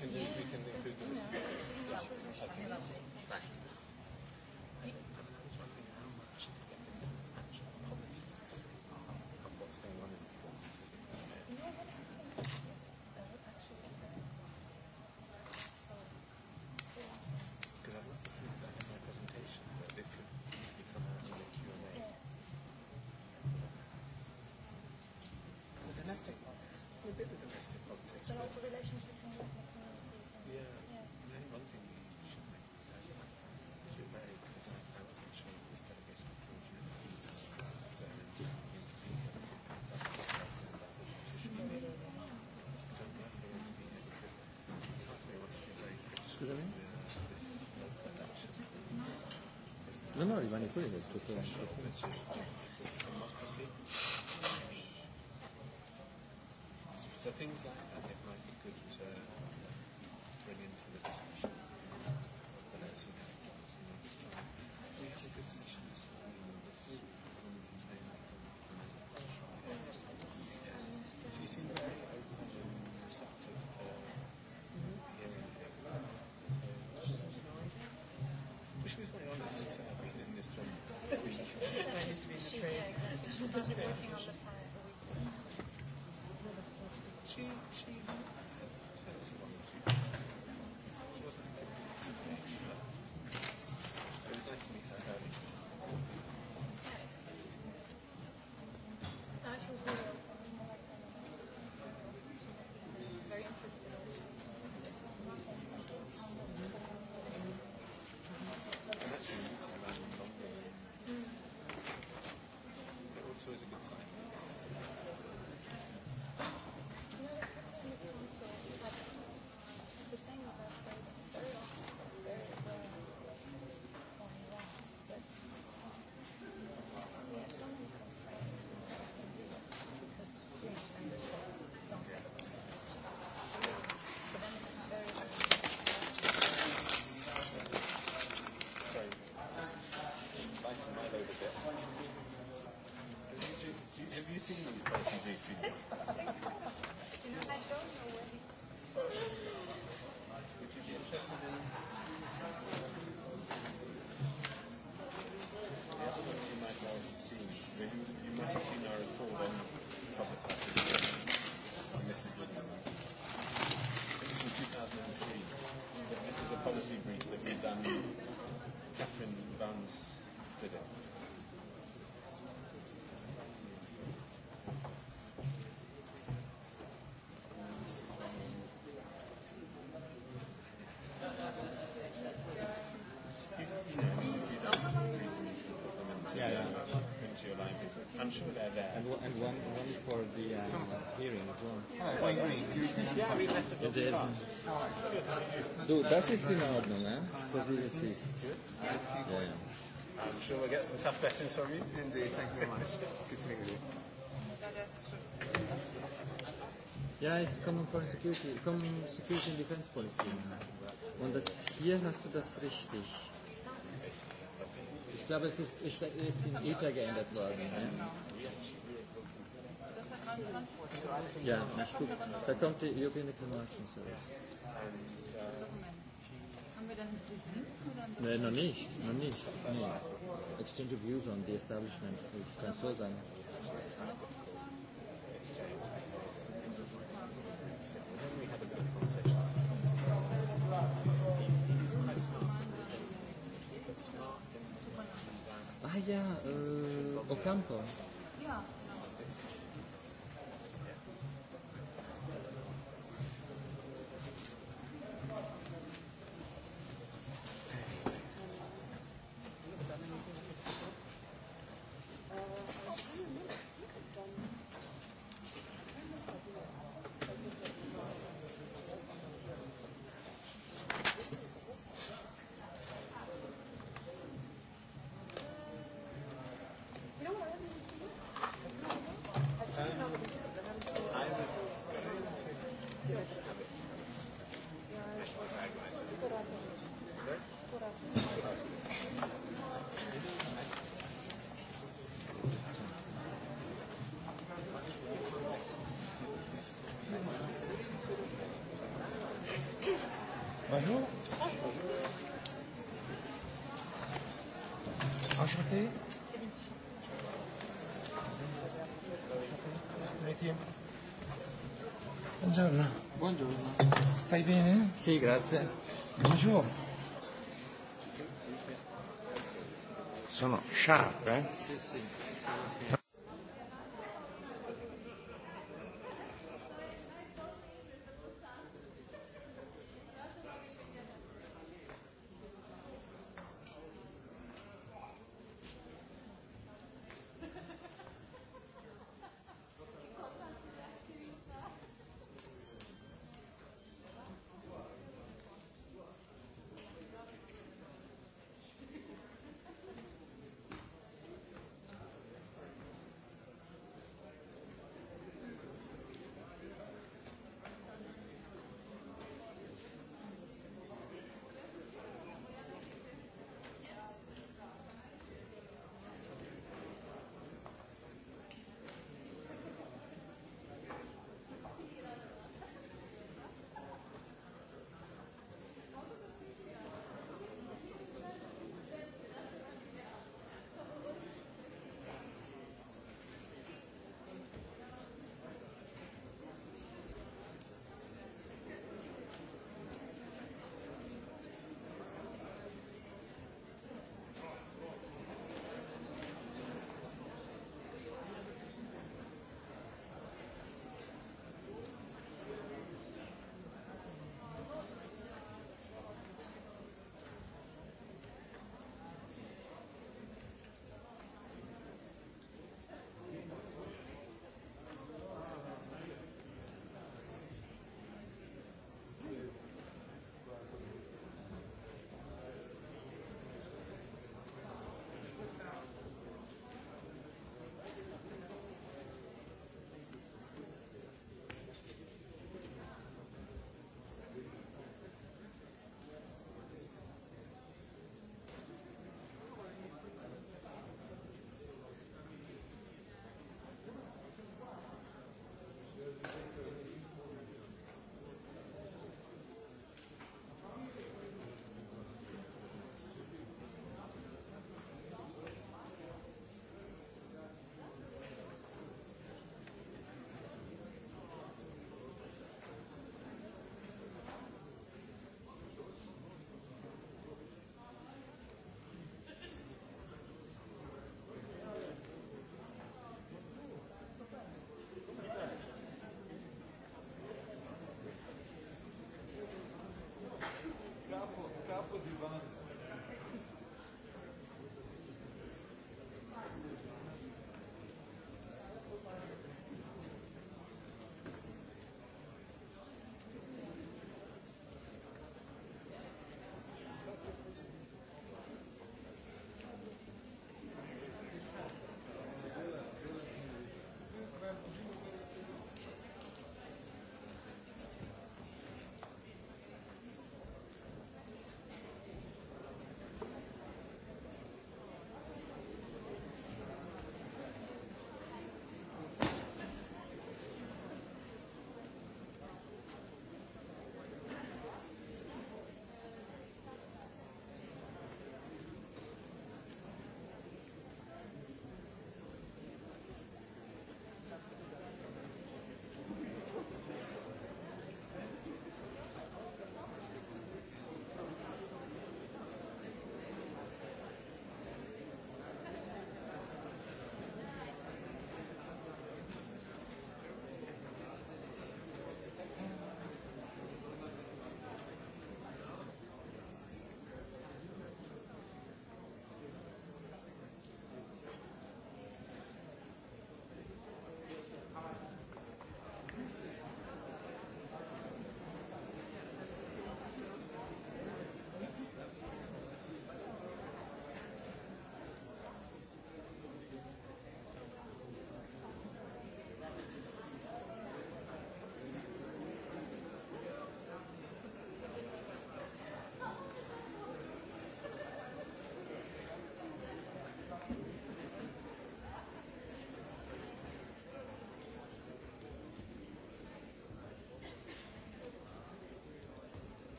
can do, yeah. we can No, no, rimani qui. Tutto... Working on the Have you seen these places you've seen? you know, I don't know where these Would you be interested in... The other one you might not have seen, you might have seen our report on public practice on Mrs. Lindemann. It was in 2003, but this is a policy brief that we've done. Catherine Vance did it. I'm sure they're there. And, and one, one for the uh, hearing as well. Oh, yeah, we met at the car. Du, das ist in Ordnung, eh? so wie es ist. Yeah. Yeah. I'm sure we'll get some tough questions from you. Indeed, thank you very much. Good to meet you. Ja, ich komme von Security, ich komme Security and Defense Policy. Und das hier hast du das richtig glaube, es ist, ist, ist in ETA geändert worden. Ja, ja gut. Da kommt die European Examination Service. Haben wir dann das Nein, noch nicht, noch nicht. Nee. Exchange of views on the establishment, ich kann so sagen. Ah, ya, eh, Ocampo. Bonjour. Enchanté. Buongiorno. Buongiorno. Stai bene? Sì, grazie. Bonjour. Sono sharp, eh? Sì, sì.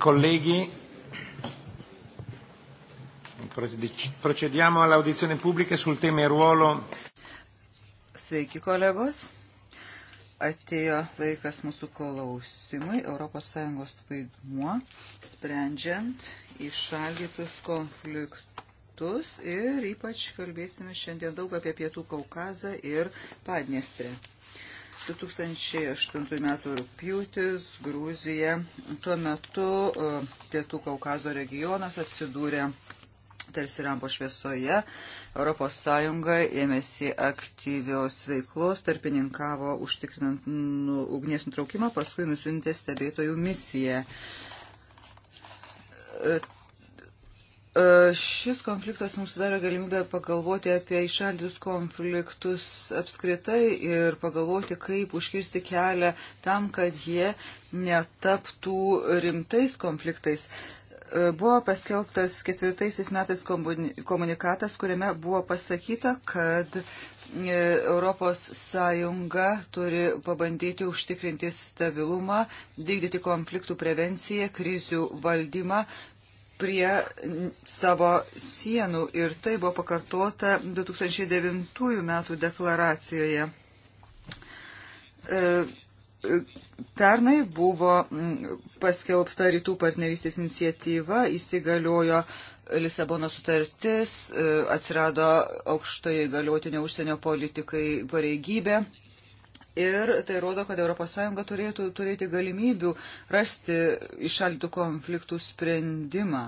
Colleghi, procediamo all'audizione pubblica sul tema e ruolo. Sveiki, kolegos. Atėjo laikas mūsų klausimui ES vaidmuo, sprendžiant išaldytus konfliktus ir ypač kalbėsime šiandien daug apie Pietų Kaukazą ir Padnestrę. 2008 m. rūpjūtis Grūzija tuo metu e, Pietų Kaukazo regionas atsidūrė tarsi rampo šviesoje. Europos Sąjunga ėmėsi aktyvios veiklos, tarpininkavo užtikrinant nu, ugnies nutraukimą, paskui nusintė stebėtojų misiją. Uh, E, šis konfliktas mums daro galimybę pagalvoti apie išaldžius konfliktus apskritai ir pagalvoti, kaip užkirsti kelią tam, kad jie netaptų rimtais konfliktais. E, buvo paskelbtas ketvirtaisiais metais komunikatas, kuriame buvo pasakyta, kad e, Europos Sąjunga turi pabandyti užtikrinti stabilumą, vykdyti konfliktų prevenciją, krizių valdymą prie savo sienų ir tai buvo pakartota 2009 metų deklaracijoje. E, pernai buvo mm, paskelbta rytų partnerystės iniciatyva, įsigaliojo Lisabono sutartis, e, atsirado aukštoje galiotinio užsienio politikai pareigybė ir tai rodo, kad ES turėtų turėti galimybių rasti išaldytų konfliktų sprendimą.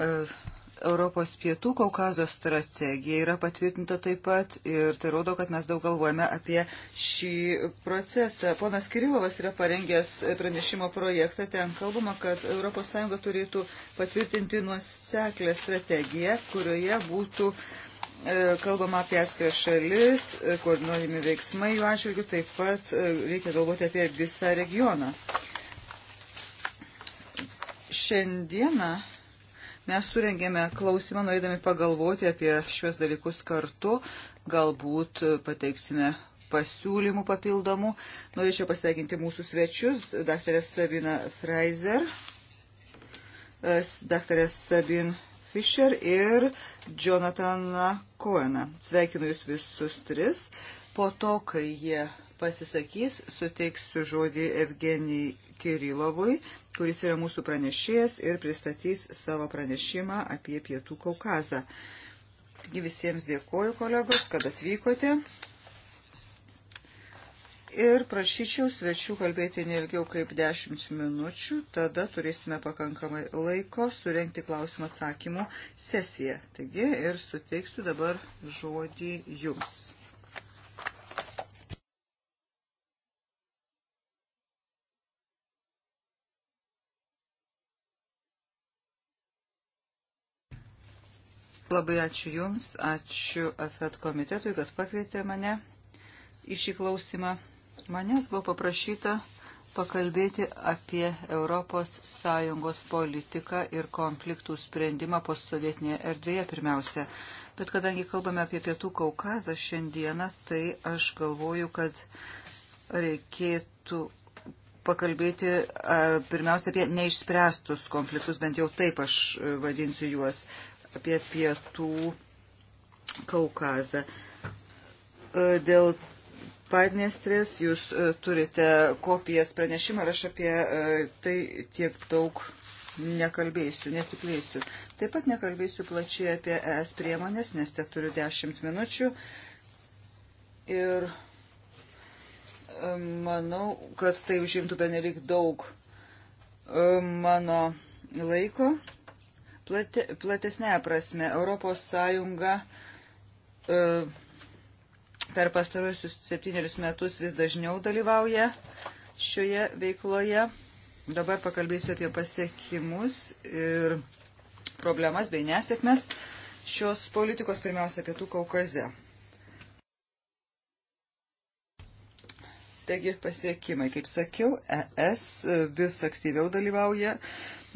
E, Europos pietų Kaukazo strategija yra patvirtinta taip pat ir tai rodo, kad mes daug galvojame apie šį procesą. Ponas Kirilovas yra parengęs pranešimo projektą, ten kalbama, kad ES turėtų patvirtinti nuoseklę strategiją, kurioje būtų uh, E, kalbama apie atskiras šalis, e, koordinuojami veiksmai jų atžvilgių, taip pat e, reikia galvoti apie visą regioną. Šiandieną mes surengėme klausimą, norėdami pagalvoti apie šios dalykus kartu, galbūt pateiksime pasiūlymų papildomų. Norėčiau pasveikinti mūsų svečius, daktarė Sabina Freiser, daktarė Sabin Freiser, Fischer ir Jonathaną Coheną. Sveikinu jūs visus tris. Po to, kai jie pasisakys, suteiksiu žodį Evgenijai Kirilovui, kuris yra mūsų pranešėjas ir pristatys savo pranešimą apie Pietų Kaukazą. Taigi visiems dėkoju, kolegos, kad atvykote. Ir prašyčiau svečių kalbėti neilgiau kaip 10 minučių, tada turėsime pakankamai laiko surenkti klausimą atsakymų sesiją. Taigi ir suteiksiu dabar žodį jums. Labai ačiū Jums, ačiū AFET komitetui, kad pakvietė mane į šį klausimą. Manęs buvo paprašyta pakalbėti apie ES politiką ir konfliktų sprendimą postsovietinėje erdvėje pirmiausia. Bet kadangi kalbame apie Pietų Kaukazą šiandieną, tai aš galvoju, kad reikėtų pakalbėti pirmiausia apie neišspręstus konfliktus, bent jau taip aš e, vadinsiu juos, apie Pietų Kaukazą. E, dėl Padnestrės. Jūs e, turite kopijas pranešimą ir aš apie e, tai tiek daug nekalbėsiu, nesiplėsiu. Taip pat nekalbėsiu plačiai apie ES priemonės, nes te turiu 10 minučių. Ir e, manau, kad tai užimtų benelik daug mano laiko. Plate, platesnė prasme, Europos Sąjunga uh, per pastarusius septynerius metus vis dažniau dalyvauja šioje veikloje. Dabar pakalbėsiu apie pasiekimus ir problemas bei nesėkmes šios politikos pirmiausia pietų Kaukaze. Taigi pasiekimai, kaip sakiau, ES vis aktyviau dalyvauja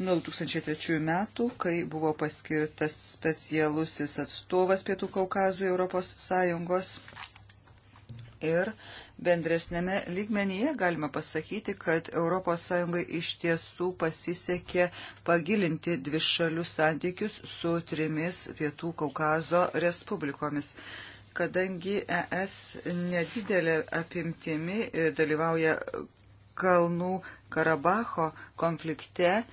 nuo 2003 metų, kai buvo paskirtas specialusis atstovas Pietų Kaukazų Europos Sąjungos ir bendresnėme lygmenyje galima pasakyti, kad ES iš tiesų pasisekė pagilinti dvišalius santykius su trimis Pietų Kaukazo respublikomis. Kadangi ES nedidelė apimtimi e, dalyvauja Kalnų Karabacho konflikte,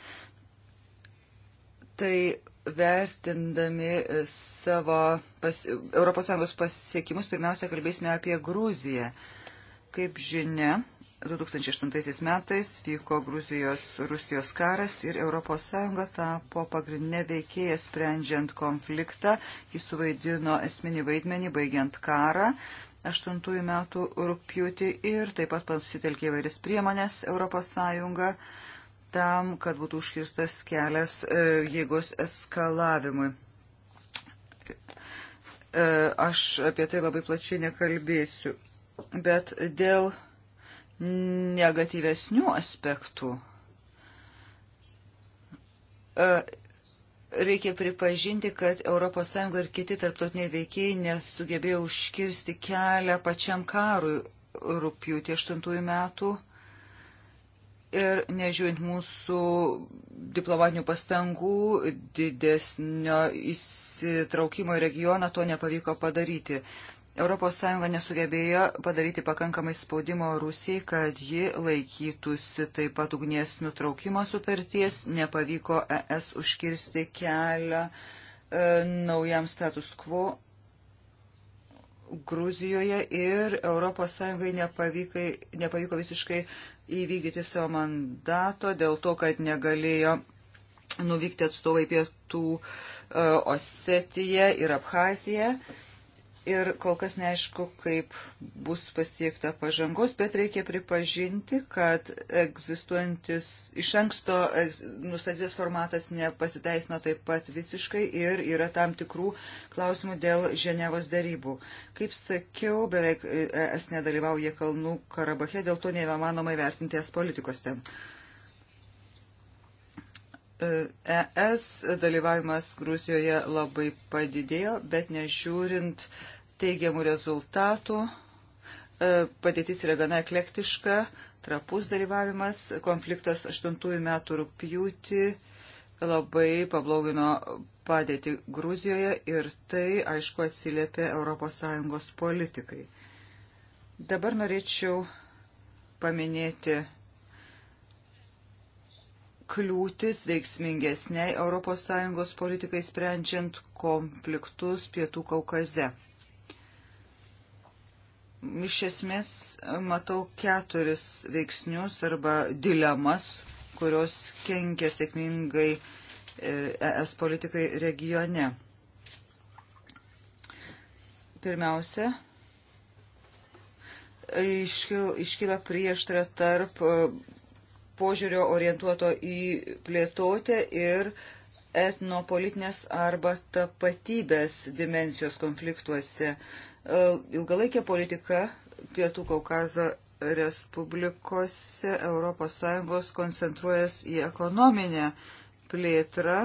tai vertindami e, savo pas, ES pasiekimus, pirmiausia, kalbėsime apie Gruziją. Kaip žinia, 2008 metais vyko Gruzijos-Rusijos karas ir ES tapo pagrindinė veikėja sprendžiant konfliktą. Jis suvaidino esminį vaidmenį baigiant karą. 8 metų rūpjūtį ir taip pat pasitelkė įvairias priemonės ES tam, kad būtų užkirstas kelias e, jėgos eskalavimui. E, aš apie tai labai plačiai nekalbėsiu, bet dėl negatyvesnių aspektų e, reikia pripažinti, kad ES ir kiti tarptautiniai veikėjai nesugebėjo užkirsti kelią pačiam karui rūpjūtį 8 metų Ir nežiūrint mūsų diplomatinių pastangų, didesnio įsitraukimo į regioną to nepavyko padaryti. ES nesugebėjo padaryti pakankamai spaudimo Rusijai, kad ji laikytųsi taip pat ugnies nutraukimo sutarties, nepavyko ES užkirsti kelią e, naujam status quo Gruzijoje ir ES nepavyko, nepavyko visiškai įvykdyti savo mandato dėl to, kad negalėjo nuvykti atstovai pietų e, Osetiją ir Abhaziją. Uh, ir kol kas neaišku, kaip bus pasiekta pažangos, bet reikia pripažinti, kad egzistuojantis iš anksto nustatytas formatas nepasiteisino taip pat visiškai ir yra tam tikrų klausimų dėl Ženevos darybų. Kaip sakiau, beveik e, es nedalyvauja Kalnų Karabache, dėl to neįmanoma įvertinti es politikos ten. Uh, ES dalyvavimas Gruzijoje labai padidėjo, bet nežiūrint teigiamų rezultatų, e, padėtis yra gana eklektiška, trapus dalyvavimas, konfliktas 8 metų rūpjūti labai pablogino padėtį Gruzijoje ir tai, aišku, atsiliepė ES politikai. Dabar norėčiau paminėti kliūtis veiksmingesniai ES politikai sprendžiant konfliktus Pietų Kaukaze. Iš esmės matau keturis veiksnius arba dilemas, kurios kenkia sėkmingai e, ES politikai regione. Pirmiausia, iškyla prieštra tarp e, požiūrio orientuoto į plėtotę ir etnopolitinės arba tapatybės dimensijos konfliktuose. E, ilgalaikė politika Pietų Kaukazo Respublikose ES koncentruojas į ekonominę plėtrą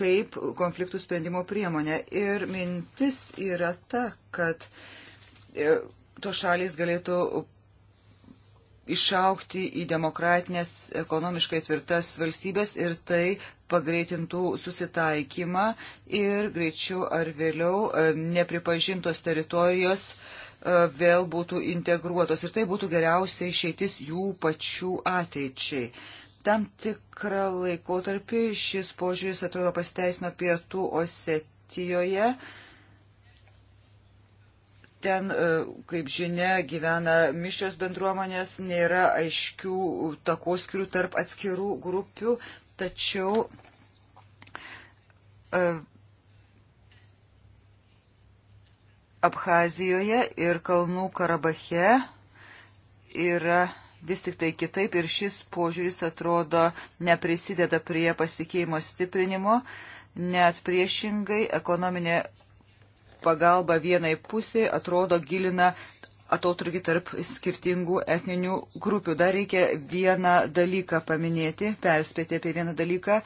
kaip konfliktų sprendimo priemonę. Ir mintis yra ta, kad e, to šalis galėtų išaukti į demokratinės, ekonomiškai tvirtas valstybės ir tai pagreitintų susitaikymą ir greičiau ar vėliau e, nepripažintos teritorijos e, vėl būtų integruotos ir tai būtų geriausia išeitis jų pačių ateičiai. Tam tikrą laikotarpį šis požiūris atrodo pasiteisino pietų Osetijoje. Ten, e, kaip žinia, gyvena mišrios bendruomenės, nėra aiškių takoskirių tarp atskirų grupių, tačiau e, Abhazijoje ir Kalnų Karabache yra vis tik tai kitaip ir šis požiūris atrodo neprisideda prie pasitikėjimo stiprinimo, net priešingai ekonominė pagalba vienai pusiai atrodo gilina atotrukį tarp skirtingų etninių grupių. Dar reikia vieną dalyką paminėti, perspėti apie vieną dalyką.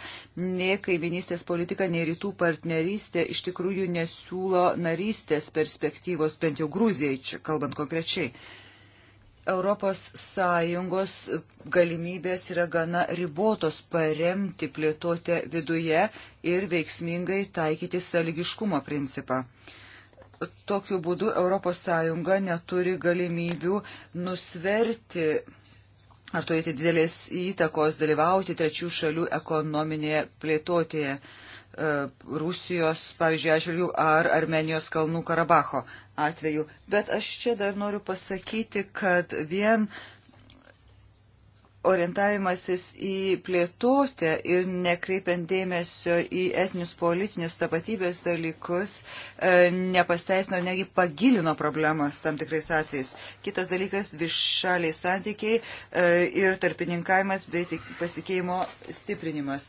Nei kaiminystės politika, nei rytų partnerystė iš tikrųjų nesiūlo narystės perspektyvos, bent jau Gruzijai, čia kalbant konkrečiai. Europos Sąjungos galimybės yra gana ribotos paremti plėtotę viduje ir veiksmingai taikyti sąlygiškumo principą tokiu būdu ES neturi galimybių nusverti ar turėti didelės įtakos dalyvauti trečių šalių ekonominėje plėtotėje e, Rusijos, pavyzdžiui, atžvilgių ar Armenijos kalnų Karabacho atveju. Bet aš čia dar noriu pasakyti, kad vien orientavimasis į plėtotę ir nekreipiant dėmesio į etinius politinius tapatybės dalykus e, nepasteisino, negi pagilino problemas tam tikrais atvejais. Kitas dalykas - dvišaliai santykiai e, ir tarpininkavimas bei pasikeimo stiprinimas.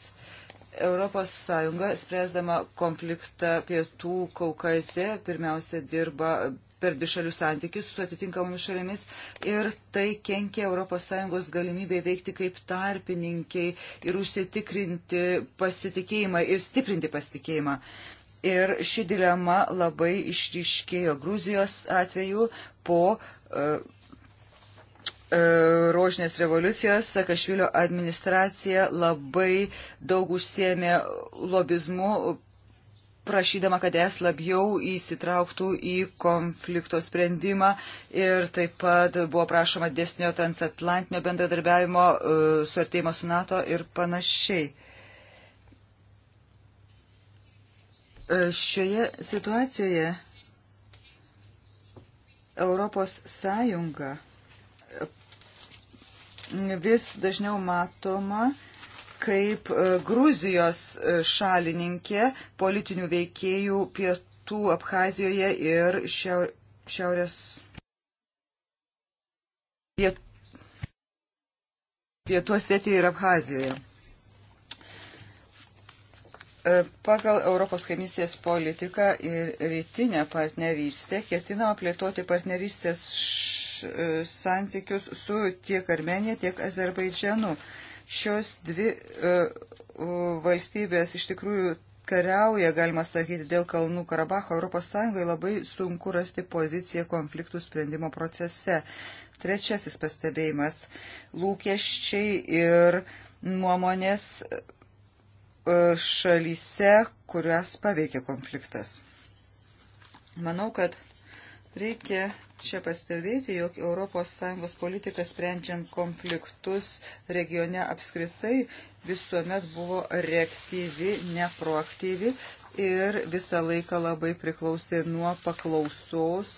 Europos Sąjunga, spręsdama konfliktą pietų Kaukaze, pirmiausia dirba per dvišalius santykius su atitinkamomis šalimis ir tai kenkia ES galimybė veikti kaip tarpininkiai ir užsitikrinti pasitikėjimą ir stiprinti pasitikėjimą. Ir ši dilema labai išryškėjo Gruzijos atveju po uh, rožinės revoliucijos Sakašvilio administracija labai daug užsiemė lobizmu, prašydama, kad es labiau įsitrauktų į konflikto sprendimą ir taip pat buvo prašoma desnio transatlantinio bendradarbiavimo, e, suartėjimo su NATO ir panašiai. E, šioje situacijoje Europos Sąjunga vis dažniau matoma, kaip e, Gruzijos e, šalininkė politinių veikėjų pietų Abhazijoje ir šiaurės piet, pietų Osetijoje ir Abhazijoje. E, pagal Europos kaimystės politiką ir rytinę partnerystę ketinama plėtoti partnerystės š... santykius su tiek Armenija, tiek Azerbaidžianu. Šios dvi e, valstybės iš tikrųjų kariauja, galima sakyti, dėl Kalnų Karabacho. ES labai sunku rasti poziciją konfliktų sprendimo procese. Trečiasis pastebėjimas - lūkesčiai ir nuomonės e, šalyse, kurias paveikia konfliktas. Manau, kad reikia čia pastebėti, jog ES politika sprendžiant konfliktus regione apskritai visuomet buvo reaktyvi, neproaktyvi ir visą laiką labai priklausė nuo paklausos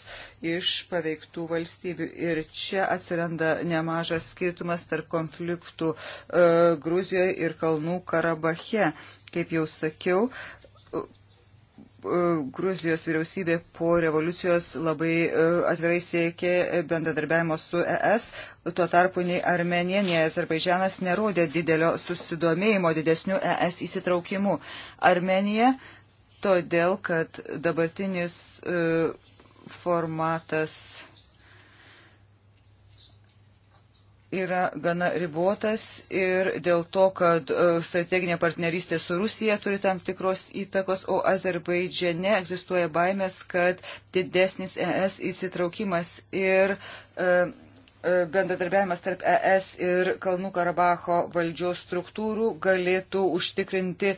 iš paveiktų valstybių. Ir čia atsiranda nemažas skirtumas tarp konfliktų e, Gruzijoje ir Kalnų Karabache. Kaip jau sakiau, E, Gruzijos vyriausybė po revoliucijos labai e, atvirai siekė bendradarbiavimo su ES, tuo tarpu nei Armenija, nei Azerbaidžianas nerodė didelio susidomėjimo didesnių ES įsitraukimų. Armenija todėl, kad dabartinis e, formatas yra gana ribotas ir dėl to, kad e, strateginė partnerystė su Rusija turi tam tikros įtakos, o Azerbaidžiane egzistuoja baimės, kad didesnis ES įsitraukimas ir e, e, bendradarbiavimas tarp ES ir Kalnų Karabacho valdžios struktūrų galėtų užtikrinti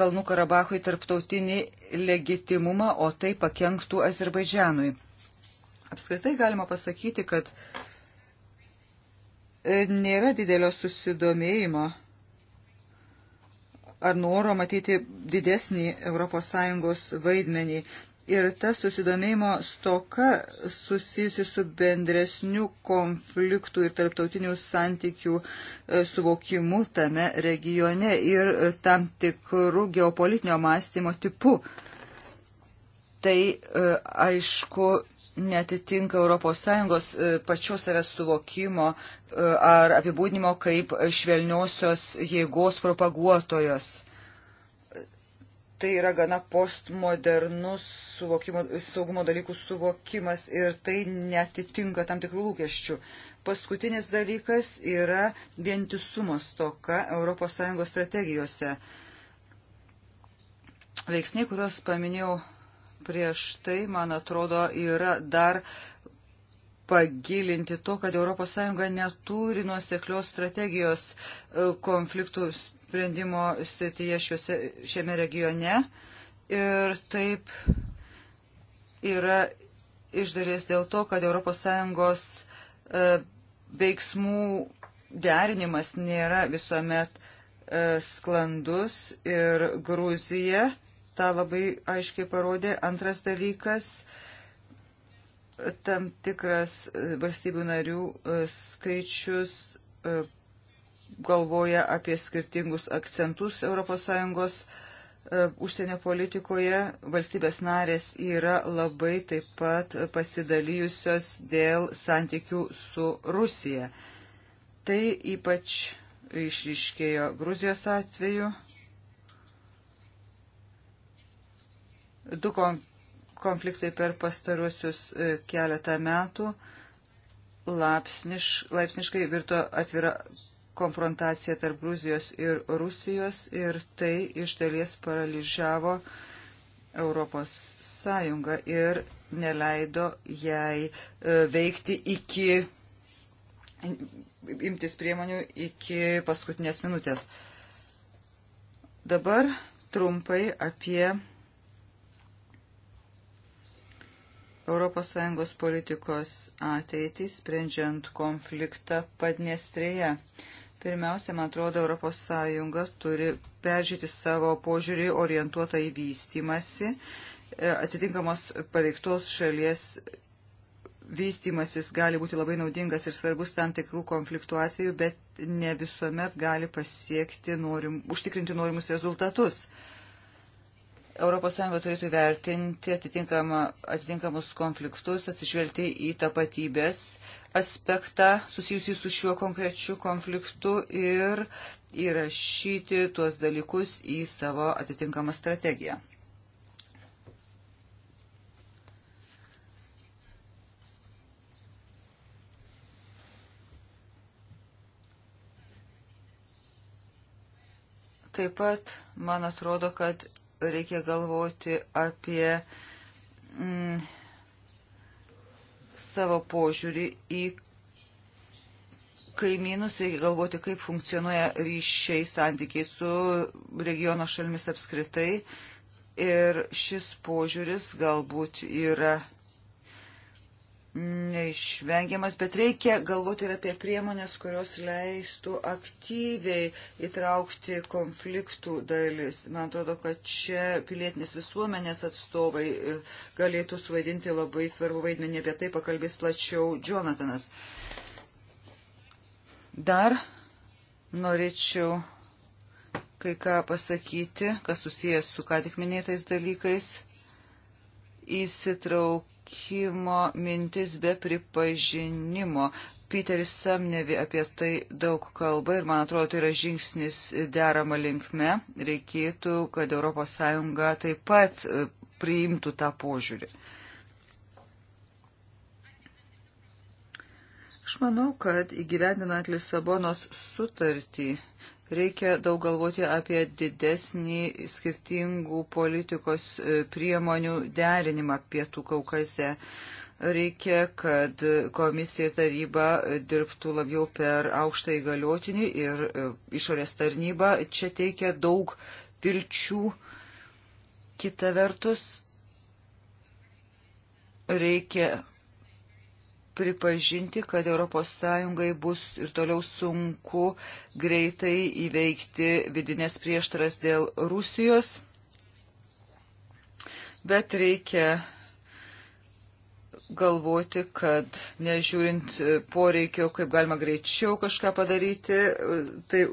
Kalnų Karabachui tarptautinį legitimumą, o tai pakenktų Azerbaidžianui. Apskritai galima pasakyti, kad E, nėra didelio susidomėjimo ar noro matyti didesnį ES vaidmenį. Ir ta susidomėjimo stoka susijusi su bendresniu konfliktų ir tarptautinių santykių e, suvokimu tame regione ir e, tam tikrų geopolitinio mąstymo tipu. Tai aišku netitinka ES e, pačios savęs suvokimo e, ar apibūdinimo kaip švelniosios jėgos propaguotojos. Tai yra gana postmodernus suvokimo, saugumo dalykų suvokimas ir tai netitinka tam tikrų lūkesčių. Paskutinis dalykas yra vientisumo stoka ES strategijose. Veiksniai, kuriuos paminėjau prieš tai, man atrodo, yra dar pagilinti to, kad ES neturi nuoseklios strategijos e, konfliktų sprendimo srityje šiuose, šiame regione. Ir taip yra iš dalies dėl to, kad ES e, veiksmų derinimas nėra visuomet e, sklandus ir Gruzija tą labai aiškiai parodė. Antras dalykas - tam tikras e, valstybių narių e, skaičius e, galvoja apie skirtingus akcentus ES užsienio politikoje. Valstybės narės yra labai taip pat pasidalijusios dėl santykių su Rusija. Tai ypač išriškėjo Gruzijos atveju du konfliktai per pastaruosius e, keletą metų lapsniš, laipsniškai virto atvira konfrontacija tarp Gruzijos ir Rusijos ir tai iš dalies paralyžiavo Europos Sąjungą ir neleido jai e, veikti iki imtis priemonių iki paskutinės minutės. Dabar trumpai apie ES politikos ateitį, sprendžiant konfliktą Padniestrėje. Pirmiausia, man atrodo, ES turi peržiūrėti savo požiūrį orientuotą į vystimasi, e, atitinkamos paveiktos šalies vystimasis gali būti labai naudingas ir svarbus tam tikrų konfliktų atveju, bet ne visuomet gali pasiekti norim, užtikrinti norimus rezultatus. ES turėtų vertinti atitinkamus konfliktus, atsižvelgti į tapatybės aspektą susijusį su šiuo konkrečiu konfliktu ir įrašyti tuos dalykus į savo atitinkamą strategiją. Taip pat man atrodo, kad reikia galvoti apie mm, savo požiūrį į kaimynus, reikia galvoti, kaip funkcionuoja ryšiai santykiai su regiono šalimis apskritai. Ir šis požiūris galbūt yra neišvengiamas, bet reikia galvoti ir apie priemonės, kurios leistų aktyviai įtraukti konfliktų dalis. Man atrodo, kad čia pilietinės visuomenės atstovai e, galėtų suvaidinti labai svarbu vaidmenį, apie tai pakalbės plačiau Jonatanas. Dar norėčiau kai ką pasakyti, kas susijęs su ką tik minėtais dalykais. Įsitrauk palikimo mintis be pripažinimo. Peteris Samnevi apie tai daug kalba ir man atrodo, tai yra žingsnis derama linkme. Reikėtų, kad ES taip pat e, priimtų tą požiūrį. Aš manau, kad įgyvendinant Lisabonos sutartį Reikia daug galvoti apie didesnį skirtingų politikos e, priemonių derinimą pietų Kaukaze. Reikia, kad komisija taryba dirbtų labiau per aukštą įgaliotinį ir e, išorės tarnybą čia teikia daug vilčių. Kita vertus, reikia pripažinti, kad ES bus ir toliau sunku greitai įveikti vidinės prieštaras dėl Rusijos, bet reikia galvoti, kad nežiūrint poreikio, kaip galima greičiau kažką padaryti, tai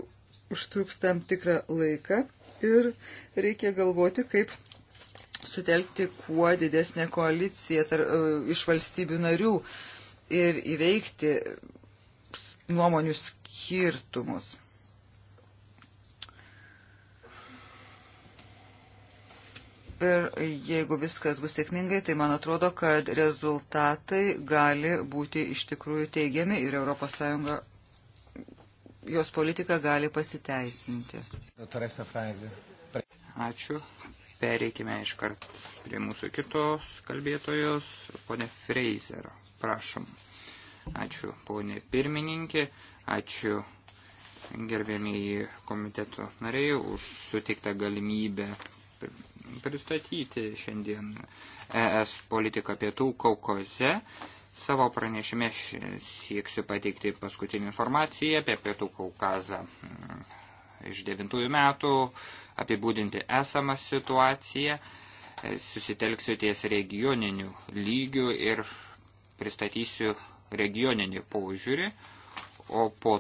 užtruks tam tikrą laiką ir reikia galvoti, kaip sutelkti kuo didesnę koaliciją tar, e, iš valstybių narių. Uh, ir įveikti nuomonių skirtumus. Ir jeigu viskas bus sėkmingai, tai man atrodo, kad rezultatai gali būti iš tikrųjų teigiami ir ES jos politika gali pasiteisinti. Ačiū. Pereikime iš kart prie mūsų kitos kalbėtojos, ponė Freizero. Prašom. Ačiū ponė pirmininkė, ačiū gerbėmėjai komiteto nariai už suteiktą galimybę pristatyti šiandien ES politiką pietų Kaukoze. Savo pranešime sieksiu pateikti paskutinį informaciją apie pietų Kaukazą mm, iš devintųjų metų, apibūdinti esamą situaciją, susitelksiu ties regioniniu lygiu ir pristatysiu regioninį paužiūrį, o po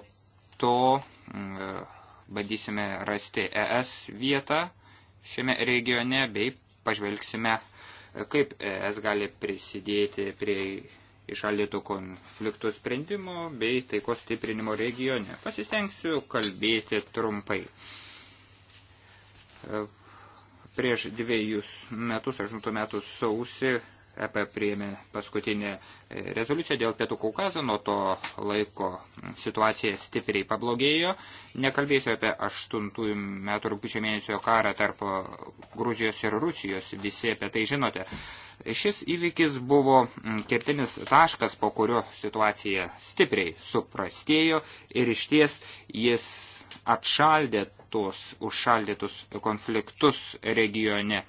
to mm, e, bandysime rasti ES vietą šiame regione bei pažvelgsime, e, kaip ES gali prisidėti prie išalytų konfliktų sprendimo bei taikos stiprinimo regione. Pasistengsiu kalbėti trumpai. E, prieš dviejus metus, 8 metų sausi, EP priėmė paskutinę e, rezoliuciją dėl Pietų Kaukazo, nuo to laiko situacija stipriai pablogėjo. Nekalbėsiu apie 8 metų rūpiučio mėnesio karą tarp Gruzijos ir Rusijos, visi apie tai žinote. Šis įvykis buvo kertinis taškas, po kurio situacija stipriai suprastėjo ir išties jis atšaldė tuos užšaldytus konfliktus regione.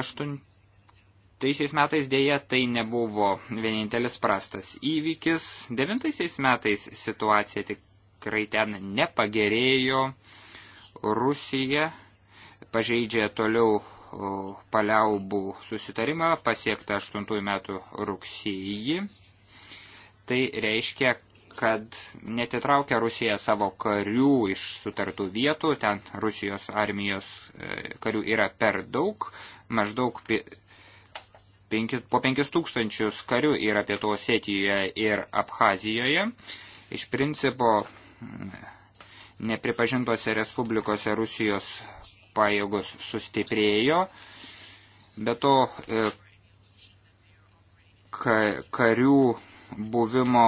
Aštunt Taisiais metais dėja tai nebuvo vienintelis prastas įvykis. Devintaisiais metais situacija tikrai ten nepagerėjo. Rusija pažeidžia toliau paliaubų susitarimą pasiektą 8 metų rugsėjį. Tai reiškia, kad netitraukia Rusija savo karių iš sutartų vietų, ten Rusijos armijos e, karių yra per daug, maždaug penki, po 5000 karių yra pietų Osetijoje ir Abhazijoje. Iš principo mm, nepripažintose respublikose Rusijos pajėgos sustiprėjo, bet to e, ka, karių buvimo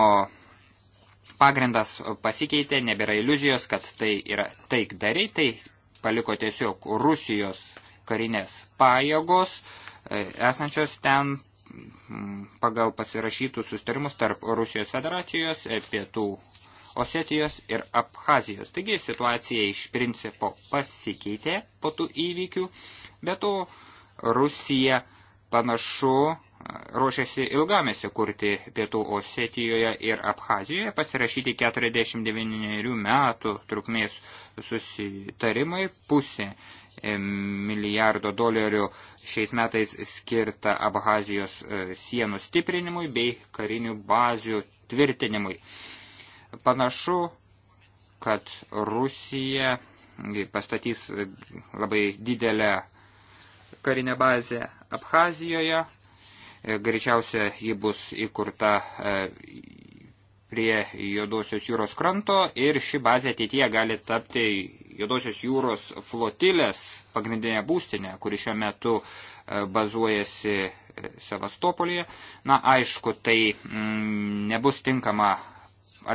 pagrindas pasikeitė, nebėra iliuzijos, kad tai yra taikdariai, tai paliko tiesiog Rusijos karinės pajėgos, uh, E, esančios ten pagal pasirašytų sustarimus tarp Rusijos federacijos, e, pietų Osetijos ir Abhazijos. Taigi situacija iš principo pasikeitė po tų įvykių, bet to Rusija panašu ruošiasi ilgamėsi kurti pietų Osetijoje ir Abhazijoje, pasirašyti 49 metų trukmės susitarimai, pusė e, milijardo dolerių šiais metais skirta Abhazijos e, sienų stiprinimui bei karinių bazių tvirtinimui. Panašu, kad Rusija pastatys e, labai didelę karinę bazę Abhazijoje, E, greičiausia, ji bus įkurta e, prie Jodosios jūros kranto ir ši bazė ateityje gali tapti Jodosios jūros flotilės pagrindinė būstinė, kuri šiuo metu e, bazuojasi Sevastopolyje. Na, aišku, tai m, mm, nebus tinkama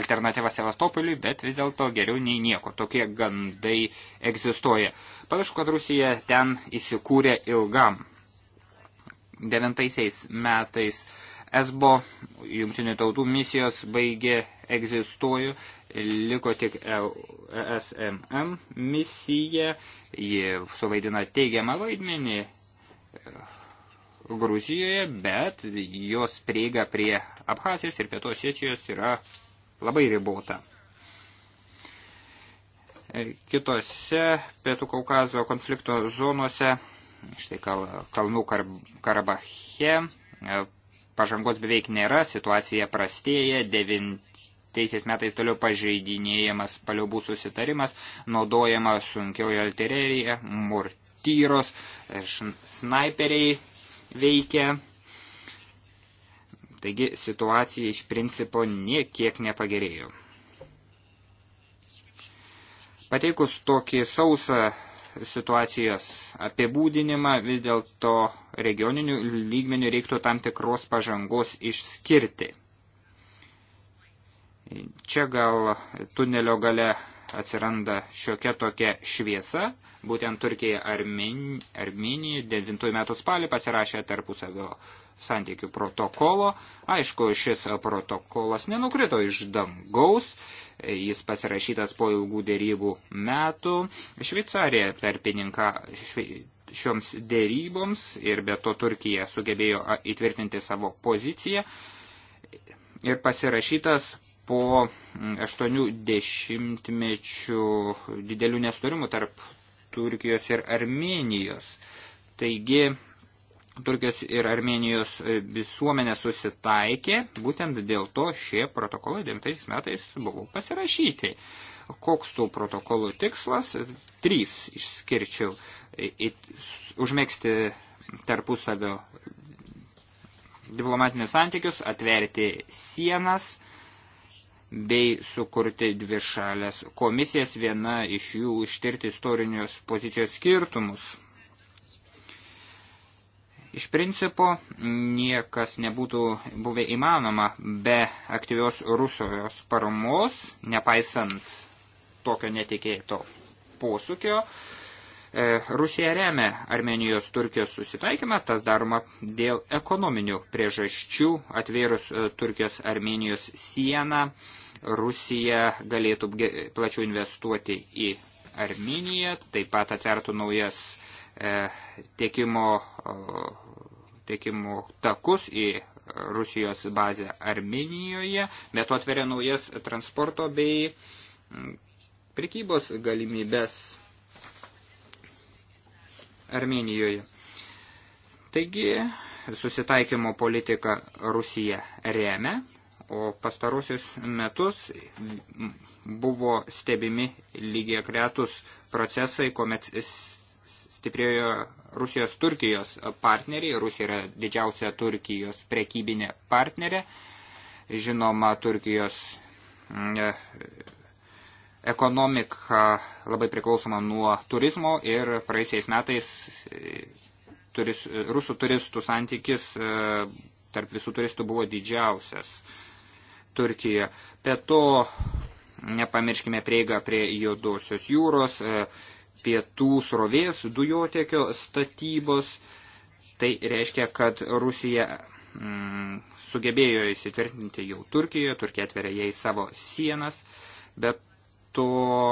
alternatyva Sevastopoliui, bet vis dėlto geriau nei nieko. Tokie gandai egzistuoja. Panašu, kad Rusija ten įsikūrė ilgam. 2009 metais ESBO jungtinių tautų misijos baigė egzistuoju, liko tik ESMM misija, ji suvaidina teigiamą vaidmenį e, Gruzijoje, bet jos prieiga prie Abhazijos ir Pietų Osetijos yra labai ribota. E, kitose Pietų Kaukazo konflikto zonose štai Kalnų Karabache e, pažangos beveik nėra, situacija prastėja, devintaisiais metais toliau pažeidinėjamas paliaubų susitarimas, naudojama sunkioji artilerija, murtyros, e, snaiperiai veikia. Taigi situacija iš principo niekiek nepagerėjo. Pateikus tokį sausą situacijos apibūdinimą, vis dėlto regioninių lygmenių reiktų tam tikros pažangos išskirti. Čia gal tunelio gale atsiranda šiokia tokia šviesa. Būtent Turkija Armin, Arminija 9 metų spalį pasirašė tarpusavio santykių protokolo. Aišku, šis protokolas nenukrito iš dangaus, jis pasirašytas po ilgų dėrybų metų. Šveicarija tarpininka šioms dėryboms ir be to Turkija sugebėjo įtvirtinti savo poziciją ir pasirašytas po 80 mečių didelių nesurimų tarp Turkijos ir Armenijos. Taigi Turkijos ir Armenijos e, visuomenė susitaikė, būtent dėl to šie protokolai 9 metais buvo pasirašyti. Koks tų protokolų tikslas? Trys išskirčiau. E, e, užmėgsti tarpusavio diplomatinius santykius, atverti sienas bei sukurti dvi šalės komisijas, viena iš jų ištirti istorinius pozicijos skirtumus Iš principo niekas nebūtų buvę įmanoma be aktyvios Rusijos paramos, nepaisant tokio netikėto posūkio. E, Rusija remia Armenijos Turkijos susitaikymą, tas daroma dėl ekonominių priežasčių. Atvėrus e, Turkijos Armenijos sieną, Rusija galėtų plačiau investuoti į Armeniją, taip pat atvertų naujas uh, E, tiekimo, tiekimo takus į Rusijos bazę Arminijoje, bet atveria naujas transporto bei prekybos galimybės Armenijoje. Taigi susitaikymo politika Rusija remia, o pastarosius metus buvo stebimi lygiai kretus procesai, kuomet stiprėjo Rusijos Turkijos partneriai. Rusija yra didžiausia Turkijos prekybinė partnerė. Žinoma, Turkijos mm, e, ekonomika labai priklausoma nuo turizmo ir praeisiais metais e, turis, rusų turistų santykis e, tarp visų turistų buvo didžiausias Turkijoje. Be to, nepamirškime prieigą prie juodosios jūros, pietų srovės dujotekio statybos. Tai reiškia, kad Rusija mm, sugebėjo įsitvirtinti jau Turkijoje, Turkija atveria jai savo sienas, bet to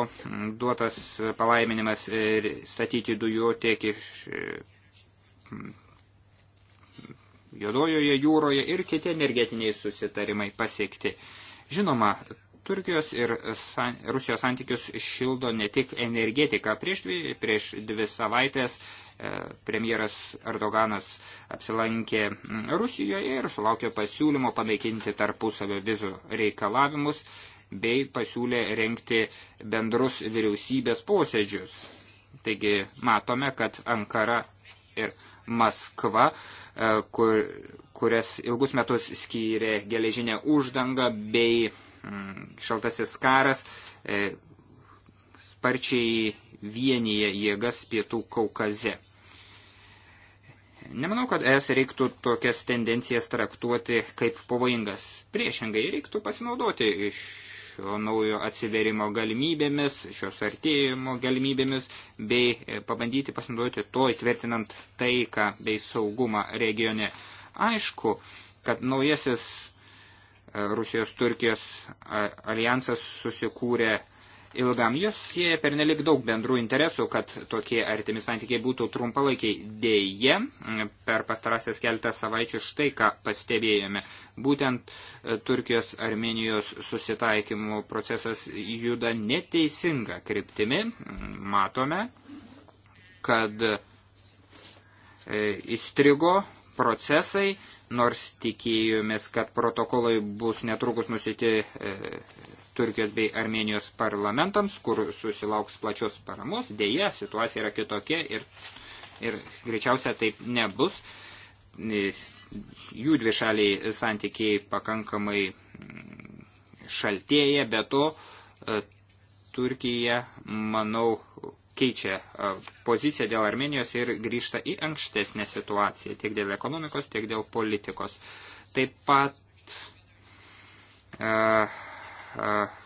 mm, duotas palaiminimas e, statyti dujotiekį mm, Jodojoje jūroje ir kiti energetiniai susitarimai pasiekti. Žinoma, Turkijos ir san, Rusijos santykius šildo ne tik energetika. Prieš dvi, prieš dvi savaitės e, premjeras Erdoganas apsilankė Rusijoje ir sulaukė pasiūlymo panaikinti tarpusavio vizų reikalavimus bei pasiūlė renkti bendrus vyriausybės posėdžius. Taigi matome, kad Ankara ir Maskva, e, kur, kurias ilgus metus skyrė geležinė uždanga bei Mm, šaltasis karas e, sparčiai vienyje jėgas pietų Kaukaze. Nemanau, kad es reiktų tokias tendencijas traktuoti kaip pavojingas. Priešingai, reiktų pasinaudoti iš šio naujo atsiverimo galimybėmis, šios artėjimo galimybėmis, bei e, pabandyti pasinaudoti to įtvirtinant taiką bei saugumą regione. Aišku, kad naujasis Rusijos-Turkijos alijansas susikūrė ilgam. Jos sieja pernelik daug bendrų interesų, kad tokie artimi santykiai būtų trumpalaikiai. Deja, per pastarąsias keltą savaičių štai ką pastebėjome. Būtent e, Turkijos-Armenijos susitaikymo procesas juda neteisinga kryptimi. Matome, kad e, įstrigo procesai, nors tikėjomės, kad protokolai bus netrukus nusiti e, Turkijos bei Armenijos parlamentams, kur susilauks plačios paramos. Deja, situacija yra kitokia ir, ir greičiausia taip nebus. E, jų dvišaliai santykiai pakankamai mm, šaltėja, be to e, Turkija, manau, keičia poziciją dėl Armenijos ir grįžta į ankštesnę situaciją, tiek dėl ekonomikos, tiek dėl politikos. Taip pat uh, uh,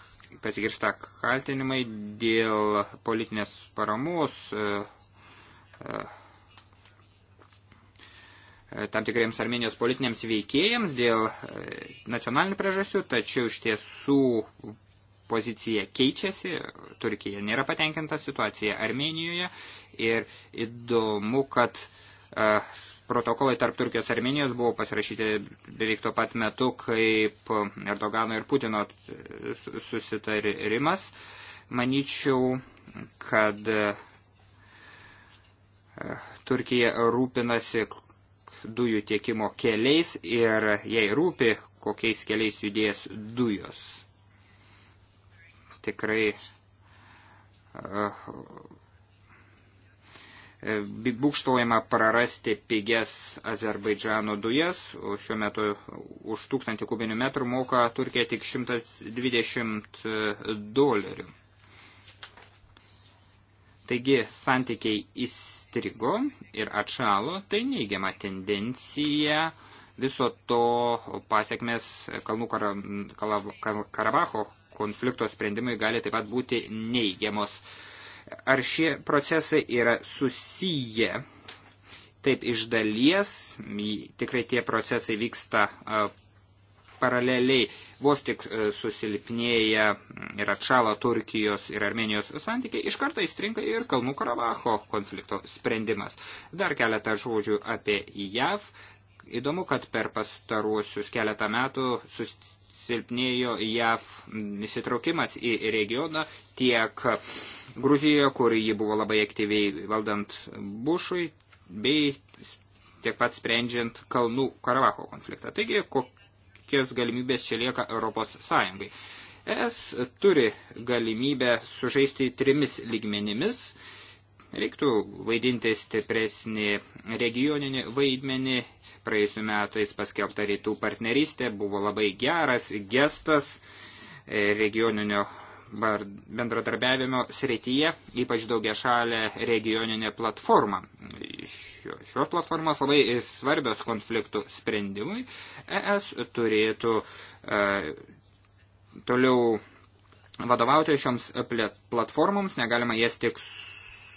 pasigirsta kaltinimai dėl politinės paramos uh, tam tikriems Armenijos politiniams veikėjams dėl nacionalinių priežasčių, tačiau iš tiesų pozicija keičiasi, Turkija nėra patenkinta situacija Armenijoje ir įdomu, kad uh, protokolai tarp Turkijos ir Armenijos buvo pasirašyti beveik tuo pat metu, kaip Erdogano ir Putino e, susitarimas. Manyčiau, kad e, Turkija rūpinasi dujų tiekimo keliais ir jai rūpi, kokiais keliais judės dujos tikrai uh, būkštojama prarasti pigias Azerbaidžano dujas, o šiuo metu už 1000 kubinių metrų moka Turkija tik 120 uh, dolerių. Taigi santykiai įstrigo ir atšalo, tai neigiama tendencija viso to pasiekmes Kalnų Karabacho konflikto sprendimai gali taip pat būti neigiamos. Ar šie procesai yra susiję? Taip, iš dalies, tikrai tie procesai vyksta paraleliai. Vos tik e, susilpnėja ir atšala Turkijos ir Armenijos santykiai, iš karto įstrinka ir Kalnų Karabacho konflikto sprendimas. Dar keletą žodžių apie JAV. Įdomu, kad per pastaruosius keletą metų susilpnėjo JAV įsitraukimas į regioną tiek Gruzijoje, kur ji buvo labai aktyviai valdant Bušui, bei tiek pat sprendžiant Kalnų Karavacho konfliktą. Taigi, kokias galimybės čia lieka Europos Sąjungai? ES turi galimybę sužaisti trimis lygmenimis Reiktų vaidinti stipresnį regioninį vaidmenį. Praėjusiu metais paskelbta rytų partnerystė buvo labai geras gestas e, regioninio bendradarbiavimo srityje, ypač daugia šalė regioninė platforma. Šios platformos labai svarbios konfliktų sprendimui. ES turėtų e, toliau vadovauti šioms platformoms, negalima jas tik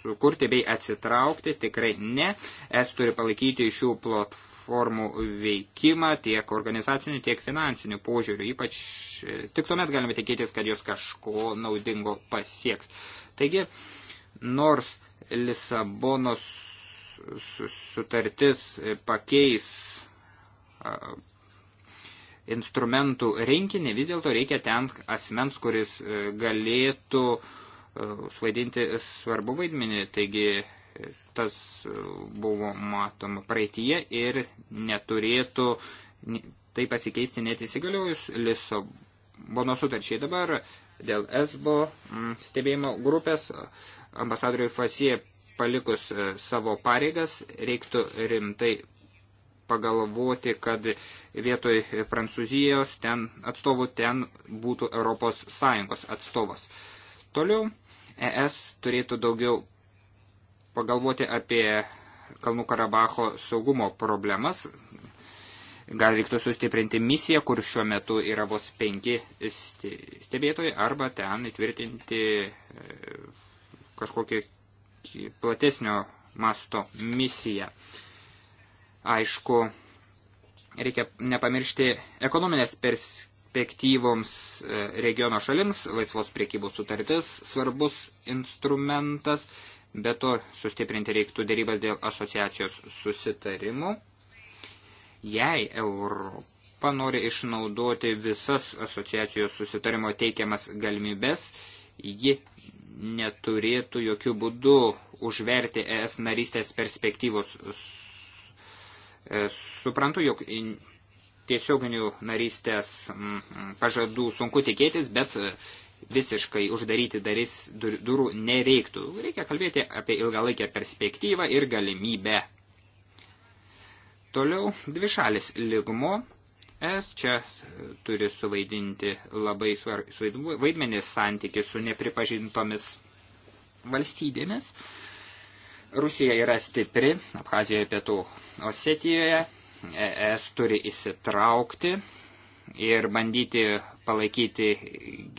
sukurti bei atsitraukti, tikrai ne. Es turi palaikyti šių platformų veikimą tiek organizacinių, tiek finansinių požiūrių. Ypač e, tik tuomet galime tikėtis, kad jos kažko naudingo pasieks. Taigi, nors Lisabonos sutartis pakeis instrumentų rinkinį, vis dėlto reikia ten asmens, kuris e, galėtų uh, suvaidinti svarbu vaidmenį, taigi tas buvo matoma praeitie ir neturėtų tai pasikeisti net įsigaliojus Lisabono sutarčiai. Dabar dėl ESBO mm, stebėjimo grupės ambasadoriui Fasie palikus e, savo pareigas reiktų rimtai pagalvoti, kad vietoj Prancūzijos ten atstovų ten būtų Europos Sąjungos atstovas. Toliau ES turėtų daugiau pagalvoti apie Kalnų Karabacho saugumo problemas. Gal reiktų sustiprinti misiją, kur šiuo metu yra vos penki stebėtojai, arba ten įtvirtinti e, kažkokį platesnio masto misiją. Aišku, reikia nepamiršti ekonominės perspektyvos perspektyvoms e, regiono šalims laisvos priekybos sutartis svarbus instrumentas, be to sustiprinti reiktų dėrybas dėl asociacijos susitarimų. Jei Europa nori išnaudoti visas asociacijos susitarimo teikiamas galimybės, ji neturėtų jokių būdų užverti ES narystės perspektyvos. E, suprantu, jog tiesioginių narystės mm, pažadų sunku tikėtis, bet e, visiškai uždaryti daris durų nereiktų. Reikia kalbėti apie ilgalaikę perspektyvą ir galimybę. Toliau dvišalis lygmo. Es čia e, turi suvaidinti labai svarbu vaidmenis santyki su nepripažintomis valstybėmis. Rusija yra stipri, Abhazijoje, Pietų Osetijoje, ES turi įsitraukti ir bandyti palaikyti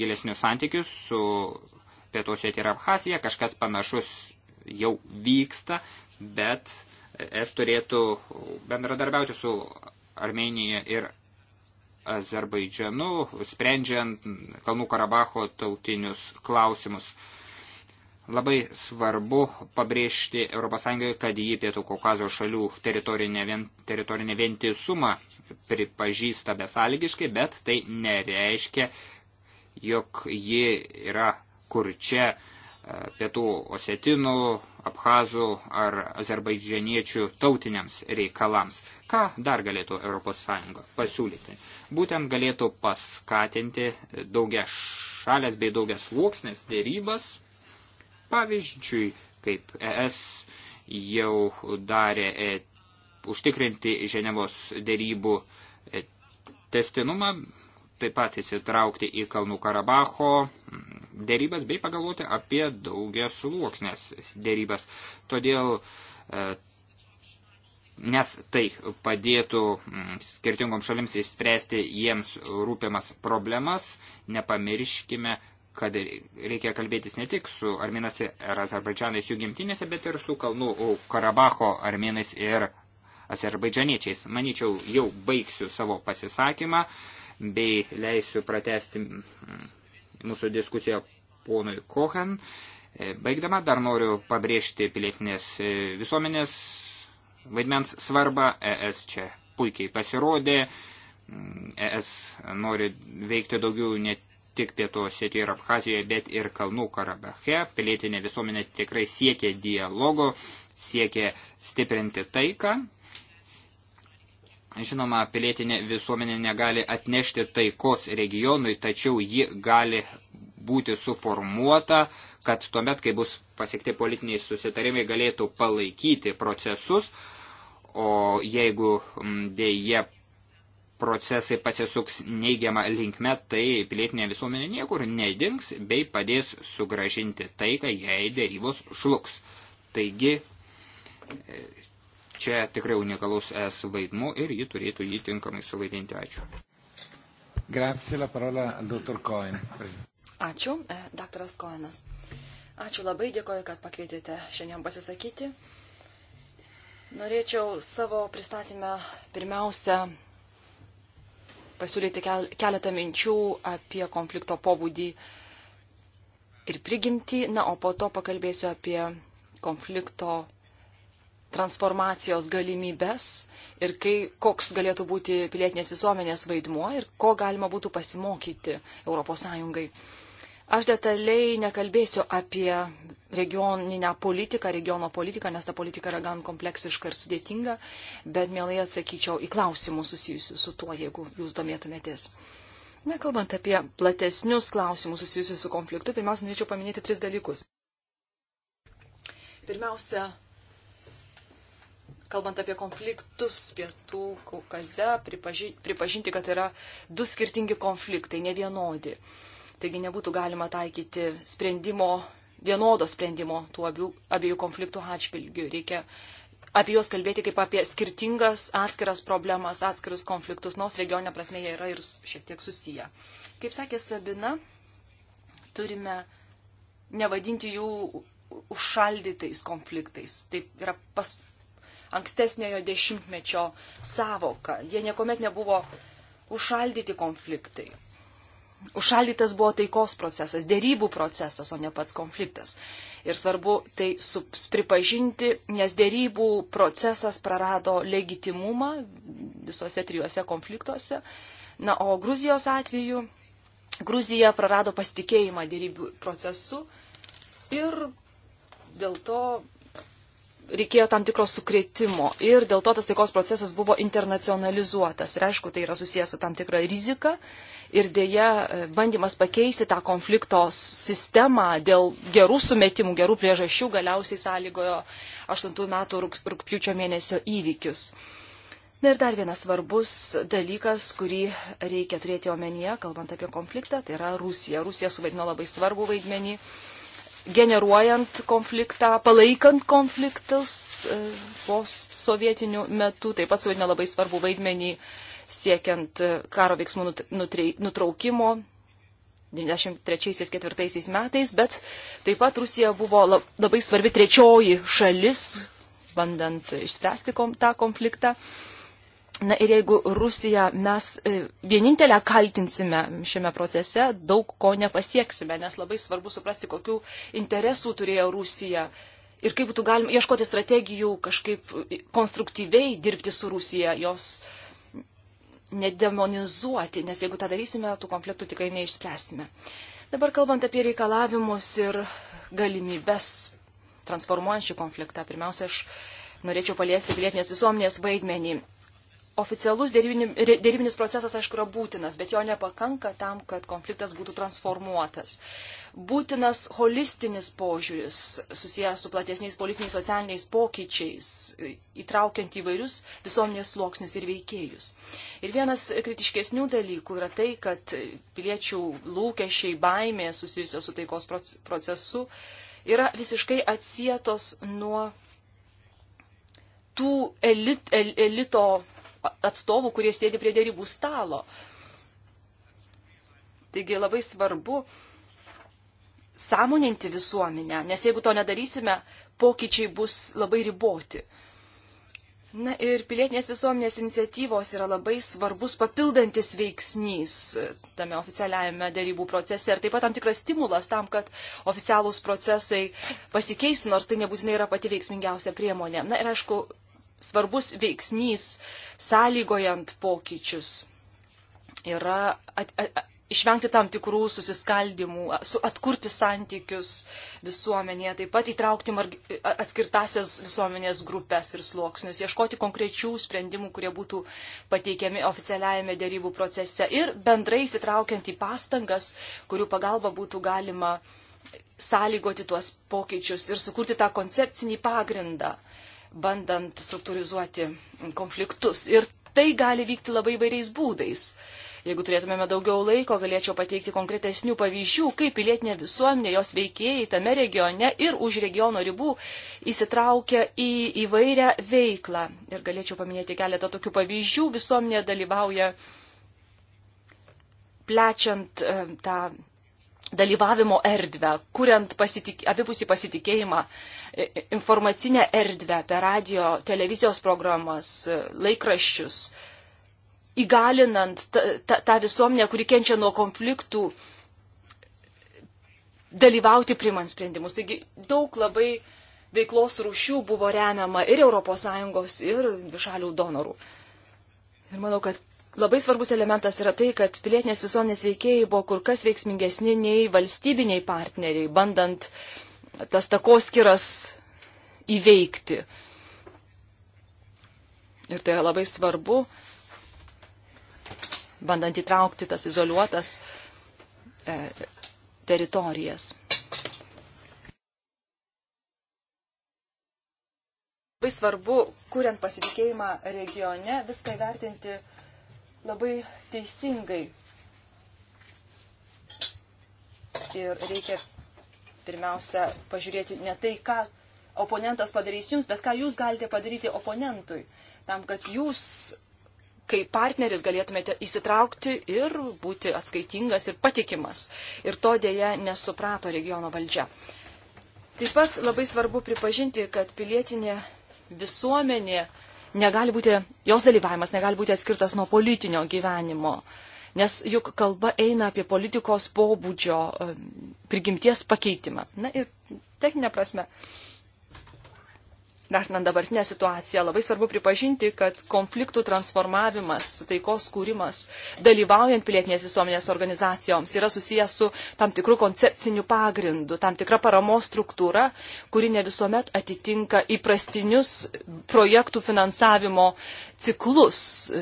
gilesnius santykius su Pietų Osetija ir Abhazija. Kažkas panašus jau vyksta, bet es turėtų bendradarbiauti su Armenija ir Azerbaidžianu, sprendžiant Kalnų Karabacho tautinius klausimus. Labai svarbu pabrėžti ES, kad jį Pietų Kaukazo šalių teritorinę, vien, teritorinę vientisumą pripažįsta besąlygiškai, bet tai nereiškia, jog ji yra kur čia e, pietų osetinų, abhazų ar azerbaidžianiečių tautiniams reikalams. Ką dar galėtų ES pasiūlyti? Būtent galėtų paskatinti daugia šalės bei daugia sluoksnės dėrybas Pavyzdžiui, kaip ES jau darė e, užtikrinti Ženevos dėrybų e, testinumą, taip pat įsitraukti į Kalnų Karabacho mm, dėrybas bei pagalvoti apie daugias sluoksnės dėrybas. Todėl, e, nes tai padėtų mm, skirtingoms šalims įspręsti jiems rūpiamas problemas, nepamirškime, kad reikia kalbėtis ne tik su armėnais ir azerbaidžanais jų gimtinėse, bet ir su Kalnų Karabacho armėnais ir azerbaidžaniečiais. Manyčiau, jau baigsiu savo pasisakymą bei leisiu pratesti mūsų diskusiją ponui Kohan. Baigdama dar noriu pabrėžti pilietinės visuomenės vaidmens svarbą. ES čia puikiai pasirodė. ES nori veikti daugiau net tik pietų Osetijoje ir Abhazijoje, bet ir Kalnų Karabache. Pilietinė visuomenė tikrai siekia dialogo, siekia stiprinti taiką. Žinoma, pilietinė visuomenė negali atnešti taikos regionui, tačiau ji gali būti suformuota, kad tuomet, kai bus pasiekti politiniai susitarimai, galėtų palaikyti procesus, o jeigu dėje procesai pasisuks neigiamą linkme, tai pilietinė visuomenė niekur nedings bei padės sugražinti taiką, jei dėrybos šluks. Taigi, e, čia tikrai unikalus es vaidmuo ir ji turėtų jį tinkamai suvaidinti. Ačiū. Grazie, la parola al dottor Cohen. Ačiū, e, daktaras Koenas. Ačiū labai, dėkoju, kad pakvietėte šiandien pasisakyti. Norėčiau savo pristatymę pirmiausia pasiūlyti keletą minčių apie konflikto pobūdį ir prigimtį, na, o po to pakalbėsiu apie konflikto transformacijos galimybės ir kai, koks galėtų būti pilietinės visuomenės vaidmuo ir ko galima būtų pasimokyti ES. Aš detaliai nekalbėsiu apie regioninę politiką, regiono politiką, nes ta politika yra gan kompleksiška ir sudėtinga, bet mielai atsakyčiau į klausimus susijusius su tuo, jeigu jūs domėtumėtės. Nekalbant apie platesnius klausimus susijusius su konfliktu, pirmiausia, norėčiau paminėti tris dalykus. Pirmiausia, kalbant apie konfliktus pietų Kaukaze, pripaži, pripažinti, kad yra du skirtingi konfliktai, nevienodi. Taigi nebūtų galima taikyti sprendimo vienodo sprendimo tų abiejų, abiejų konfliktų atšvilgių. Reikia apie juos kalbėti kaip apie skirtingas atskiras problemas, atskirus konfliktus, nors regioninė prasme jie yra ir šiek tiek susiję. Kaip sakė Sabina, turime nevadinti jų užšaldytais konfliktais. Taip yra pas, ankstesniojo dešimtmečio savoka. Jie niekuomet nebuvo užšaldyti konfliktai užšaldytas buvo taikos procesas, dėrybų procesas, o ne pats konfliktas. Ir svarbu tai pripažinti, nes dėrybų procesas prarado legitimumą visose trijuose konfliktuose. Na, o Gruzijos atveju Gruzija prarado pasitikėjimą dėrybų procesu ir dėl to reikėjo tam tikro sukrėtimo ir dėl to tas taikos procesas buvo internacionalizuotas. Ir aišku, tai yra susijęs su tam tikra rizika ir dėja e, bandymas pakeisti tą konflikto sistemą dėl gerų sumetimų, gerų priežasčių galiausiai sąlygojo 8 metų rūpiučio mėnesio įvykius. Na ir dar vienas svarbus dalykas, kurį reikia turėti omenyje, kalbant apie konfliktą, tai yra Rusija. Rusija suvaidino labai svarbų vaidmenį generuojant konfliktą, palaikant konfliktus e, postsovietiniu metu, taip pat suvaidino labai svarbu vaidmenį siekiant e, karo veiksmų nutraukimo 1993-1994 metais, bet taip pat Rusija buvo labai svarbi trečioji šalis, bandant išspręsti tą konfliktą. Na ir jeigu Rusiją mes e, vienintelę kaltinsime šiame procese, daug ko nepasieksime, nes labai svarbu suprasti, kokių interesų turėjo Rusija ir kaip būtų galima ieškoti strategijų kažkaip konstruktyviai dirbti su Rusija, jos nedemonizuoti, nes jeigu tą darysime, tų konfliktų tikrai neišspręsime. Dabar kalbant apie reikalavimus ir galimybes transformuojant šį konfliktą, pirmiausia, aš norėčiau paliesti pilietinės visuomenės vaidmenį oficialus dėrybinis procesas, aišku, yra būtinas, bet jo nepakanka tam, kad konfliktas būtų transformuotas. Būtinas holistinis požiūris susijęs su platesniais politiniais socialiniais pokyčiais, įtraukiant įvairius visuomenės sluoksnius ir veikėjus. Ir vienas kritiškesnių dalykų yra tai, kad piliečių lūkesčiai, baimė susijusios su taikos procesu yra visiškai atsietos nuo tų elit, el, elito atstovų, kurie sėdi prie dėrybų stalo. Taigi labai svarbu sąmoninti visuomenę, nes jeigu to nedarysime, pokyčiai bus labai riboti. Na ir pilietinės visuomenės iniciatyvos yra labai svarbus papildantis veiksnys tame oficialiajame dėrybų procese ir taip pat tam tikras stimulas tam, kad oficialūs procesai pasikeistų, nors tai nebūtinai yra pati veiksmingiausia priemonė. Na ir aišku, svarbus veiksnys sąlygojant pokyčius yra at, at, at, išvengti tam tikrų susiskaldimų, su, atkurti santykius visuomenėje, taip pat įtraukti marg, atskirtasias visuomenės grupės ir sluoksnius, ieškoti konkrečių sprendimų, kurie būtų pateikiami oficialiajame dėrybų procese ir bendrai įsitraukiant į pastangas, kurių pagalba būtų galima sąlygoti tuos pokyčius ir sukurti tą koncepcinį pagrindą, uh, bandant struktūrizuoti konfliktus. Ir tai gali vykti labai įvairiais būdais. Jeigu turėtumėme daugiau laiko, galėčiau pateikti konkretesnių pavyzdžių, kaip pilietinė visuomenė, jos veikėjai tame regione ir už regiono ribų įsitraukia į įvairią veiklą. Ir galėčiau paminėti keletą tokių pavyzdžių. Visuomenė dalyvauja plečiant e, tą dalyvavimo erdvę, kuriant pasitik, abipusį pasitikėjimą, informacinę erdvę per radio, televizijos programas, e, laikraščius, įgalinant tą visuomenę, kuri kenčia nuo konfliktų, dalyvauti primant sprendimus. Taigi daug labai veiklos rūšių buvo remiama ir ES, ir dvišalių donorų. Ir manau, kad Labai svarbus elementas yra tai, kad pilietinės visuomenės veikėjai buvo kur kas veiksmingesni nei valstybiniai partneriai, bandant tas takoskiras įveikti. Ir tai yra labai svarbu, bandant įtraukti tas izoliuotas e, teritorijas. Labai svarbu, kuriant pasitikėjimą regione, viską įvertinti labai teisingai. Ir reikia pirmiausia pažiūrėti ne tai, ką oponentas padarys jums, bet ką jūs galite padaryti oponentui, tam, kad jūs kaip partneris galėtumėte įsitraukti ir būti atskaitingas ir patikimas. Ir to dėja nesuprato regiono valdžia. Taip pat labai svarbu pripažinti, kad pilietinė visuomenė negali būti, jos dalyvavimas negali būti atskirtas nuo politinio gyvenimo, nes juk kalba eina apie politikos pobūdžio prigimties pakeitimą. Na ir techninė prasme. Uh, vertinant dabartinę situaciją, labai svarbu pripažinti, kad konfliktų transformavimas, taikos kūrimas, dalyvaujant pilietinės visuomenės organizacijoms, yra susijęs su tam tikrų koncepcinių pagrindų, tam tikra paramos struktūra, kuri ne visuomet atitinka įprastinius projektų finansavimo ciklus e,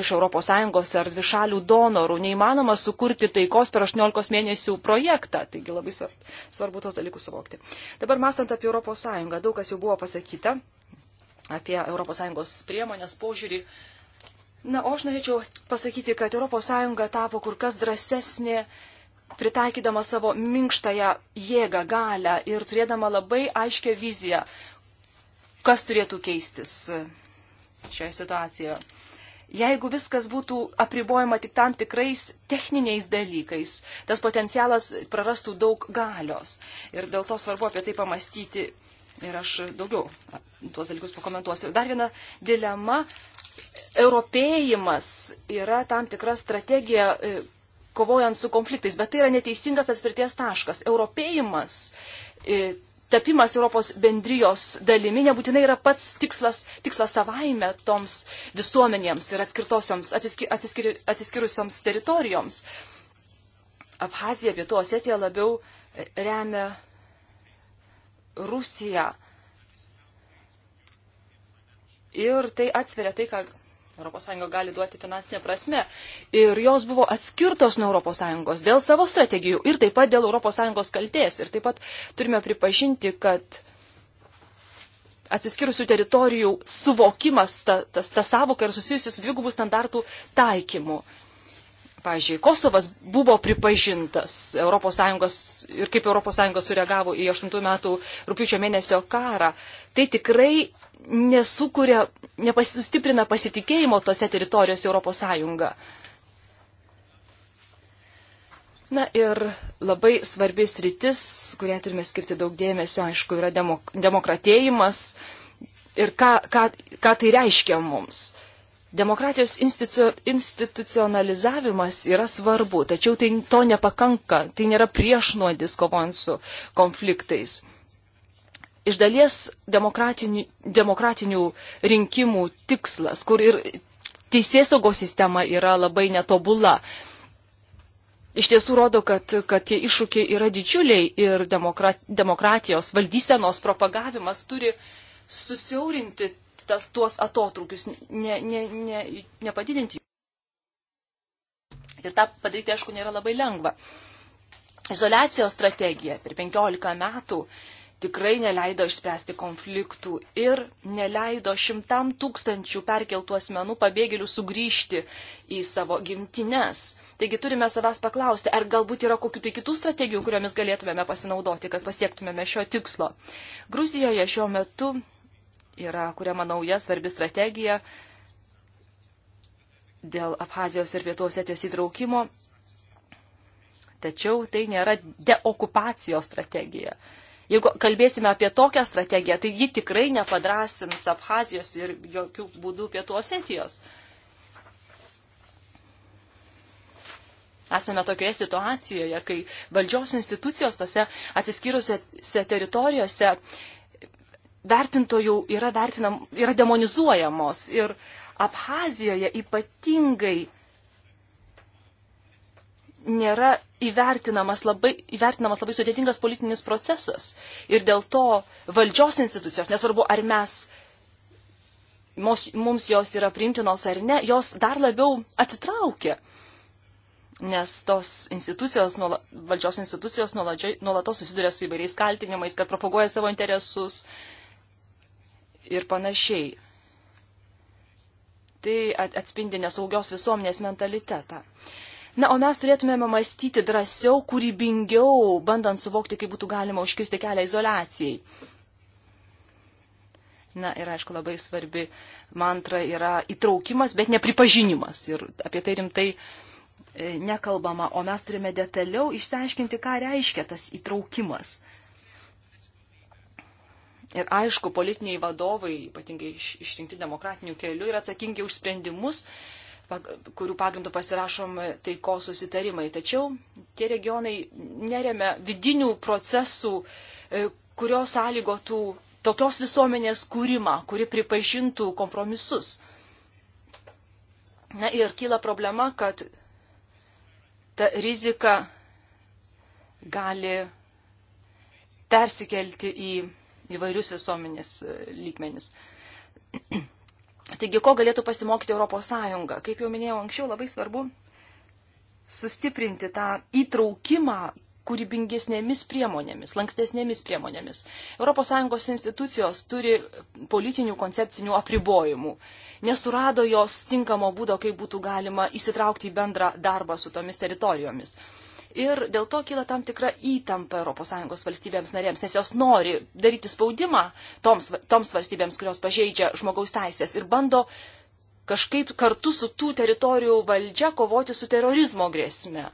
iš ES ar dvišalių donorų. Neįmanoma sukurti taikos per 18 mėnesių projektą, taigi labai svarbu tos dalykus suvokti. Dabar mąstant apie ES, daug kas jau buvo pasakyta pasakyta apie ES priemonės požiūrį. Na, o aš norėčiau pasakyti, kad ES tapo kur kas drąsesnė, pritaikydama savo minkštąją jėgą, galę ir turėdama labai aiškę viziją, kas turėtų keistis šioje situacijoje. Jeigu viskas būtų apribojama tik tam tikrais techniniais dalykais, tas potencialas prarastų daug galios. Ir dėl to svarbu apie tai pamastyti Ir aš daugiau tuos dalykus pakomentuosiu. Dar viena dilema. Europėjimas yra tam tikra strategija e, kovojant su konfliktais, bet tai yra neteisingas atspirties taškas. Europėjimas, e, tapimas Europos bendrijos dalimi nebūtinai yra pats tikslas, tikslas savaime toms visuomenėms ir atskirtosioms, atsiskir, atsiskir, atsiskirusioms teritorijoms. Abhazija, Pietų Osetija labiau e, remia Rusiją. Ir tai atsveria tai, ką ES gali duoti finansinė prasme. Ir jos buvo atskirtos nuo ES dėl savo strategijų ir taip pat dėl ES kalties. Ir taip pat turime pripažinti, kad atskirusių teritorijų suvokimas, ta, ta, ta savoka yra susijusi su dvigubų standartų taikymu. Uh, pažiūrėjau, Kosovas buvo pripažintas ES ir kaip ES sureagavo į 8 metų rūpiučio mėnesio karą, tai tikrai nesukuria, nepasistiprina pasitikėjimo tose teritorijose ES. Na ir labai svarbis rytis, kurie turime skirti daug dėmesio, aišku, yra demok demokratėjimas ir ką, ką, ką tai reiškia mums. Demokratijos institu, institucionalizavimas yra svarbu, tačiau tai to nepakanka, tai nėra priešnuodis kovant su konfliktais. Iš dalies demokratinių, demokratinių rinkimų tikslas, kur ir teisėsaugos sistema yra labai netobula, iš tiesų rodo, kad, kad tie iššūkiai yra didžiuliai ir demokratijos valdysenos propagavimas turi susiaurinti tas, tuos atotrukius, ne, ne, ne, nepadidinti jų. Ir tą padaryti, aišku, nėra labai lengva. Izolacijos strategija per 15 metų tikrai neleido išspręsti konfliktų ir neleido šimtam tūkstančių perkeltų asmenų pabėgėlių sugrįžti į savo gimtines. Taigi turime savęs paklausti, ar galbūt yra kokių tai kitų strategijų, kuriomis galėtumėme pasinaudoti, kad pasiektumėme šio tikslo. Gruzijoje šiuo metu yra kuriama nauja svarbi strategija dėl Abhazijos ir Pietų Osetijos įtraukimo, tačiau tai nėra deokupacijos strategija. Jeigu kalbėsime apie tokią strategiją, tai ji tikrai nepadrasins Abhazijos ir jokių būdų Pietų Osetijos. Esame tokioje situacijoje, kai valdžios institucijos tose atsiskyrusiose teritorijose vertintojų yra, vertinam, yra demonizuojamos ir Abhazijoje ypatingai nėra įvertinamas labai, įvertinamas labai sudėtingas politinis procesas. Ir dėl to valdžios institucijos, nesvarbu ar mes, mums jos yra priimtinos ar ne, jos dar labiau atsitraukia. Nes tos institucijos, nuola, valdžios institucijos nuolatos susiduria su įvairiais kaltinimais, kad propaguoja savo interesus, ir panašiai. Tai atspindi nesaugios visuomenės mentalitetą. Na, o mes turėtumėme mąstyti drąsiau, kūrybingiau, bandant suvokti, kaip būtų galima užkirsti kelią izolacijai. Na ir aišku, labai svarbi mantra yra įtraukimas, bet nepripažinimas. Ir apie tai rimtai e, nekalbama, o mes turime detaliau išsiaiškinti, ką reiškia tas įtraukimas. Ir aišku, politiniai vadovai, ypatingai išrinkti demokratinių kelių, yra atsakingi už sprendimus, kurių pagrindų pasirašom taikos susitarimai. Tačiau tie regionai neremia vidinių procesų, e, kurios sąlygotų tokios visuomenės kūrimą, kuri pripažintų kompromisus. Na ir kyla problema, kad ta rizika gali persikelti į įvairius visuomenės e, lygmenis. Taigi, ko galėtų pasimokyti ES? Kaip jau minėjau anksčiau, labai svarbu sustiprinti tą įtraukimą kūrybingesnėmis priemonėmis, lankstesnėmis priemonėmis. ES institucijos turi politinių koncepcinių apribojimų. Nesurado jos tinkamo būdo, kaip būtų galima įsitraukti į bendrą darbą su tomis teritorijomis ir dėl to kyla tam tikra įtampa ES valstybėms narėms, nes jos nori daryti spaudimą toms, toms valstybėms, kurios pažeidžia žmogaus teisės ir bando kažkaip kartu su tų teritorijų valdžia kovoti su terorizmo grėsme.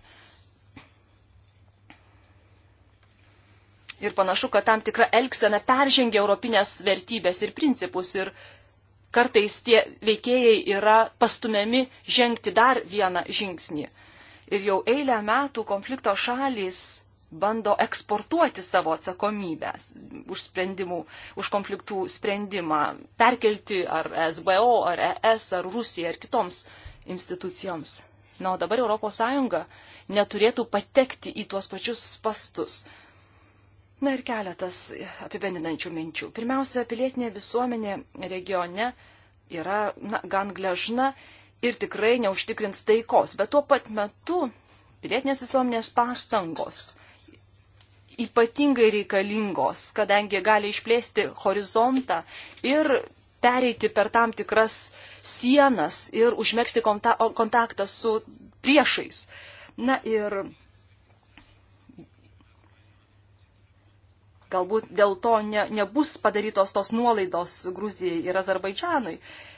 Ir panašu, kad tam tikra elgsena peržengia europinės vertybės ir principus. Ir kartais tie veikėjai yra pastumiami žengti dar vieną žingsnį ir jau eilę metų konflikto šalys bando eksportuoti savo atsakomybės už sprendimų, už konfliktų sprendimą, perkelti ar SBO, ar ES, ar Rusija, ar kitoms institucijoms. Na, o dabar ES neturėtų patekti į tuos pačius spastus. Na ir keletas apibendinančių minčių. Pirmiausia, pilietinė visuomenė regione yra na, gan gležna ir tikrai neužtikrins taikos. Bet tuo pat metu pilietinės visuomenės pastangos ypatingai reikalingos, kadangi gali išplėsti horizontą ir pereiti per tam tikras sienas ir užmėgsti kontaktą su priešais. Na ir galbūt dėl to ne, nebus padarytos tos nuolaidos Gruzijai ir Azerbaidžianui. Uh,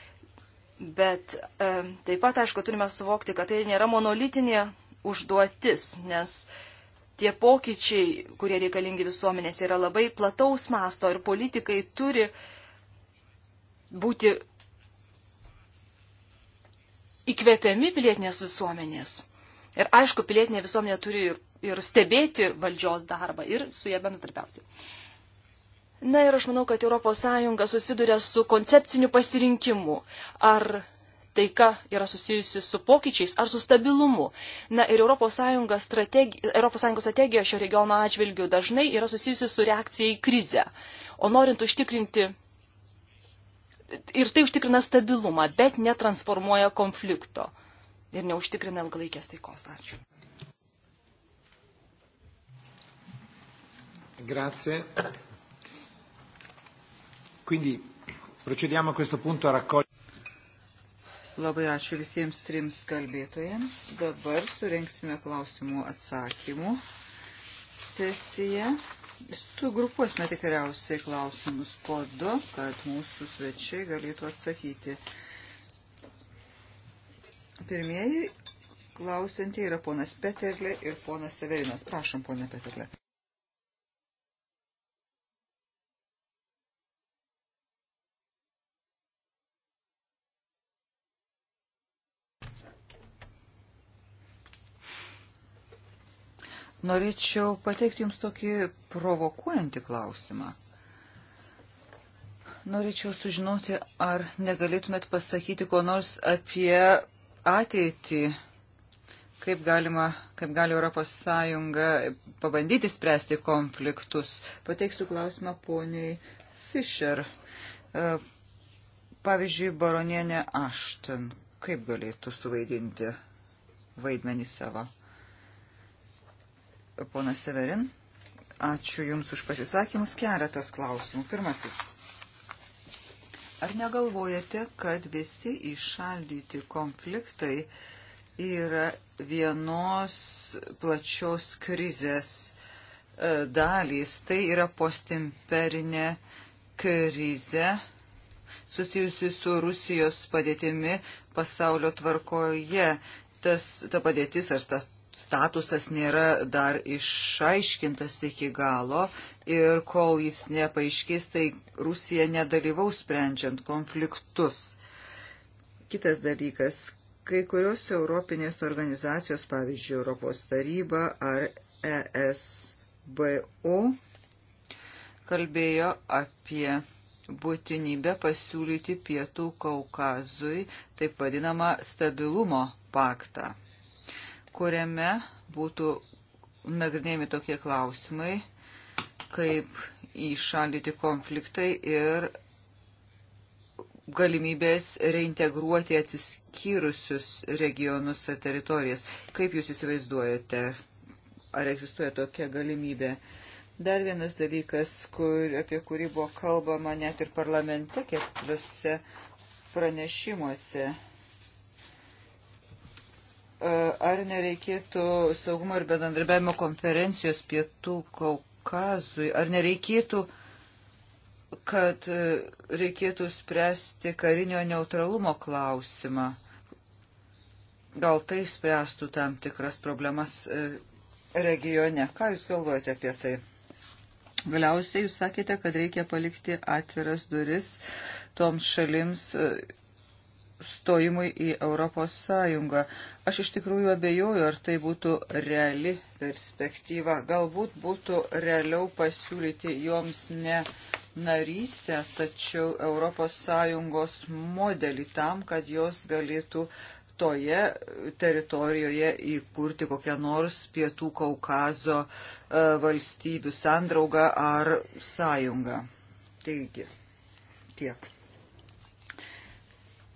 Bet e, taip pat, aišku, turime suvokti, kad tai nėra monolitinė užduotis, nes tie pokyčiai, kurie reikalingi visuomenės, yra labai plataus masto ir politikai turi būti įkvepiami pilietinės visuomenės. Ir aišku, pilietinė visuomenė turi ir, ir stebėti valdžios darbą ir su jie bendradarbiauti. Uh, Na ir aš manau, kad ES susiduria su koncepciniu pasirinkimu. Ar taika yra susijusi su pokyčiais ar su stabilumu. Na ir ES strategija, ES strategija šio regiono atžvilgių dažnai yra susijusi su reakcija į krizę. O norint užtikrinti. Ir tai užtikrina stabilumą, bet netransformuoja konflikto ir neužtikrina ilgalaikės taikos. Ačiū. Grazie. Quindi procediamo a questo punto a raccogliere. Labai ačiū visiems trims kalbėtojams. Dabar surenksime klausimų atsakymų sesiją. Sugrupuosime tikriausiai klausimus po du, kad mūsų svečiai galėtų atsakyti. Pirmieji klausiantieji yra ponas Peterlė ir ponas Severinas. Prašom, ponė Peterlė. Norėčiau pateikti Jums tokį provokuojantį klausimą. Norėčiau sužinoti, ar negalėtumėt pasakyti ko nors apie ateitį, kaip, galima, kaip gali Europos Sąjunga pabandyti spręsti konfliktus. Pateiksiu klausimą poniai Fischer. E, pavyzdžiui, baronienė Ashton, kaip galėtų suvaidinti vaidmenį savo? ponas Severin. Ačiū Jums už pasisakymus. Keletas klausimų. Pirmasis. Ar negalvojate, kad visi išaldyti konfliktai yra vienos plačios krizės e, dalys? Tai yra postimperinė krizė susijusi su Rusijos padėtimi pasaulio tvarkoje. Tas, ta padėtis ar ta statusas nėra dar išaiškintas iki galo ir kol jis nepaaiškės, tai Rusija nedalyvaus sprendžiant konfliktus. Kitas dalykas, kai kurios europinės organizacijos, pavyzdžiui, Europos taryba ar ESBU, kalbėjo apie būtinybę pasiūlyti Pietų Kaukazui taip vadinamą stabilumo paktą kuriame būtų nagrinėjami tokie klausimai, kaip įšaldyti konfliktai ir galimybės reintegruoti atsiskyrusius regionus ar teritorijas. Kaip jūs įsivaizduojate, ar egzistuoja tokia galimybė? Dar vienas dalykas, kur, apie kurį buvo kalbama net ir parlamente, keturiose pranešimuose E, ar nereikėtų saugumo ir bendradarbiavimo konferencijos pietų Kaukazui, ar nereikėtų, kad e, reikėtų spręsti karinio neutralumo klausimą. Gal tai spręstų tam tikras problemas e, regione. Ką Jūs galvojate apie tai? Galiausiai Jūs sakėte, kad reikia palikti atviras duris toms šalims stojimui į Europos Sąjungą. Aš iš tikrųjų abejoju, ar tai būtų reali perspektyva. Galbūt būtų realiau pasiūlyti joms ne narystę, tačiau Europos Sąjungos modelį tam, kad jos galėtų toje teritorijoje įkurti kokią nors pietų Kaukazo e, valstybių sandraugą ar sąjungą. Taigi, tiek.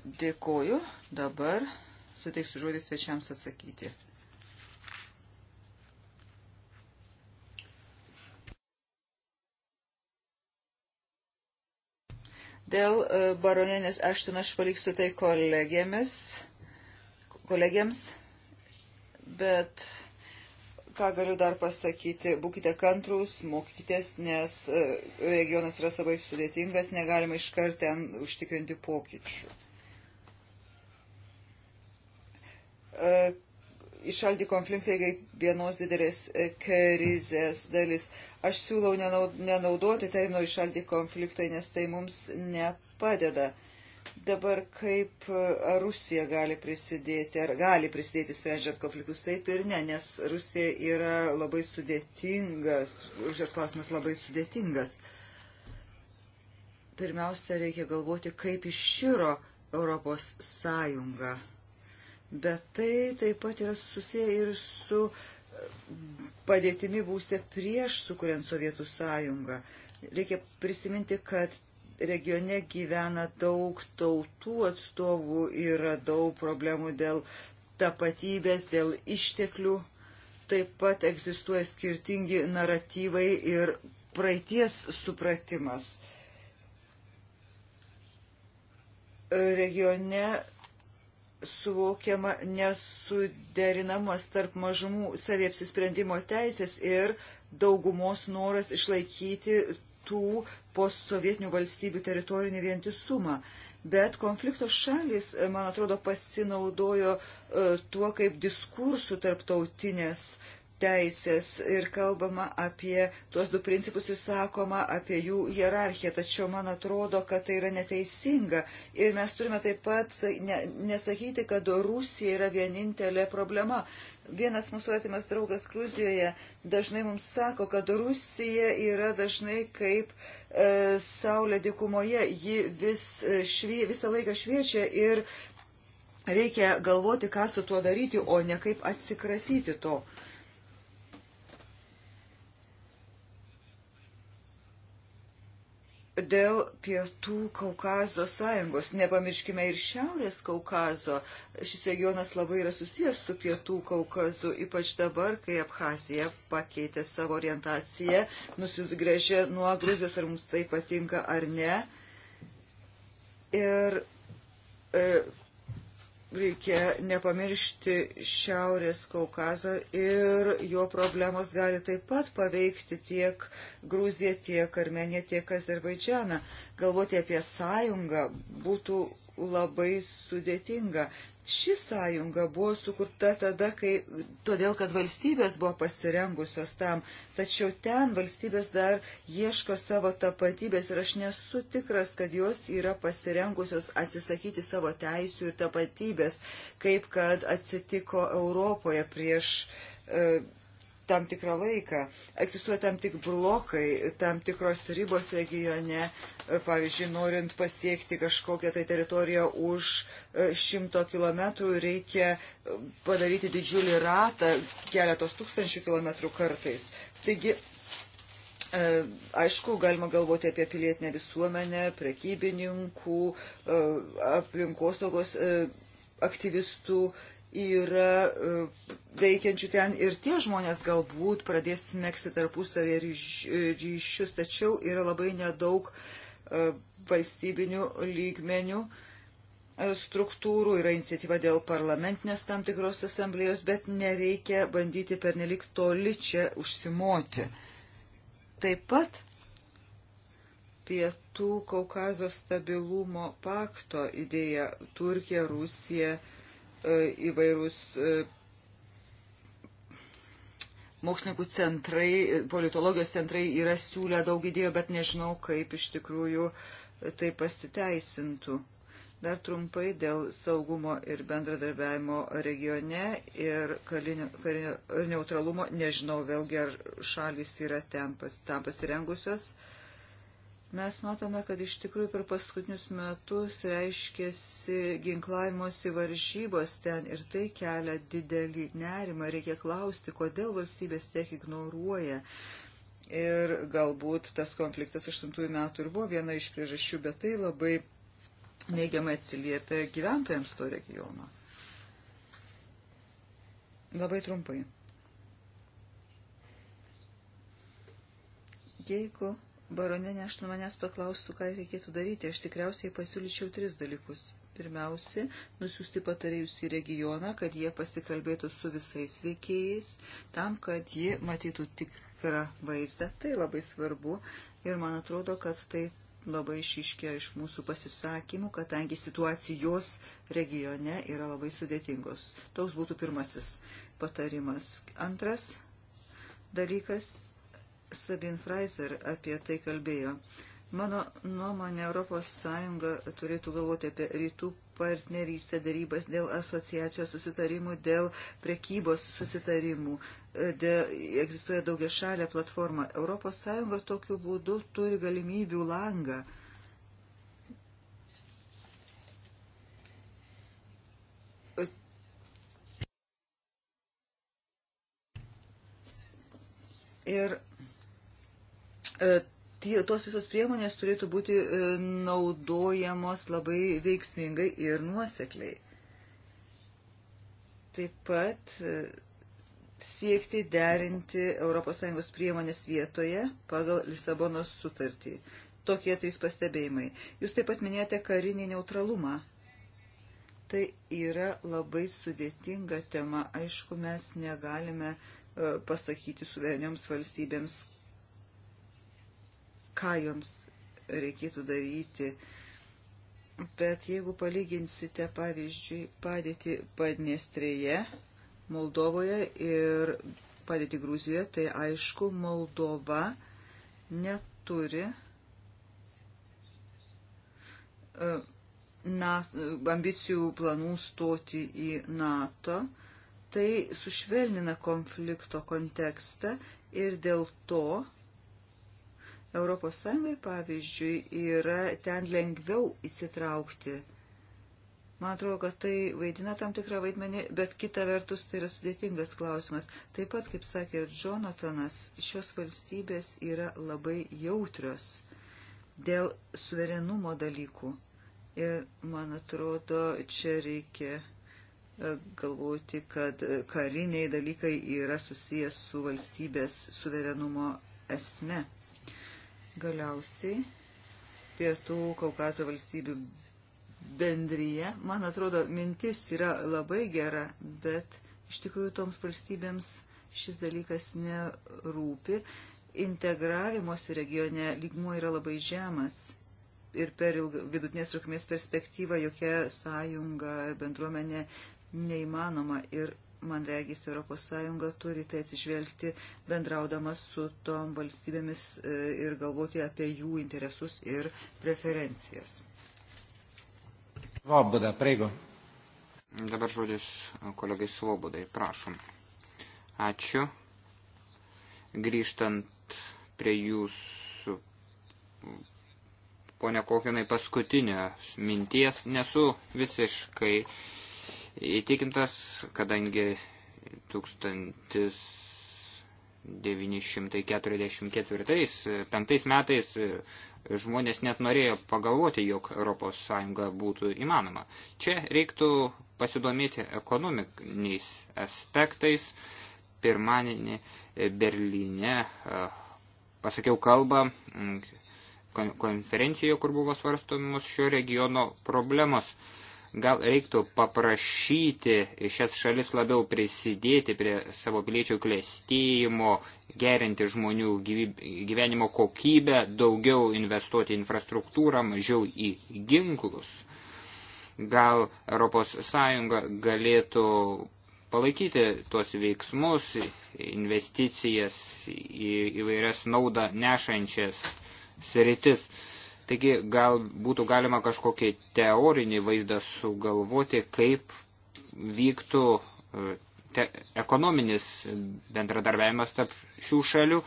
Dėkoju. Dabar suteiksiu žodį svečiams atsakyti. Dėl e, baronienės Ašton aš paliksiu tai kolegėmis, kolegėms, bet ką galiu dar pasakyti, būkite kantrus, mokykitės, nes e, regionas yra labai sudėtingas, negalima iškart ten užtikrinti pokyčių. išaldi e, konfliktai kaip vienos didelės e, krizės dalis. Aš siūlau nenaudoti termino išaldi konfliktai, nes tai mums nepadeda. Dabar kaip e, Rusija gali prisidėti, ar gali prisidėti sprendžiant konfliktus, taip ir ne, nes Rusija yra labai sudėtingas, Rusijos klausimas labai sudėtingas. Pirmiausia, reikia galvoti, kaip išširo Europos Sąjunga bet tai taip pat yra susiję ir su e, padėtimi būsė prieš sukuriant Sovietų sąjungą. Reikia prisiminti, kad regione gyvena daug tautų atstovų, yra daug problemų dėl tapatybės, dėl išteklių. Taip pat egzistuoja skirtingi naratyvai ir praeities supratimas. Regione suvokiama nesuderinamas tarp mažumų saviapsisprendimo teisės ir daugumos noras išlaikyti tų postsovietinių valstybių teritorinį vientisumą. Bet konflikto šalis, man atrodo, pasinaudojo e, tuo kaip diskursų tarptautinės teisės ir kalbama apie tuos du principus ir sakoma apie jų hierarchiją, tačiau man atrodo, kad tai yra neteisinga. Ir mes turime taip pat ne, nesakyti, kad Rusija yra vienintelė problema. Vienas mūsų atimas draugas Gruzijoje dažnai mums sako, kad Rusija yra dažnai kaip e, saulė dikumoje, ji vis, e, švie, visą laiką šviečia ir reikia galvoti, ką su tuo daryti, o ne kaip atsikratyti to. E, dėl Pietų Kaukazo sąjungos. Nepamirškime ir Šiaurės Kaukazo. Šis regionas labai yra susijęs su Pietų Kaukazu, ypač dabar, kai Abhazija pakeitė savo orientaciją, nusisgrėžė nuo Gruzijos, ar mums tai patinka ar ne. Ir e, reikia nepamiršti Šiaurės Kaukazo ir jo problemos gali taip pat paveikti tiek Gruziją, tiek Armeniją, tiek Azerbaidžianą. Galvoti apie sąjungą būtų labai sudėtinga. Ši sąjunga buvo sukurta tada, kai, todėl kad valstybės buvo pasirengusios tam, tačiau ten valstybės dar ieško savo tapatybės ir aš nesu tikras, kad jos yra pasirengusios atsisakyti savo teisių ir tapatybės, kaip kad atsitiko Europoje prieš e, tam tikrą laiką. Egzistuoja tam tik blokai, tam tikros ribos regione, pavyzdžiui, norint pasiekti kažkokią tai teritoriją už e, šimto kilometrų, reikia e, padaryti didžiulį ratą keletos tūkstančių kilometrų kartais. Taigi, e, Aišku, galima galvoti apie pilietinę visuomenę, prekybininkų, aplinkosaugos aktyvistų yra e, veikiančių ten ir tie žmonės galbūt pradės mėgsti tarpusavį e, ryšius, tačiau yra labai nedaug e, valstybinių lygmenių struktūrų, yra iniciatyva dėl parlamentinės tam tikros asamblėjos, bet nereikia bandyti pernelik toli čia užsimoti. Taip pat pietų Kaukazo stabilumo pakto idėja Turkija, Rusija, E, įvairūs e, mokslininkų centrai, e, politologijos centrai yra siūlę daug idėjų, bet nežinau, kaip iš tikrųjų tai pasiteisintų. Dar trumpai dėl saugumo ir bendradarbiavimo regione ir karinio, karinio neutralumo, nežinau vėlgi, ar šalis yra ten pas, tam pasirengusios. Uh, Mes matome, kad iš tikrųjų per paskutinius metus reiškėsi ginklavimosi varžybos ten ir tai kelia didelį nerimą. Reikia klausti, kodėl valstybės tiek ignoruoja. Ir galbūt tas konfliktas 8 metų ir buvo viena iš priežasčių, bet tai labai neigiamai atsiliepia gyventojams to regiono. Labai trumpai. Jeigu baronė neštų manęs paklaustų, ką reikėtų daryti, aš tikriausiai pasiūlyčiau tris dalykus. Pirmiausia, nusiųsti patarėjus į regioną, kad jie pasikalbėtų su visais veikėjais, tam, kad jie matytų tikrą vaizdą. Tai labai svarbu ir man atrodo, kad tai labai išiškė iš mūsų pasisakymų, kadangi situacijos regione yra labai sudėtingos. Toks būtų pirmasis patarimas. Antras dalykas Sabin Freiser apie tai kalbėjo. Mano nuomonė, ES turėtų galvoti apie rytų partnerystę darybas dėl asociacijos susitarimų, dėl prekybos susitarimų. E, dėl, egzistuoja daugia šalia platforma. ES tokiu būdu turi galimybių langą. Ir E, tos visos priemonės turėtų būti e, naudojamos labai veiksmingai ir nuosekliai. Taip pat e, siekti derinti ES priemonės vietoje pagal Lisabonos sutartį. Tokie trys pastebėjimai. Jūs taip pat minėjote karinį neutralumą. Tai yra labai sudėtinga tema. Aišku, mes negalime pasakyti suverenioms valstybėms, ką joms reikėtų daryti. Bet jeigu palyginsite, pavyzdžiui, padėti Padnestrėje, Moldovoje ir padėti Gruzijoje, tai aišku, Moldova neturi e, na, ambicijų planų stoti į NATO, tai sušvelnina konflikto kontekstą ir dėl to ES, pavyzdžiui, yra ten lengviau įsitraukti. Man atrodo, kad tai vaidina tam tikrą vaidmenį, bet kita vertus tai yra sudėtingas klausimas. Taip pat, kaip sakė Jonathanas, šios valstybės yra labai jautrios dėl suverenumo dalykų. Ir man atrodo, čia reikia e, galvoti, kad kariniai dalykai yra susijęs su valstybės suverenumo esme. Galiausiai Pietų Kaukazo valstybių bendryje, man atrodo, mintis yra labai gera, bet iš tikrųjų toms valstybėms šis dalykas nerūpi. Integravimosi regione lygmuo yra labai žemas ir per ilg, vidutinės trukmės perspektyvą jokia sąjunga ar bendruomenė neįmanoma ir man regis, ES turi tai atsižvelgti bendraudama su tom valstybėmis e, ir galvoti apie jų interesus ir preferencijas. Voboda, prego. Dabar žodis kolegai Svobodai, prašom. Ačiū. Grįžtant prie jūsų, ponia Kokinai, paskutinės minties, nesu visiškai įtikintas, kadangi 1944-5 metais e, žmonės net norėjo pagalvoti, jog ES būtų įmanoma. Čia reiktų pasidomėti ekonominiais aspektais. Pirmaninį e, Berlyne e, pasakiau kalbą konferencijoje, kur buvo svarstomimus šio regiono problemos. Gal reiktų paprašyti šias šalis labiau prisidėti prie savo piliečių klėstėjimo, gerinti žmonių gyvenimo kokybę, daugiau investuoti į infrastruktūrą, mažiau į ginklus. Gal ES galėtų palaikyti tuos veiksmus, investicijas į įvairias naudą nešančias sritis. Taigi gal būtų galima kažkokį teorinį vaizdą sugalvoti, kaip vyktų e, te, ekonominis bendradarbiavimas tarp šių šalių,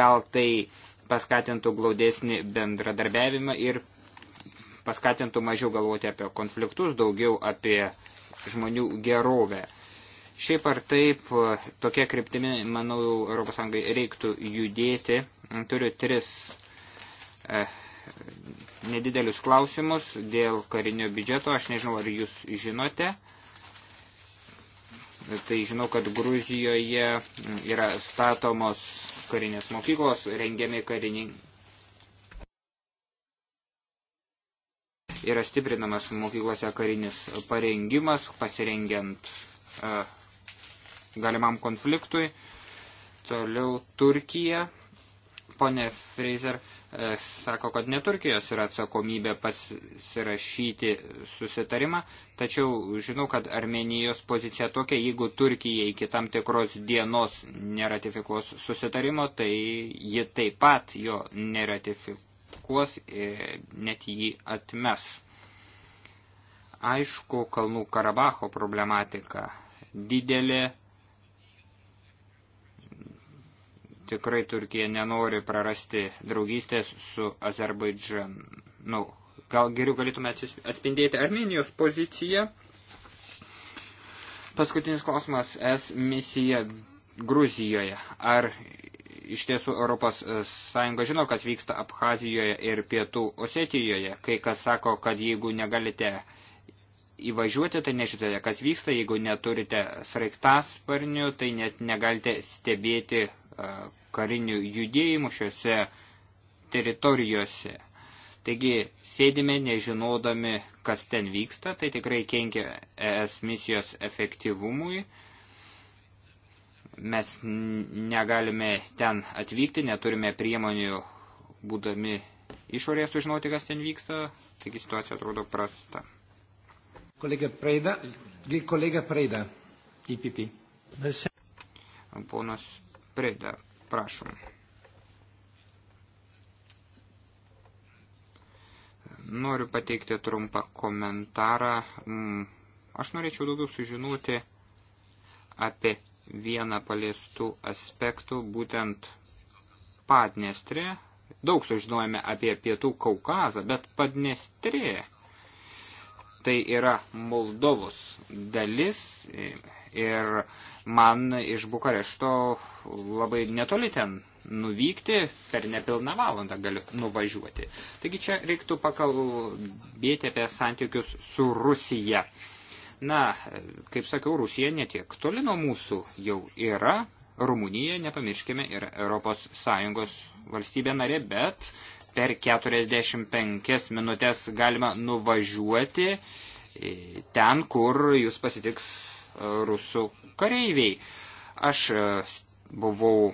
gal tai paskatintų glaudesnį bendradarbiavimą ir paskatintų mažiau galvoti apie konfliktus, daugiau apie žmonių gerovę. Šiaip ar taip, e, tokia kryptimi, manau, ES reiktų judėti. Turiu tris eh, nedidelius klausimus dėl karinio biudžeto. Aš nežinau, ar jūs žinote. Tai žinau, kad Gruzijoje yra statomos karinės mokyklos, rengiami karininkai. Yra stiprinamas mokyklose karinis parengimas, pasirengiant uh, galimam konfliktui. Toliau Turkija. Pone Fraser, uh, E, sako, kad ne Turkijos yra atsakomybė pasirašyti susitarimą, tačiau žinau, kad Armenijos pozicija tokia, jeigu Turkija iki tam tikros dienos neratifikuos susitarimo, tai ji taip pat jo neratifikuos, net jį atmes. Aišku, Kalnų Karabacho problematika didelė tikrai Turkija nenori prarasti draugystės su Azerbaidžanu. Nu, gal geriau galėtume atspindėti Armenijos poziciją. Paskutinis klausimas es misija Gruzijoje. Ar iš tiesų Europos e, Sąjunga žino, kas vyksta Abhazijoje ir Pietų Osetijoje? Kai kas sako, kad jeigu negalite įvažiuoti, tai nežinote, kas vyksta, jeigu neturite sraigtasparnių, tai net negalite stebėti, e, karinių judėjimų šiuose teritorijose. Taigi sėdime nežinodami, kas ten vyksta, tai tikrai kenkia ES misijos efektyvumui. Mes negalime ten atvykti, neturime priemonių, būdami išorėje sužinoti, kas ten vyksta, taigi situacija atrodo prasta. Kolega Preida, kolega Preida, IPP. Ponas Preida, Prašom. Noriu pateikti trumpą komentarą. Mm, aš norėčiau daugiau sužinoti apie vieną paliestų aspektų, būtent Padnestrė. Daug sužinojame apie Pietų Kaukazą, bet Padnestrė tai yra Moldovos dalis ir man iš Bukarešto labai netoli ten nuvykti, per nepilną valandą galiu nuvažiuoti. Taigi čia reiktų pakalbėti apie santykius su Rusija. Na, kaip sakiau, Rusija netiek toli nuo mūsų jau yra. Rumunija, nepamirškime, yra Europos Sąjungos valstybė narė, bet uh, per 45 minutės galima nuvažiuoti ten, kur jūs pasitiks e, rusų kareiviai. Aš e, buvau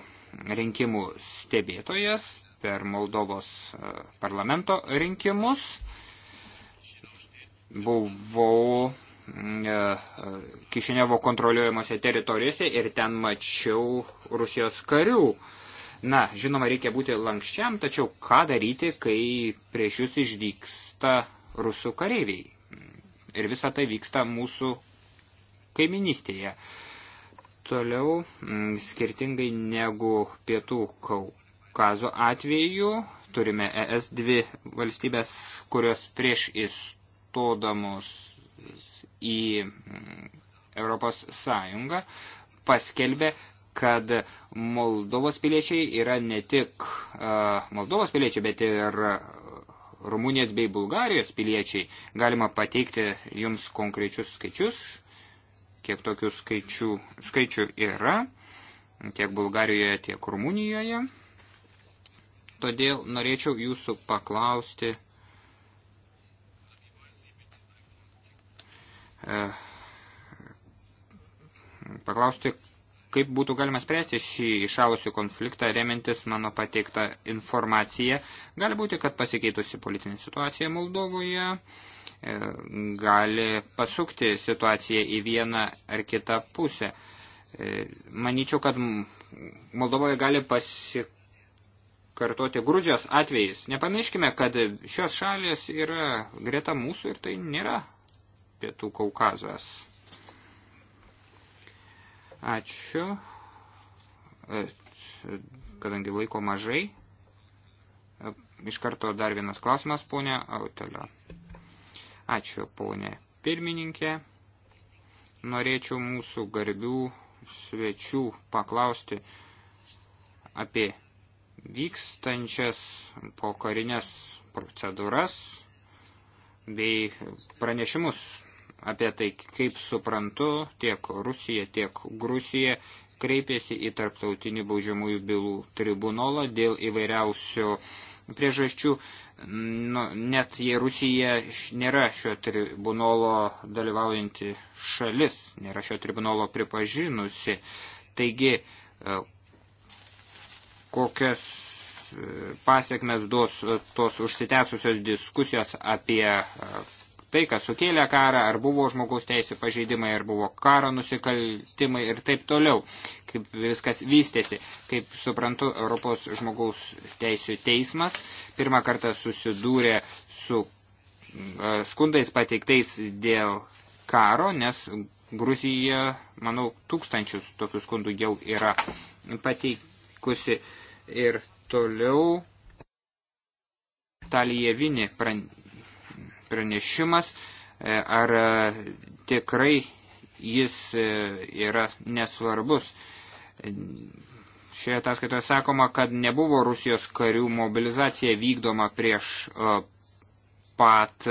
rinkimų stebėtojas per Moldovos e, parlamento rinkimus. Buvau mm, Kišinevo kontroliuojamose teritorijose ir ten mačiau Rusijos karių. Na, žinoma, reikia būti lankščiam, tačiau ką daryti, kai prieš jūs išdyksta rusų kareiviai? Ir visa tai vyksta mūsų kaiminystėje. Toliau, m, mm, skirtingai negu pietų Kaukazo atveju, turime ES dvi valstybės, kurios prieš įstodamos į mm, Europos Sąjungą paskelbė, kad Moldovos piliečiai yra ne tik uh, Moldovos piliečiai, bet ir Rumunijos bei Bulgarijos piliečiai. Galima pateikti jums konkrečius skaičius, kiek tokių skaičių, skaičių yra, tiek Bulgarijoje, tiek Rumunijoje. Todėl norėčiau jūsų paklausti. Uh, paklausti, kaip būtų galima spręsti šį išalusių konfliktą, remintis mano pateiktą informaciją. Gali būti, kad pasikeitusi politinė situacija Moldovoje e, gali pasukti situaciją į vieną ar kitą pusę. E, manyčiau, kad Moldovoje gali pasikartoti Grudžios atvejais. Nepamirškime, kad šios šalės yra greta mūsų ir tai nėra Pietų Kaukazas. Ačiū. E, kadangi laiko mažai, e, iš karto dar vienas klausimas, ponė Autelio. Ačiū, ponė pirmininkė. Norėčiau mūsų garbių svečių paklausti apie vykstančias po karinės procedūras bei pranešimus apie tai, kaip suprantu, tiek Rusija, tiek Grusija kreipėsi į tarptautinį baudžiamųjų bylų tribunolą dėl įvairiausių priežasčių. Nu, net jei Rusija nėra šio tribunolo dalyvaujanti šalis, nėra šio tribunolo pripažinusi. Taigi, e, kokias e, pasiekmes duos tos užsitęsusios diskusijos apie e, tai, kas sukėlė karą, ar buvo žmogaus teisų pažeidimai, ar buvo karo nusikaltimai ir taip toliau, kaip viskas vystėsi. Kaip suprantu, Europos žmogaus teisų teismas pirmą kartą susidūrė su e, skundais pateiktais dėl karo, nes Gruzija, manau, tūkstančius tokių skundų jau yra pateikusi ir toliau Talijevini pran pranešimas, e, ar e, tikrai jis e, yra nesvarbus. Šioje ataskaitoje sakoma, kad nebuvo Rusijos karių mobilizacija vykdoma prieš pat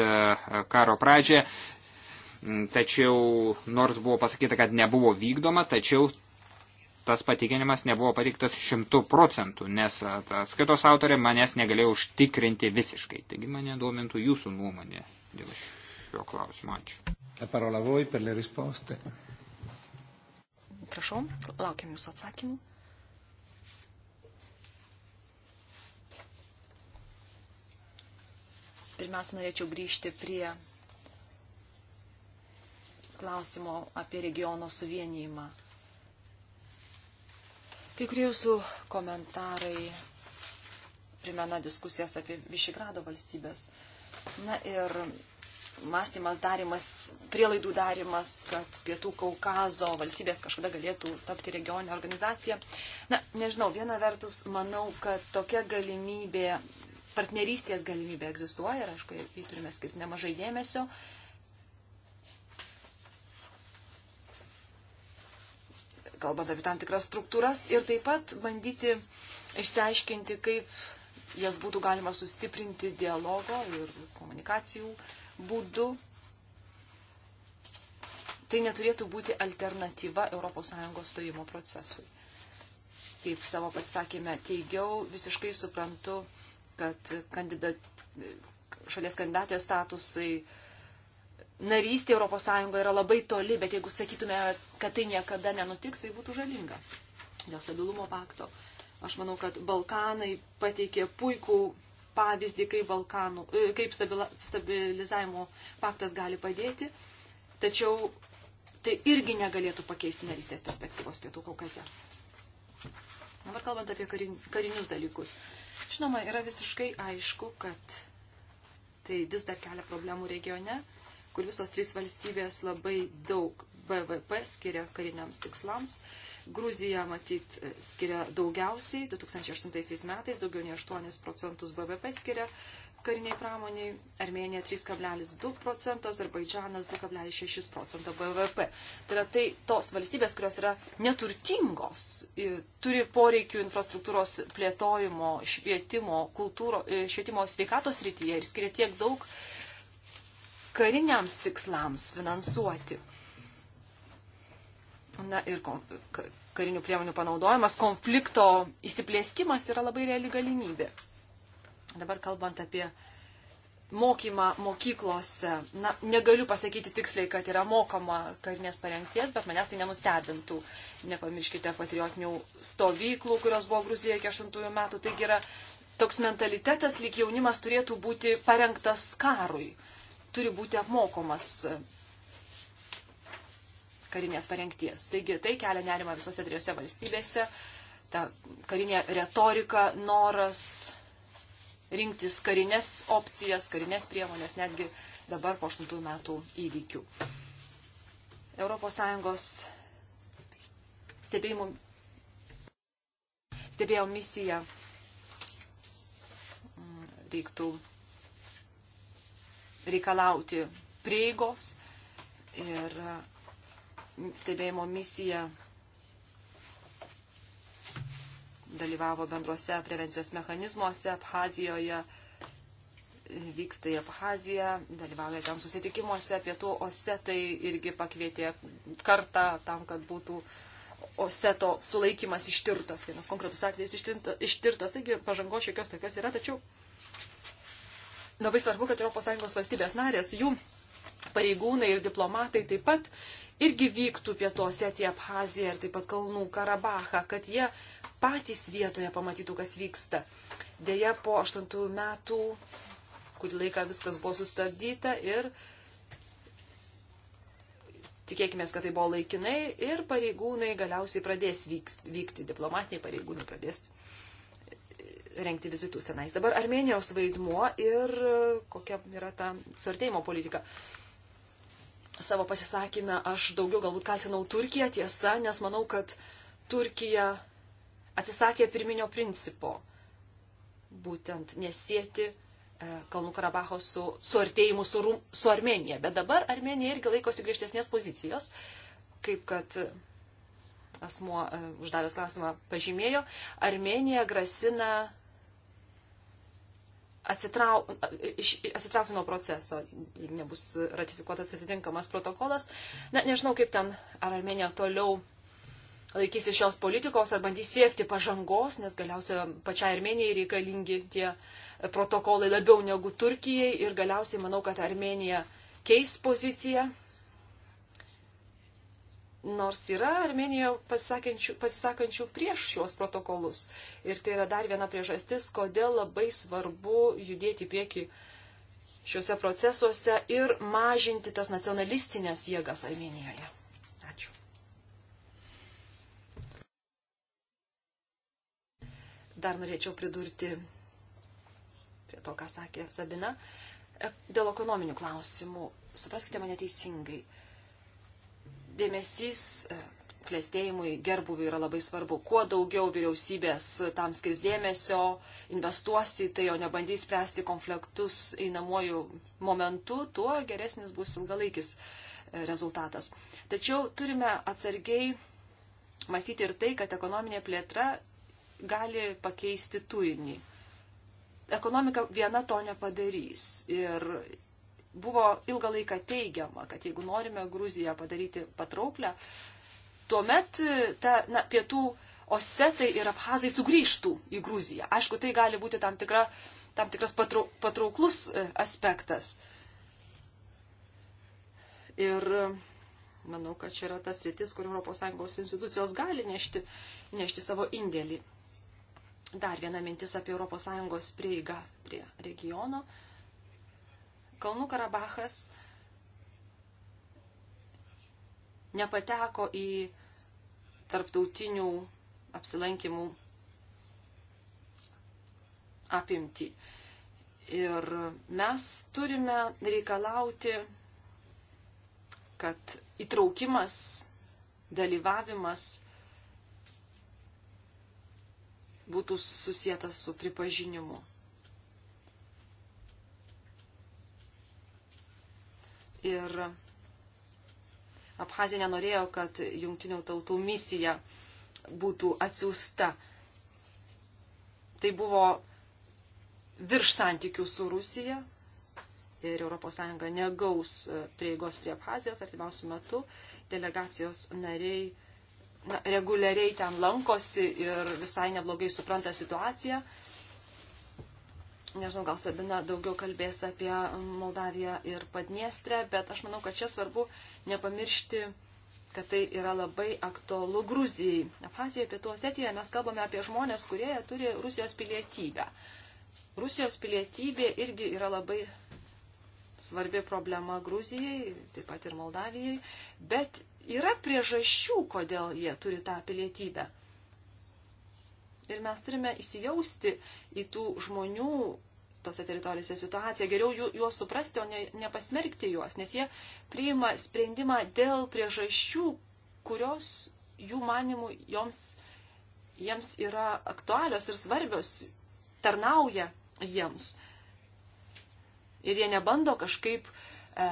karo pradžią, tačiau nors buvo pasakyta, kad nebuvo vykdoma, tačiau tas patikinimas nebuvo patiktas šimtų procentų, nes skaitos autorė manęs negalėjo užtikrinti visiškai. Taigi mane duomintų jūsų nuomonė dėl šio klausimo. Ačiū. La parola voi per le risposte. Prašau, laukiam jūsų atsakymų. Pirmiausia, norėčiau grįžti prie klausimo apie regiono suvienijimą Kai kurie jūsų komentarai primena diskusijas apie Višigrado valstybės. Na ir mąstymas darimas, prielaidų darimas, kad Pietų Kaukazo valstybės kažkada galėtų tapti regioninė organizacija. Na, nežinau, viena vertus, manau, kad tokia galimybė, partnerystės galimybė egzistuoja ir, aišku, jį turime skirti nemažai dėmesio. Uh, kalbant apie tam tikras struktūras ir taip pat bandyti išsiaiškinti, kaip jas būtų galima sustiprinti dialogo ir komunikacijų būdu. Tai neturėtų būti alternatyva ES stojimo procesui. Kaip savo pasisakėme teigiau, visiškai suprantu, kad kandidat, šalies kandidatės statusai uh, narystė ES yra labai toli, bet jeigu sakytume, kad tai niekada nenutiks, tai būtų žalinga dėl stabilumo pakto. Aš manau, kad Balkanai pateikė puikų pavyzdį, kaip, Balkanų, e, kaip stabilizavimo paktas gali padėti, tačiau tai irgi negalėtų pakeisti narystės perspektyvos Pietų Kaukaze. Dabar kalbant apie karinius dalykus. Žinoma, yra visiškai aišku, kad tai vis dar kelia problemų regione kur visos trys valstybės labai daug BVP skiria kariniams tikslams. Gruzija, matyt, skiria daugiausiai, 2008 metais daugiau nei 8 procentus BVP skiria kariniai pramoniai, Armenija 3,2 procento, Azerbaidžanas 2,6 procento BVP. Tai yra tai tos valstybės, kurios yra neturtingos, turi poreikių infrastruktūros plėtojimo, švietimo, kultūro, švietimo sveikatos rytyje ir skiria tiek daug kariniams tikslams finansuoti. Na ir karinių priemonių panaudojimas, konflikto įsiplėskimas yra labai reali galimybė. Dabar kalbant apie mokymą mokyklose, na, negaliu pasakyti tiksliai, kad yra mokama karinės parengties, bet manęs tai nenustebintų. Nepamirškite patriotinių stovyklų, kurios buvo Gruzijoje iki 8 metų. Taigi yra toks mentalitetas, lyg jaunimas turėtų būti parengtas karui turi būti apmokomas karinės parengties. Taigi tai kelia nerima visose trijose valstybėse. Ta karinė retorika, noras rinktis karinės opcijas, karinės priemonės netgi dabar po 8 metų įvykių. ES stebėjimų, stebėjo misiją mm, reiktų reikalauti prieigos ir e, stebėjimo misija dalyvavo bendruose prevencijos mechanizmuose Abhazijoje, vyksta į Abhaziją, dalyvauja ten susitikimuose, pietų osetai irgi pakvietė kartą tam, kad būtų oseto sulaikimas ištirtas, vienas konkretus atvejis ištirtas, ištirtas taigi pažangos šiokios tokios yra, tačiau Labai svarbu, kad ES valstybės narės, jų pareigūnai ir diplomatai taip pat irgi vyktų pietuose tie Abhaziją ir taip pat Kalnų Karabachą, kad jie patys vietoje pamatytų, kas vyksta. Deja, po aštuntų metų, kurį laiką viskas buvo sustabdyta ir Tikėkime, kad tai buvo laikinai ir pareigūnai galiausiai pradės vykti, vykti diplomatiniai pareigūnai pradės rengti vizitus tenais. Dabar Armenijos vaidmuo ir e, kokia yra ta suartėjimo politika. Savo pasisakymę aš daugiau galbūt kaltinau Turkiją tiesa, nes manau, kad Turkija atsisakė pirminio principo būtent nesėti e, Kalnų Karabaho su suartėjimu su, Rum, su Armenija. Bet dabar Armenija irgi laikosi griežtesnės pozicijos, kaip kad asmuo e, uždavęs klausimą pažymėjo, Armenija grasina atsitrauk, atsitraukti nuo proceso, jeigu nebus ratifikuotas atitinkamas protokolas. Na, nežinau, kaip ten, ar Armenija toliau laikysi šios politikos, ar bandys siekti pažangos, nes galiausiai pačiai Armenijai reikalingi tie protokolai labiau negu Turkijai ir galiausiai manau, kad Armenija keis poziciją Nors yra Armenijoje pasisakančių, pasisakančių prieš šios protokolus. Ir tai yra dar viena priežastis, kodėl labai svarbu judėti prieki šiuose procesuose ir mažinti tas nacionalistinės jėgas Armenijoje. Ačiū. Dar norėčiau pridurti prie to, ką sakė Sabina, e, dėl ekonominių klausimų. Supraskite mane teisingai dėmesys e, klėstėjimui, gerbuviui yra labai svarbu. Kuo daugiau vyriausybės tam skirs dėmesio, investuos į tai, o nebandys spręsti konfliktus einamuoju momentu, tuo geresnis bus ilgalaikis e, rezultatas. Tačiau turime atsargiai mąstyti ir tai, kad ekonominė plėtra gali pakeisti turinį. Ekonomika viena to nepadarys. Ir buvo ilgą laiką teigiama, kad jeigu norime Gruziją padaryti patrauklę, tuomet e, ta na, pietų osetai ir abhazai sugrįžtų į Gruziją. Aišku, tai gali būti tam, tikra, tam tikras patrau, patrauklus e, aspektas. Ir e, manau, kad čia yra tas rytis, kur ES institucijos gali nešti, nešti savo indėlį. Dar viena mintis apie ES prieigą prie regiono. Uh, Kalnų Karabachas nepateko į tarptautinių apsilankimų apimtį. Ir mes turime reikalauti, kad įtraukimas, dalyvavimas būtų susijęs su pripažinimu. ir Abhazija nenorėjo, kad jungtinių tautų misija būtų atsiųsta. Tai buvo virš santykių su Rusija ir ES negaus e, prieigos prie Abhazijos artimiausių metų. Delegacijos nariai na, reguliariai ten lankosi ir visai neblogai supranta situaciją nežinau, gal Sabina daugiau kalbės apie Moldaviją ir Padniestrę, bet aš manau, kad čia svarbu nepamiršti, kad tai yra labai aktualu Gruzijai. Abhazijoje, Pietų Osetijoje mes kalbame apie žmonės, kurie turi Rusijos pilietybę. Rusijos pilietybė irgi yra labai svarbi problema Gruzijai, taip pat ir Moldavijai, bet yra priežasčių, kodėl jie turi tą pilietybę. Ir mes turime įsijausti į tų žmonių tose teritorijose situaciją. Geriau ju, juos suprasti, o ne, nepasmerkti juos, nes jie priima sprendimą dėl priežasčių, kurios jų manimų joms, jiems yra aktualios ir svarbios, tarnauja jiems. Ir jie nebando kažkaip e,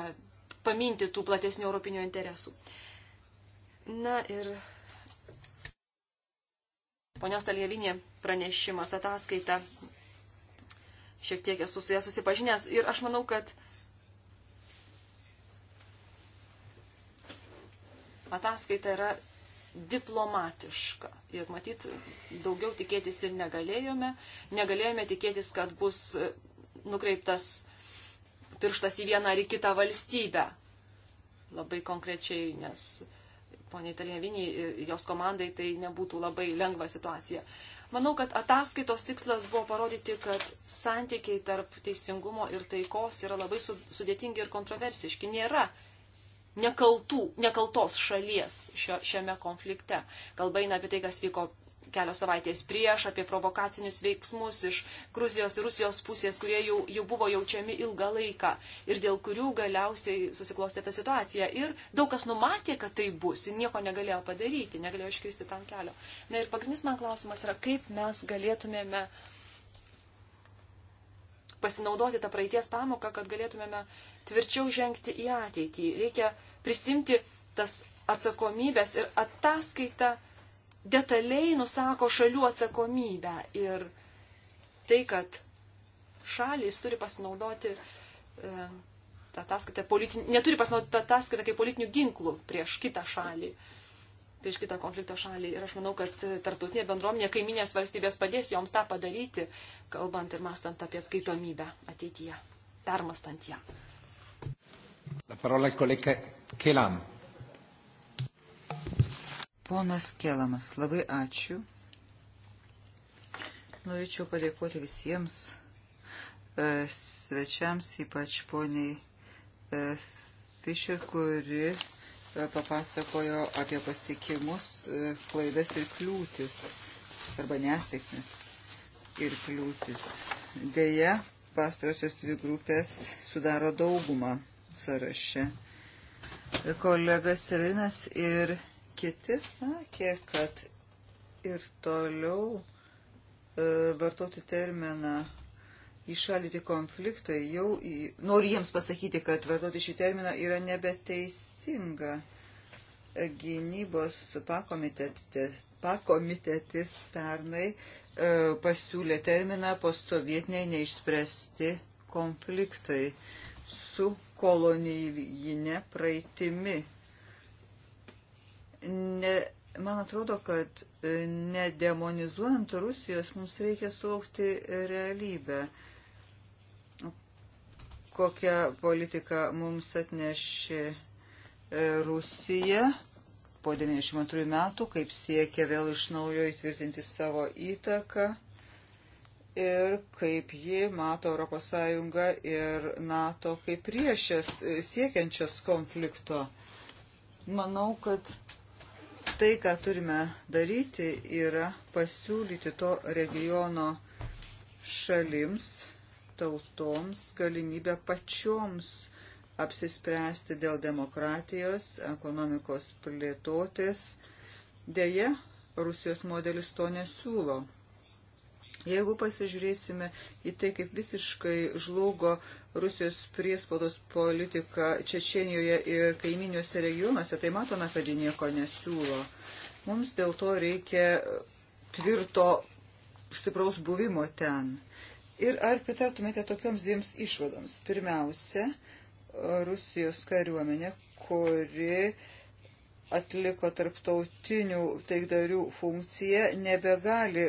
paminti tų platesnių europinių interesų. Na ir ponios Talievinė pranešimas ataskaita šiek tiek esu su ja susipažinęs ir aš manau, kad ataskaita yra diplomatiška. Ir matyt, daugiau tikėtis ir negalėjome. Negalėjome tikėtis, kad bus nukreiptas pirštas į vieną ar į kitą valstybę. Labai konkrečiai, nes poniai Talievinį, jos komandai tai nebūtų labai lengva situacija. Uh, Manau, kad ataskaitos tikslas buvo parodyti, kad santykiai tarp teisingumo ir taikos yra labai sudėtingi ir kontroversiški. Nėra nekaltų, nekaltos šalies šio, šiame konflikte. Kalba eina apie tai, kas vyko kelios savaitės prieš, apie provokacinius veiksmus iš Gruzijos ir Rusijos pusės, kurie jau, jau buvo jaučiami ilgą laiką ir dėl kurių galiausiai susiklostė ta situacija. Ir daug kas numatė, kad tai bus ir nieko negalėjo padaryti, negalėjo iškristi tam kelio. Na ir pagrindinis man klausimas yra, kaip mes galėtumėme pasinaudoti tą praeities pamoką, kad galėtumėme tvirčiau žengti į ateitį. Reikia prisimti tas atsakomybės ir ataskaitą detaliai nusako šalių atsakomybę ir tai, kad šalys turi pasinaudoti e, tą ataskaitą, politin, neturi pasinaudoti tą ataskaitą kaip politinių ginklų prieš kitą šalį, prieš kitą konflikto šalį. Ir aš manau, kad tarptautinė bendruomenė kaiminės valstybės padės joms tą padaryti, kalbant ir mastant apie atskaitomybę ateityje, permastant ją. La parola al collega Kelam. Ponas Kelamas, labai ačiū. Norėčiau padėkoti visiems e, svečiams, ypač poniai e, Fischer, kuri e, papasakojo apie pasiekimus, e, klaidas ir kliūtis, arba nesėkmes ir kliūtis. Deja, pastarosios dvi grupės sudaro daugumą sąraše. Kolega Severinas ir Kiti sakė, kad ir toliau e, vartoti terminą įšaldyti konfliktai, jau į, noriu jiems pasakyti, kad vartoti šį terminą yra nebeteisinga. E, gynybos pakomitetis, pakomitetis pernai e, pasiūlė terminą postsovietiniai neišspręsti konfliktai su kolonijinė praeitimi ne, man atrodo, kad e, nedemonizuojant Rusijos mums reikia suvokti realybę, kokią politiką mums atnešė e, Rusija po 92 metų, kaip siekia vėl iš naujo įtvirtinti savo įtaką ir kaip ji mato ES ir NATO kaip priešės e, siekiančios konflikto. Manau, kad tai, ką turime daryti, yra pasiūlyti to regiono šalims, tautoms galimybę pačioms apsispręsti dėl demokratijos, ekonomikos plėtotės. Deja, Rusijos modelis to nesiūlo. Jeigu pasižiūrėsime į tai, kaip visiškai žlugo Rusijos priespaudos politika Čečenijoje ir kaiminiuose regionuose, tai matome, kad ji nieko nesiūlo. Mums dėl to reikia tvirto, stipraus buvimo ten. Ir ar pritartumėte tokioms dviems išvadoms? Pirmiausia, Rusijos kariuomenė, kuri atliko tarptautinių taikdarių funkciją, nebegali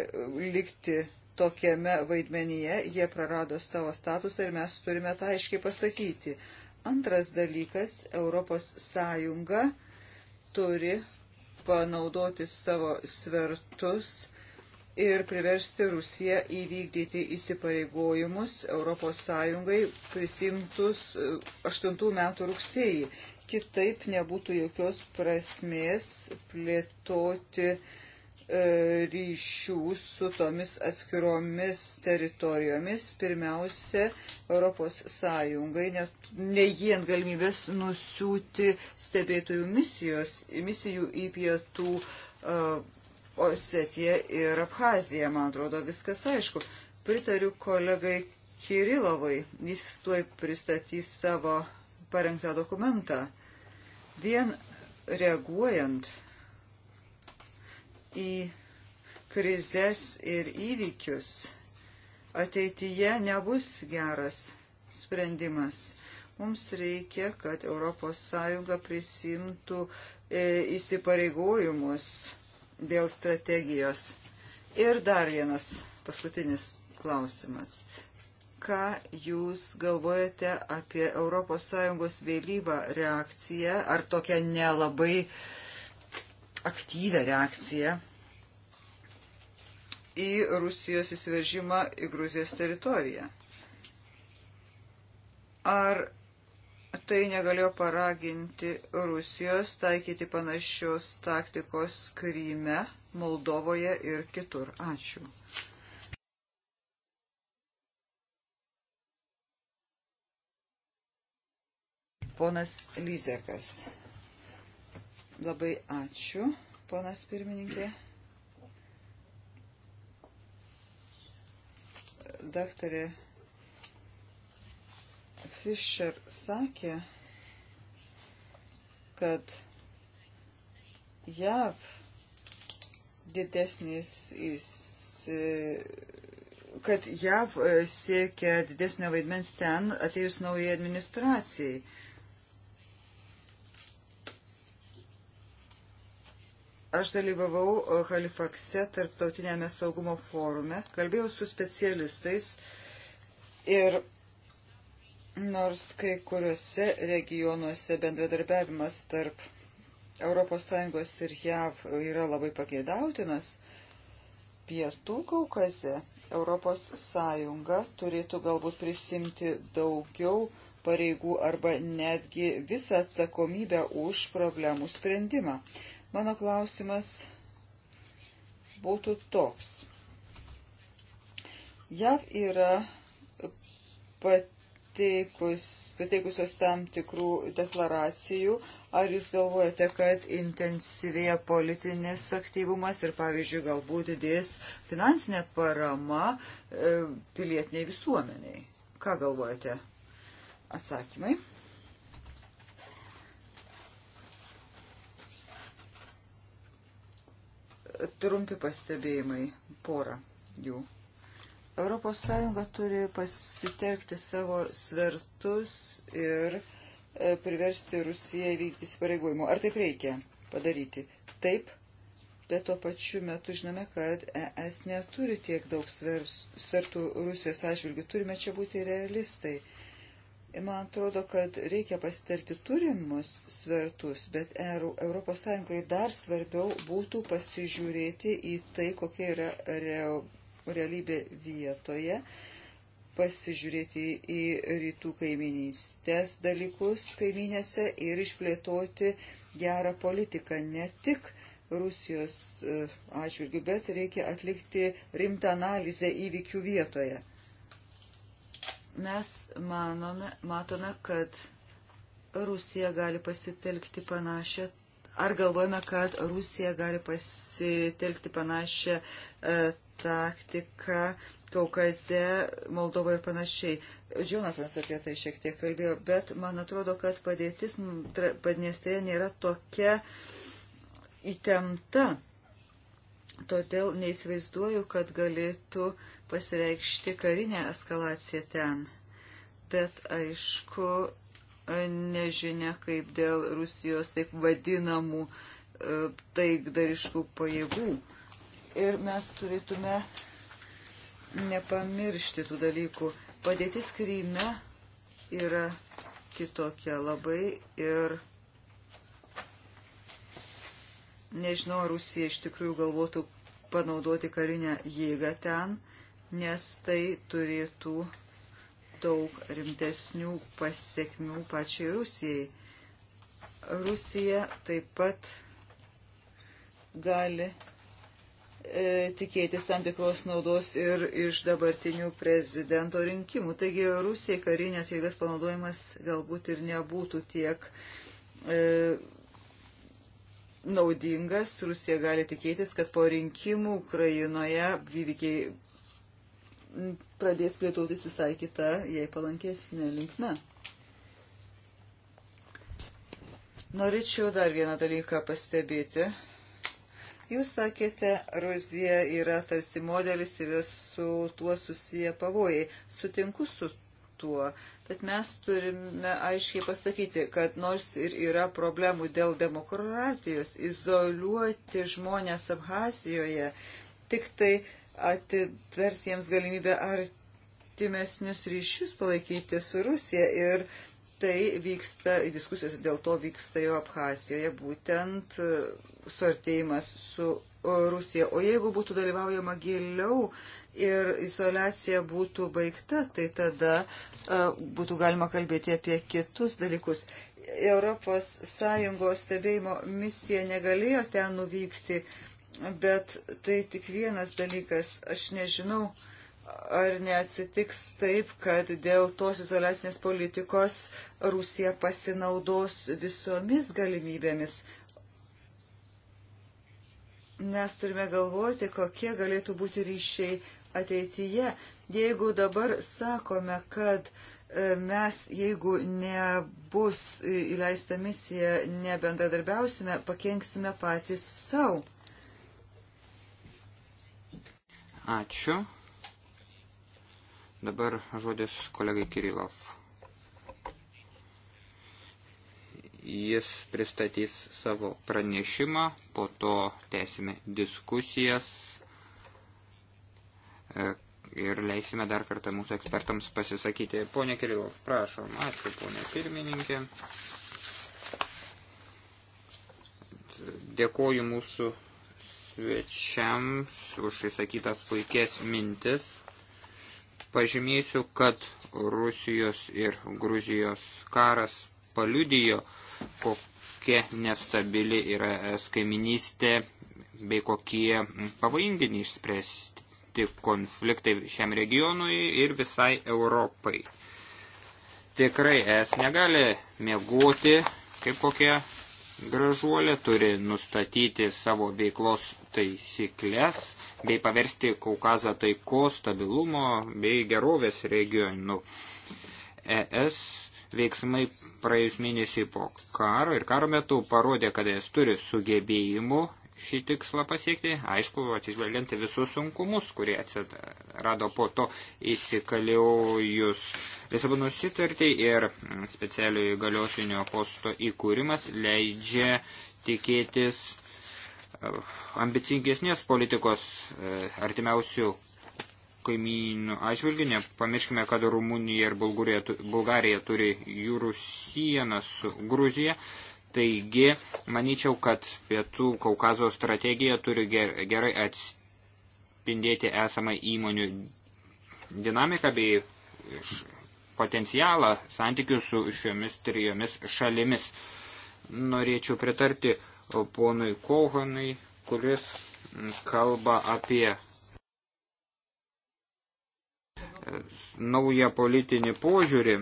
likti tokiame vaidmenyje, jie prarado savo statusą ir mes turime tą aiškiai pasakyti. Antras dalykas, Europos Sąjunga turi panaudoti savo svertus ir priversti Rusiją įvykdyti įsipareigojimus ES prisimtus 8 e, metų rugsėjį. Kitaip nebūtų jokios prasmės plėtoti uh, E, ryšių su tomis atskiromis teritorijomis, pirmiausia, Europos Sąjungai, net neįgyjant galimybės nusiųti stebėtojų misijos, misijų į pietų uh, Osetiją ir Abhaziją. Man atrodo, viskas aišku. Pritariu kolegai Kirilovai, jis tuoj pristatys savo parengtą dokumentą. Vien reaguojant į krizės ir įvykius. Ateityje nebus geras sprendimas. Mums reikia, kad ES prisimtų e, įsipareigojimus dėl strategijos. Ir dar vienas paskutinis klausimas ką jūs galvojate apie ES vėlyvą reakciją, ar tokią nelabai aktyvę reakciją į Rusijos įsiveržimą į Gruzijos teritoriją. Ar tai negalėjo paraginti Rusijos taikyti panašios taktikos Kryme, Moldovoje ir kitur? Ačiū. Ponas Lyzekas. Labai ačiū, ponas pirmininkė. Daktarė Fischer sakė, kad JAV didesnis įsi kad JAV e, siekia didesnio vaidmens ten atėjus naujai administracijai. Aš dalyvavau e, Halifakse tarptautinėme saugumo forume, kalbėjau su specialistais ir nors kai kuriuose regionuose bendradarbiavimas tarp ES ir JAV yra labai pageidautinas, pietų Kaukaze ES turėtų galbūt prisimti daugiau pareigų arba netgi visą atsakomybę už problemų sprendimą. Mano klausimas būtų toks. JAV yra pateikus, pateikusios tam tikrų deklaracijų. Ar jūs galvojate, kad intensyvėja politinis aktyvumas ir, pavyzdžiui, galbūt didės finansinė parama e, pilietiniai visuomeniai? Ką galvojate? Atsakymai. Trumpi pastebėjimai, porą jų. ES turi pasitelkti savo svertus ir e, priversti Rusiją vykdyti įsipareigojimų. Ar taip reikia padaryti? Taip, bet tuo pačiu metu žinome, kad ES neturi tiek daug svertų Rusijos atžvilgių. Turime čia būti realistai. Man atrodo, kad reikia pasitelkti turimus svertus, bet ES dar svarbiau būtų pasižiūrėti į tai, kokia yra realybė vietoje, pasižiūrėti į rytų kaiminystės dalykus kaiminėse ir išplėtoti gerą politiką ne tik Rusijos e, atžvilgių, bet reikia atlikti rimtą analizę įvykių vietoje. Mes manome, matome, kad Rusija gali pasitelkti panašią, ar galvojame, kad Rusija gali pasitelkti panašią e, taktiką Kaukaze, Moldovoje ir panašiai. Jonatanas apie tai šiek tiek kalbėjo, bet man atrodo, kad padėtis Padniestrė nėra tokia įtempta. Todėl neįsivaizduoju, kad galėtų uh, pasireikšti karinę eskalaciją ten. Bet aišku, nežinia kaip dėl Rusijos taip vadinamų e, taikdariškų pajėgų. Ir mes turėtume nepamiršti tų dalykų. Padėtis Kryme yra kitokia labai ir nežinau, ar Rusija iš tikrųjų galvotų panaudoti karinę jėgą ten. Uh, nes tai turėtų daug rimtesnių pasiekmių pačiai Rusijai. Rusija taip pat gali e, tikėtis tam tikros naudos ir iš dabartinių prezidento rinkimų. Taigi Rusijai karinės jėgas panaudojimas galbūt ir nebūtų tiek e, naudingas. Rusija gali tikėtis, kad po rinkimų Ukrainoje įvykiai pradės plėtotis visai kita, jai palankesnė linkme. Norėčiau dar vieną dalyką pastebėti. Jūs sakėte, Rozija yra tarsi modelis ir yra su tuo susiję pavojai. Sutinku su tuo, bet mes turime aiškiai pasakyti, kad nors ir yra problemų dėl demokratijos, izoliuoti žmonės Abhazijoje, tik tai atvers jiems galimybę artimesnius ryšius palaikyti su Rusija ir tai vyksta, diskusijos dėl to vyksta jau Abhazijoje, būtent e, suartėjimas su e, Rusija. O jeigu būtų dalyvaujama giliau ir izolacija būtų baigta, tai tada e, būtų galima kalbėti apie kitus dalykus. Europos Sąjungos stebėjimo misija negalėjo ten nuvykti bet tai tik vienas dalykas. Aš nežinau, ar neatsitiks taip, kad dėl tos izolacinės politikos Rusija pasinaudos visomis galimybėmis. Mes turime galvoti, kokie galėtų būti ryšiai ateityje. Jeigu dabar sakome, kad e, mes, jeigu nebus įleista misija, nebendradarbiausime, pakenksime patys savo. Ačiū. Dabar žodis kolegai Kirilov. Jis pristatys savo pranešimą, po to tęsime diskusijas e, ir leisime dar kartą mūsų ekspertams pasisakyti. Pone Kirilov, prašom. Ačiū, ponė pirmininkė. Dėkoju mūsų svečiams už išsakytas puikias mintis. Pažymėsiu, kad Rusijos ir Gruzijos karas paliudijo, kokia nestabili yra es kaiminystė bei kokie pavojingi neišspręsti konfliktai šiam regionui ir visai Europai. Tikrai es negali mėgoti kaip kokia gražuolė turi nustatyti savo veiklos taisyklės bei paversti Kaukazą taiko, stabilumo bei gerovės regionu. ES veiksmai praėjus mėnesį po karo ir karo metu parodė, kad jis e turi sugebėjimų šį tikslą pasiekti, aišku, atsižvelgiant visus sunkumus, kurie atsirado po to įsikaliojus Lisabono sutartį ir specialiojo įgaliosinio posto įkūrimas leidžia tikėtis uh, ambicingesnės politikos uh, artimiausių kaimynų atžvilgių. Nepamirškime, kad Rumunija ir Bulgarija, Bulgarija turi jūrų sieną su Gruzija. Taigi, manyčiau, kad Pietų Kaukazo strategija turi gerai atspindėti esamą įmonių dinamiką bei potencialą santykių su šiomis trijomis šalimis. Norėčiau pritarti ponui Kohonui, kuris kalba apie e, naują politinį požiūrį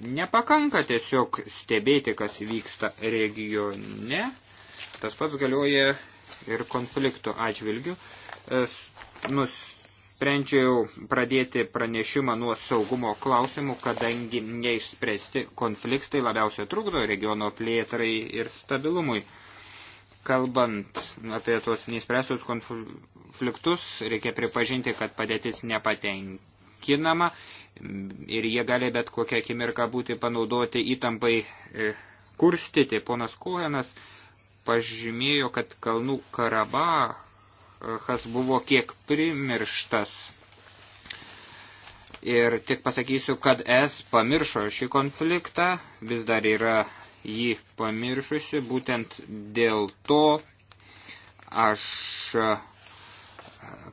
Nepakanka tiesiog stebėti, kas vyksta regione. Tas pats galioja ir konfliktų atžvilgių. Nusprendžiau pradėti pranešimą nuo saugumo klausimų, kadangi neišspręsti konfliktai labiausiai trukdo regiono plėtrai ir stabilumui. Kalbant apie tuos neįspręstus konfliktus, reikia pripažinti, kad padėtis nepatenkinti naikinama ir jie gali bet kokią akimirką būti panaudoti įtampai e, kurstyti. Ponas Kohenas pažymėjo, kad Kalnų Karabachas e, buvo kiek primirštas. Ir tik pasakysiu, kad es pamiršo šį konfliktą, vis dar yra jį pamiršusi, būtent dėl to aš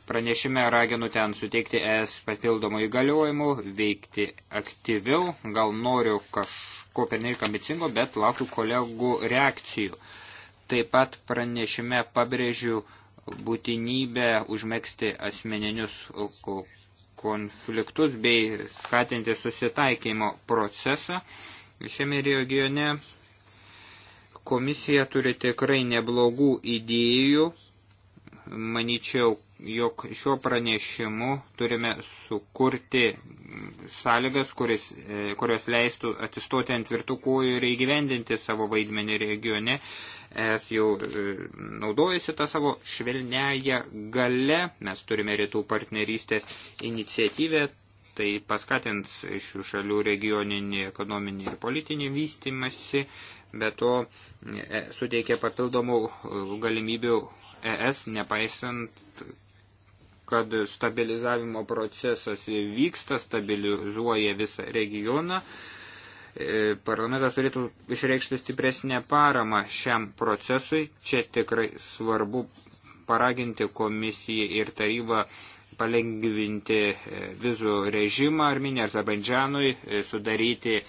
Pranešime raginu ten suteikti ES papildomų įgaliojimų, veikti aktyviau, gal noriu kažko pernelyg ambicingo, bet laukiu kolegų reakcijų. Taip pat pranešime pabrėžiu būtinybę užmėgsti asmeninius konfliktus bei skatinti susitaikymo procesą šiame regione. Komisija turi tikrai neblogų idėjų manyčiau, jog šiuo pranešimu turime sukurti sąlygas, kuris, e, kurios leistų atsistoti ant tvirtų kojų ir įgyvendinti savo vaidmenį regione. Es jau e, naudojasi tą savo švelniają gale, mes turime rytų partnerystės iniciatyvę, tai paskatins šių šalių regioninį ekonominį ir politinį vystimąsi, bet to e, suteikia papildomų galimybių ES, nepaisant, kad stabilizavimo procesas vyksta, stabilizuoja visą regioną, e, parlamentas turėtų išreikšti stipresnę paramą šiam procesui. Čia tikrai svarbu paraginti komisiją ir tarybą palengvinti e, vizų režimą Arminė Azerbaidžianui, e, sudaryti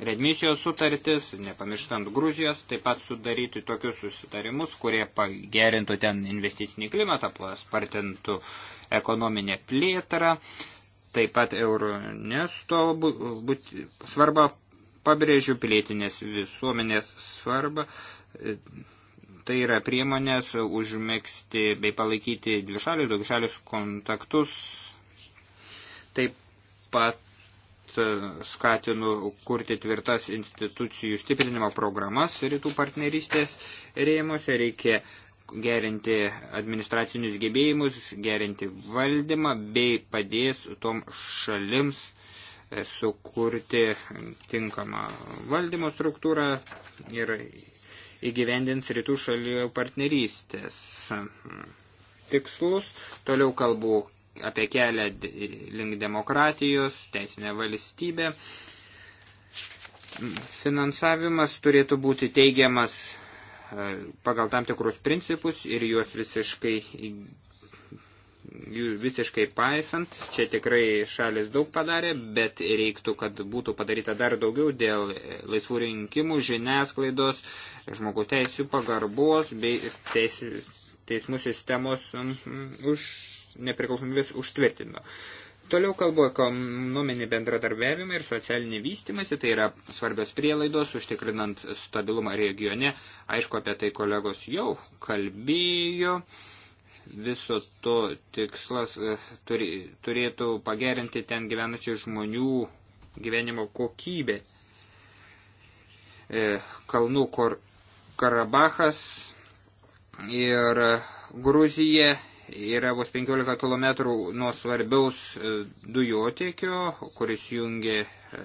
redmisijos sutartis, nepamirštant Gruzijos, taip pat sudaryti tokius susitarimus, kurie pagerintų ten investicinį klimatą, paspartintų ekonominę plėtrą, taip pat Euronesto būt, svarba, pabrėžiu pilietinės visuomenės svarbą, tai yra priemonės užmėgsti bei palaikyti dvišalius, daugišalius kontaktus, taip pat E, skatinu kurti tvirtas institucijų stiprinimo programas rytų partnerystės rėmose. Reikia gerinti administracinius gebėjimus, gerinti valdymą bei padės tom šalims e, sukurti tinkamą valdymo struktūrą ir įgyvendins rytų šalių partnerystės tikslus. Toliau kalbu apie kelią link demokratijos, teisinę valstybę. Finansavimas turėtų būti teigiamas e, pagal tam tikrus principus ir juos visiškai, visiškai paisant. Čia tikrai šalis daug padarė, bet reiktų, kad būtų padaryta dar daugiau dėl laisvų rinkimų, žiniasklaidos, žmogaus teisų pagarbos bei teisės teismų sistemos um, už nepriklausomybės užtvirtino. Toliau kalbu ekonominį bendradarbiavimą ir socialinį vystimąsi, tai yra svarbios prielaidos, užtikrinant stabilumą regione. Aišku, apie tai kolegos jau kalbėjo. Viso to tikslas e, turi, turėtų pagerinti ten gyvenačių žmonių gyvenimo kokybę. E, Kalnų Karabachas ir e, Gruzija yra vos 15 km nuo svarbiaus e, dujotiekio, kuris jungia, e,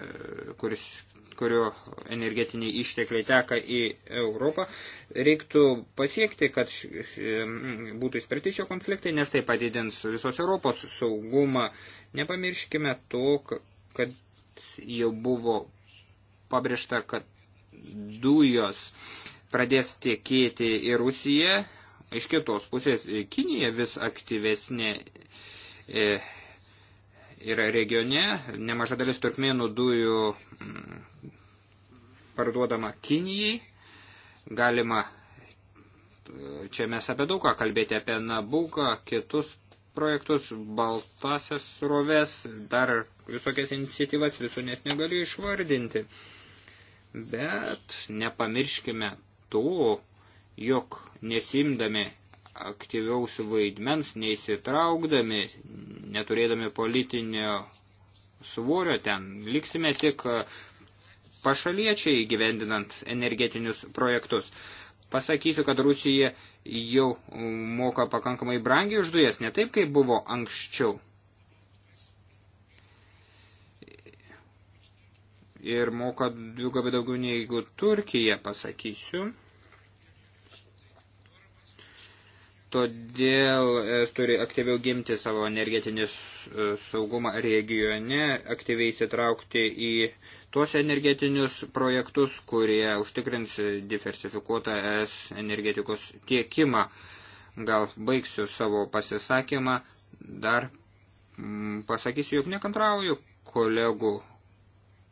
kuris, kurio energetiniai ištekliai teka į Europą. Reiktų pasiekti, kad būtų įspręsti šio konfliktai, nes tai padidins visos Europos saugumą. Nepamirškime to, kad jau buvo pabrėžta, kad dujos uh, pradės tiekėti į Rusiją, iš kitos pusės e, Kinija vis aktyvesnė e, yra regione, nemaža dalis turkmėnų dujų mm, parduodama Kinijai, galima, e, čia mes apie daugą kalbėti, apie Nabuką, kitus projektus, baltasias roves, dar visokias iniciatyvas visų net negaliu išvardinti. Bet nepamirškime to, jog nesimdami aktyviaus vaidmens, neįsitraukdami, neturėdami politinio svorio ten, liksime tik pašaliečiai gyvendinant energetinius projektus. Pasakysiu, kad Rusija jau moka pakankamai brangiai už dujas, ne taip, kaip buvo anksčiau. ir moka dvigubai daugiau negu Turkija, pasakysiu. Todėl es turi aktyviau gimti savo energetinį e, saugumą regione, aktyviai įsitraukti į tuos energetinius projektus, kurie užtikrins diversifikuotą es energetikos tiekimą. Gal baigsiu savo pasisakymą, dar pasakysiu, jog nekantrauju kolegų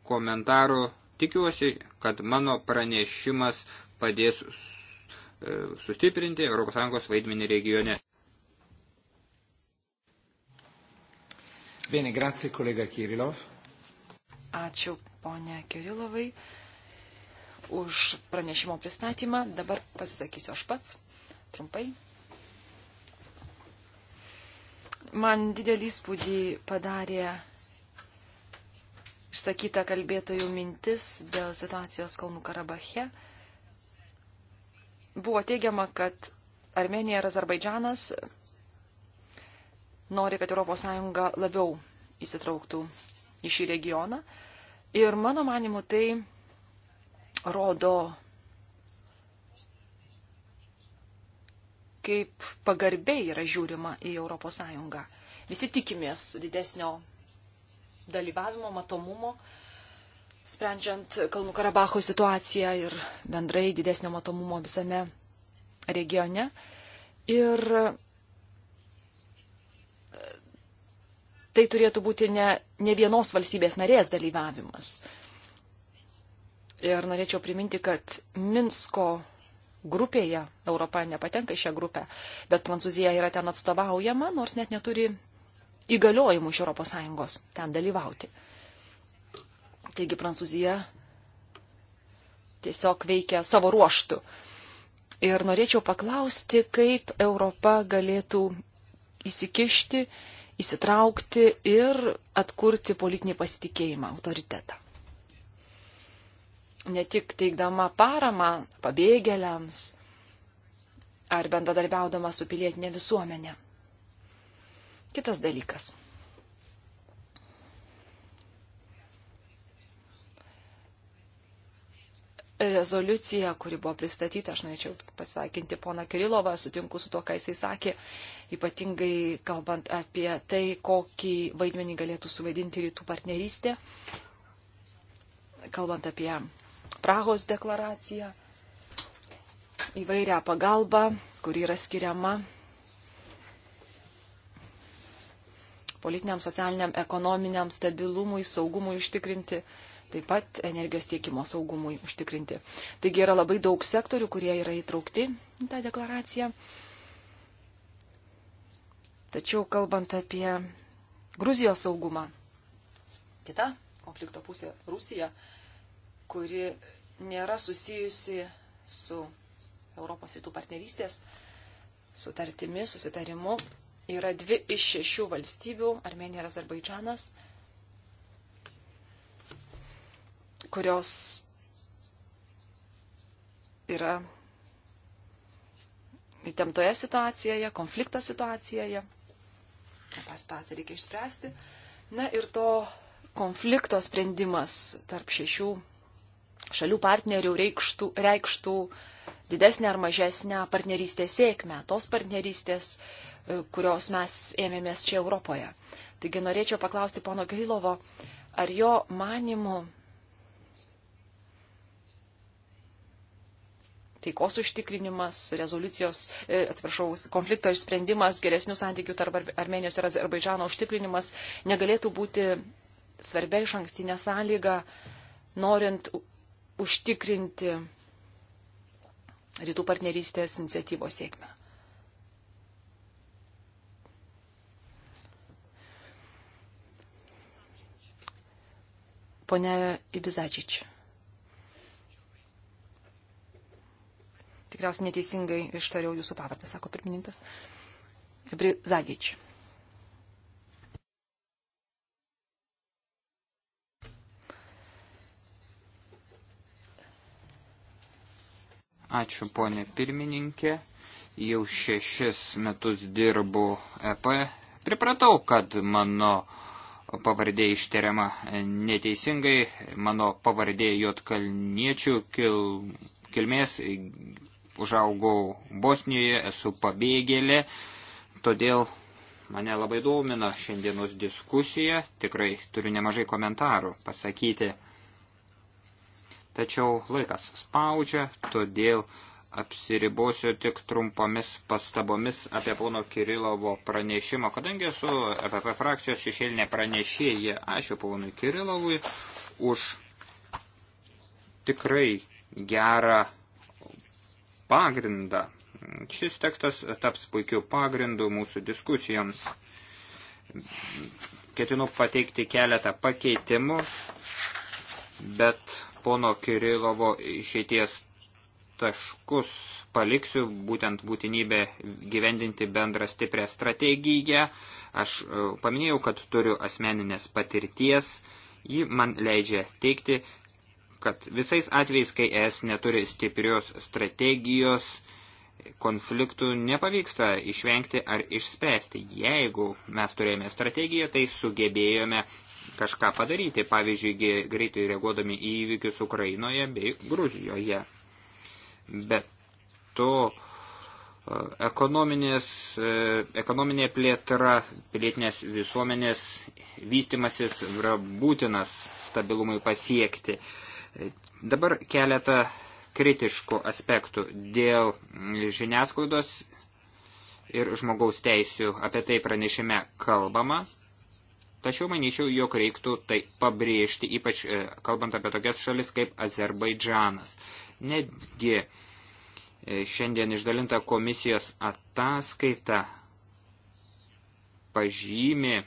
komentarų. Tikiuosi, kad mano pranešimas padės e, sustiprinti ES vaidmenį regione. Bene, grazie kolega Kirilov. Ačiū ponė Kirilovai už pranešimo pristatymą. Dabar pasisakysiu aš pats trumpai. Man didelį įspūdį padarė išsakyta kalbėtojų mintis dėl situacijos Kalnų Karabache. Buvo teigiama, kad Armenija ir Azerbaidžanas nori, kad ES labiau įsitrauktų į šį regioną. Ir mano manimu tai rodo, kaip pagarbiai yra žiūrima į ES. Visi tikimės didesnio dalyvavimo, matomumo, sprendžiant Kalnų Karabacho situaciją ir bendrai didesnio matomumo visame regione. Ir tai turėtų būti ne, ne vienos valstybės narės dalyvavimas. Ir norėčiau priminti, kad Minsko grupėje Europa nepatenka į šią grupę, bet Prancūzija yra ten atstovaujama, nors net neturi įgaliojimų iš ES ten dalyvauti. Taigi Prancūzija tiesiog veikia savo ruoštų. Ir norėčiau paklausti, kaip Europa galėtų įsikišti, įsitraukti ir atkurti politinį pasitikėjimą, autoritetą. Ne tik teikdama paramą pabėgėliams ar bendradarbiaudama su pilietinė visuomenė. Kitas dalykas. rezoliucija, kuri buvo pristatyta, aš norėčiau pasakinti poną Kirilovą, sutinku su to, ką jisai sakė, ypatingai kalbant apie tai, kokį vaidmenį galėtų suvaidinti rytų partnerystė, kalbant apie Prahos deklaraciją, įvairią pagalbą, kuri yra skiriama politiniam, socialiniam, ekonominiam stabilumui, saugumui užtikrinti, taip pat energijos tiekimo saugumui užtikrinti. Taigi yra labai daug sektorių, kurie yra įtraukti į tą deklaraciją. Tačiau kalbant apie Gruzijos saugumą, kita konflikto pusė - Rusija, kuri nėra susijusi su Europos rytų partnerystės sutartimi, susitarimu, yra dvi iš šešių valstybių - Armenija ir Azerbaidžanas, kurios yra įtemptoje situacijoje, konflikto situacijoje. Tą situaciją reikia išspręsti. Na ir to konflikto sprendimas tarp šešių šalių partnerių reikštų, reikštų didesnę ar mažesnę partnerystės sėkmę. Tos partnerystės, uh, kurios mes ėmėmės čia Europoje. Taigi norėčiau paklausti pono Gailovo, ar jo manimu taikos užtikrinimas, rezoliucijos, e, atsiprašau, konflikto išsprendimas, geresnių santykių tarp Armenijos ir Azerbaidžano užtikrinimas negalėtų būti svarbia iš ankstinė sąlyga, norint užtikrinti rytų partnerystės iniciatyvos sėkmę. Pone Ibizačič. Tikriausiai neteisingai ištariau jūsų pavardę, sako pirmininkas. Ibizagič. Ačiū, ponė pirmininkė. Jau šešis metus dirbu EP. Pripratau, kad mano uh, pavardė išteriama neteisingai, mano pavardė Jotkalniečių kil, kilmės, užaugau Bosnijoje, esu pabėgėlė, todėl mane labai domina šiandienos diskusija, tikrai turiu nemažai komentarų pasakyti. Tačiau laikas spaudžia, todėl uh, apsiribosiu tik trumpomis pastabomis apie pono Kirilovo pranešimą, kadangi esu EPP frakcijos šešėlinė pranešėja. Ačiū ponui Kirilovui už tikrai gerą pagrindą. Šis tekstas taps puikiu pagrindu mūsų diskusijoms. Ketinu pateikti keletą pakeitimų, bet pono Kirilovo išėties taškus paliksiu, būtent būtinybę gyvendinti bendrą stiprią strategiją. Aš e, paminėjau, kad turiu asmeninės patirties, ji man leidžia teikti, kad visais atvejais, kai es neturi stiprios strategijos, konfliktų nepavyksta išvengti ar išspręsti. Jeigu mes turėjome strategiją, tai sugebėjome kažką padaryti, pavyzdžiui, greitai reaguodami į įvykius Ukrainoje bei Gruzijoje. Bet to e, ekonominės, e, ekonominė plėtra, pilietinės visuomenės vystimasis yra būtinas stabilumui pasiekti. E, dabar keletą kritiškų aspektų dėl žiniasklaidos ir žmogaus teisių apie tai pranešime kalbama. Tačiau manyčiau, jog reiktų tai pabrėžti, ypač kalbant apie tokias šalis kaip Azerbaidžanas. Netgi e, šiandien išdalinta komisijos ataskaita pažymi,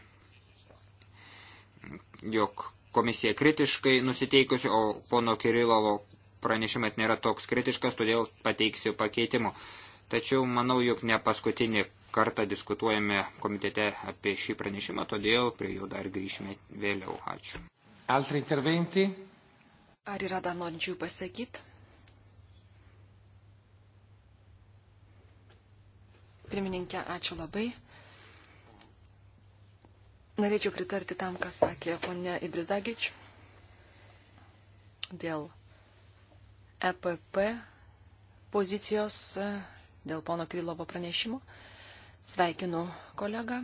jog komisija kritiškai nusiteikusi, o pono Kirilovo pranešimas nėra toks kritiškas, todėl pateiksiu pakeitimu. Tačiau manau, jog ne paskutinį kartą diskutuojame komitete apie šį pranešimą, todėl prie jų dar grįšime vėliau. Ačiū. Altri interventi? Ar yra dar norinčių pasakyti? Pirmininkė, ačiū labai. Norėčiau pritarti tam, ką sakė ponė Ibrizagič dėl EPP pozicijos, dėl pono Krylovo pranešimo. Sveikinu kolegą.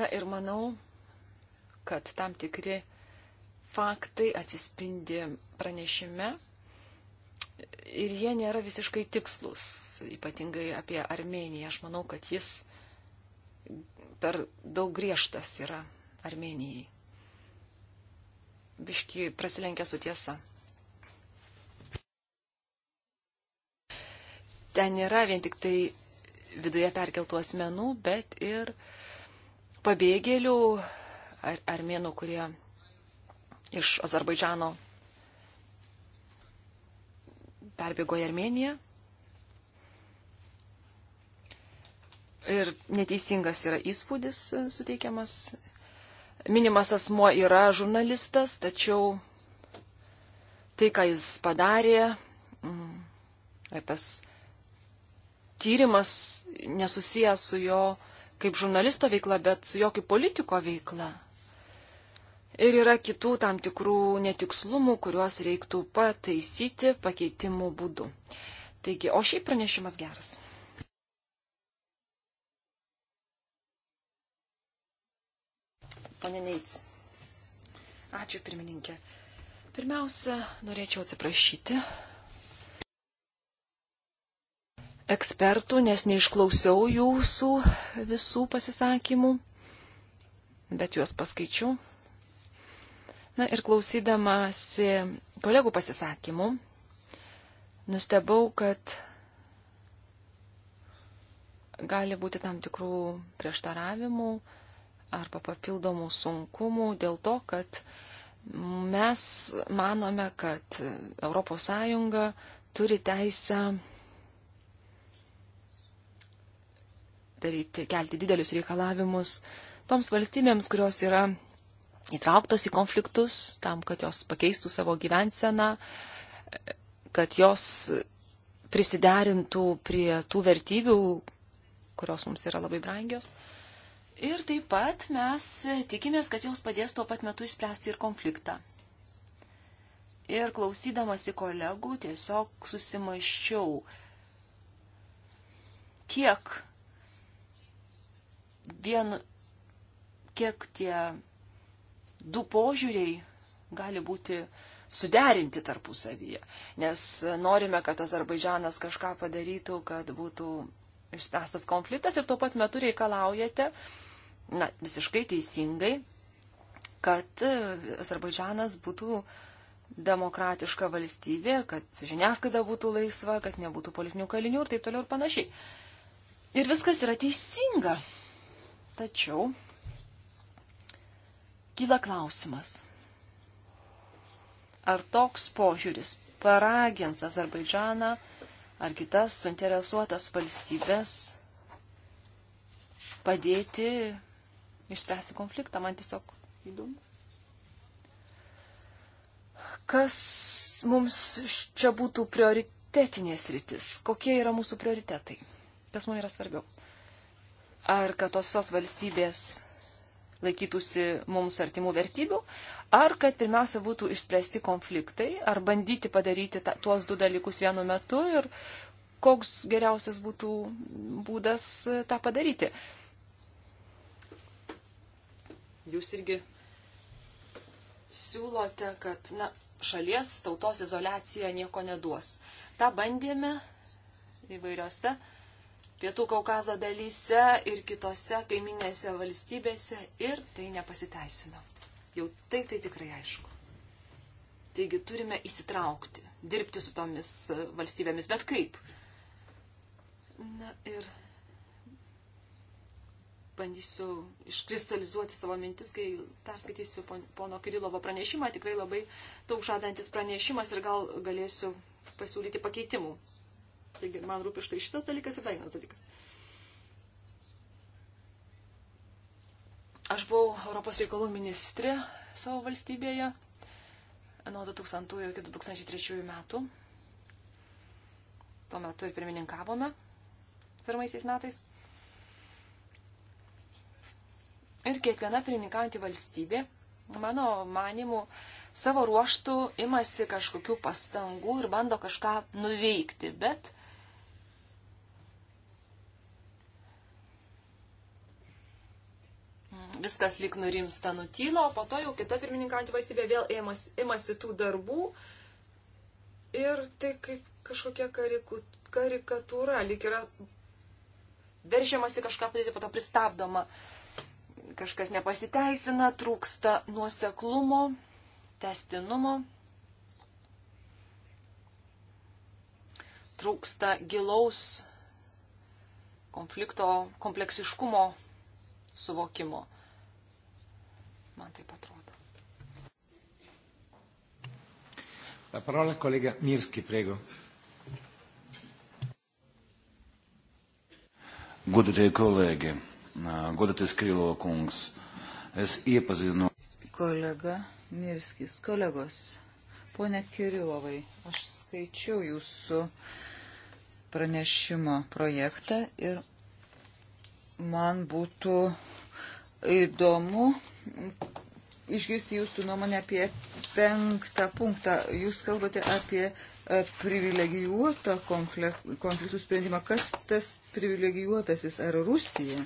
Na ir manau, kad tam tikri faktai atsispindi pranešime ir jie nėra visiškai tikslus, ypatingai apie Armeniją. Aš manau, kad jis per daug griežtas yra Armenijai. Biški prasilenkia su tiesa. Ten nėra vien tik tai viduje perkeltų asmenų, bet ir pabėgėlių ar armėnų, kurie iš Azerbaidžiano perbėgo į Armeniją. Ir neteisingas yra įspūdis e, suteikiamas. Minimas asmo yra žurnalistas, tačiau tai, ką jis padarė, ir mm, tas tyrimas nesusijęs su jo kaip žurnalisto veikla, bet su jo kaip politiko veikla ir yra kitų tam tikrų netikslumų, kuriuos reiktų pataisyti pakeitimų būdu. Taigi, o šiaip pranešimas geras. Pane Neits. Ačiū pirmininkė. Pirmiausia, norėčiau atsiprašyti ekspertų, nes neišklausiau jūsų visų pasisakymų, bet juos paskaičiu. Na ir klausydamasi kolegų pasisakymų, nustebau, kad gali būti tam tikrų prieštaravimų arba papildomų sunkumų dėl to, kad mes manome, kad ES turi teisę daryti, kelti didelius reikalavimus toms valstybėms, kurios yra įtrauktos į konfliktus, tam, kad jos pakeistų savo gyvenseną, kad jos prisiderintų prie tų vertybių, kurios mums yra labai brangios. Ir taip pat mes tikimės, kad jos padės tuo pat metu išspręsti ir konfliktą. Ir klausydamasi kolegų tiesiog susimaščiau, kiek vien, kiek tie du požiūriai gali būti suderinti tarpusavyje, nes norime, kad Azerbaidžanas kažką padarytų, kad būtų išspręstas konfliktas ir tuo pat metu reikalaujate, na, visiškai teisingai, kad e, Azerbaidžanas būtų demokratiška valstybė, kad žiniasklaida būtų laisva, kad nebūtų politinių kalinių ir taip toliau ir panašiai. Ir viskas yra teisinga. Tačiau Kyla klausimas, ar toks požiūris paragins Azerbaidžaną ar kitas suinteresuotas valstybės padėti išspręsti konfliktą. Man tiesiog įdomu. Kas mums čia būtų prioritetinės rytis? Kokie yra mūsų prioritetai? Kas mums yra svarbiau? Ar kad tos visos valstybės laikytųsi mums artimų vertybių, ar kad pirmiausia būtų išspręsti konfliktai, ar bandyti padaryti ta, tuos du dalykus vienu metu ir koks geriausias būtų būdas e, tą padaryti. Jūs irgi siūlote, kad na, šalies tautos izolacija nieko neduos. Ta bandėme įvairiose Pietų Kaukazo dalyse ir kitose kaiminėse valstybėse ir tai nepasiteisino. Jau tai tai tikrai aišku. Taigi turime įsitraukti, dirbti su tomis valstybėmis, bet kaip. Na ir bandysiu iškristalizuoti savo mintis, kai perskaitysiu pono Kirilovo pranešimą, tikrai labai daug žadantis pranešimas ir gal galėsiu pasiūlyti pakeitimų Taigi man rūpi štai šitas dalykas ir dar vienas dalykas. Aš buvau Europos reikalų ministrė savo valstybėje nuo 2000 iki 2003 metų. Tuo metu ir pirmininkavome pirmaisiais metais. Ir kiekviena pirmininkaujanti valstybė, mano manimu, savo ruoštų imasi kažkokių pastangų ir bando kažką nuveikti, bet viskas lyg nurimsta nutyla, o po to jau kita pirmininkantį valstybė vėl ėmasi, imasi tų darbų. Ir tai kaip kažkokia kariku, karikatūra, lyg yra veržiamasi kažką padėti, po to pristabdoma. Kažkas nepasiteisina, trūksta nuoseklumo, testinumo, trūksta gilaus konflikto kompleksiškumo suvokimo man taip atrodo. La parola kolega Mirski, prego. Godatie kolēģi, godaties Krilo kungs, es iepazinu. Kolega Mirskis, kolegos, ponė Kirilovai, aš skaičiau jūsų pranešimo projektą ir man būtų įdomu išgirsti jūsų nuomonę apie penktą punktą. Jūs kalbate apie e, privilegijuotą konfliktų sprendimą. Kas tas privilegijuotasis? Ar Rusija?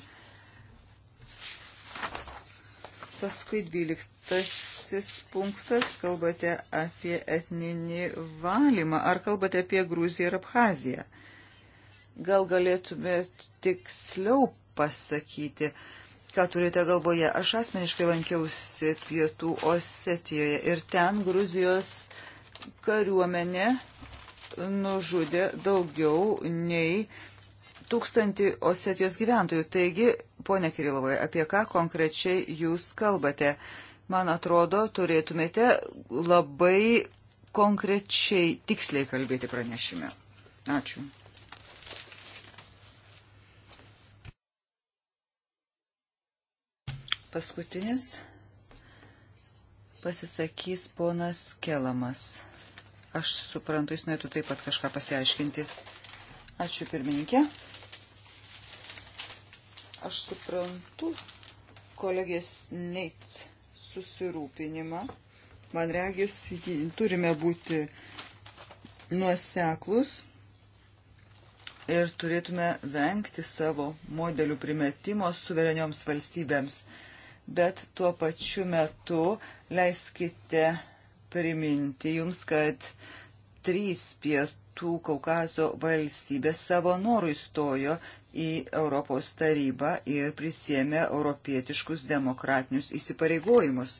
Paskui dvyliktasis punktas. Kalbate apie etninį valymą. Ar kalbate apie Gruziją ir Abhaziją? Gal galėtumėt tiksliau pasakyti? Uh, Ką turite galvoje? Aš asmeniškai lankiausi pietų Osetijoje ir ten Gruzijos kariuomenė nužudė daugiau nei tūkstantį Osetijos gyventojų. Taigi, ponė Kirilovoje, apie ką konkrečiai jūs kalbate? Man atrodo, turėtumėte labai konkrečiai, tiksliai kalbėti pranešime. Ačiū. Paskutinis pasisakys ponas Kelamas. Aš suprantu, jis norėtų taip pat kažką pasiaiškinti. Ačiū pirmininkė. Aš suprantu kolegės Neit susirūpinimą. Man regis, turime būti nuoseklus ir turėtume vengti savo modelių primetimo suverenioms valstybėms bet tuo pačiu metu leiskite priminti jums, kad trys pietų Kaukazo valstybės savo norų įstojo į Europos tarybą ir prisėmė europietiškus demokratinius įsipareigojimus.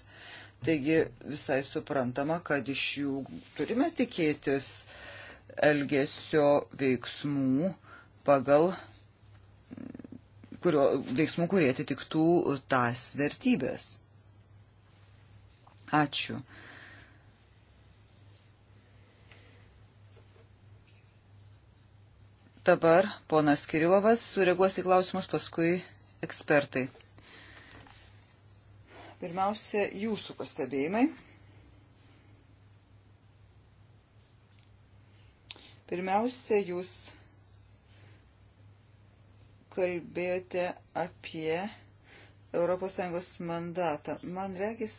Taigi visai suprantama, kad iš jų turime tikėtis elgesio veiksmų pagal kurio, veiksmų, kurie atitiktų tas vertybės. Ačiū. Dabar ponas Kirilovas sureaguos į klausimus, paskui ekspertai. Pirmiausia, jūsų pastebėjimai. Pirmiausia, jūs kalbėjote apie ES mandatą. Man regis,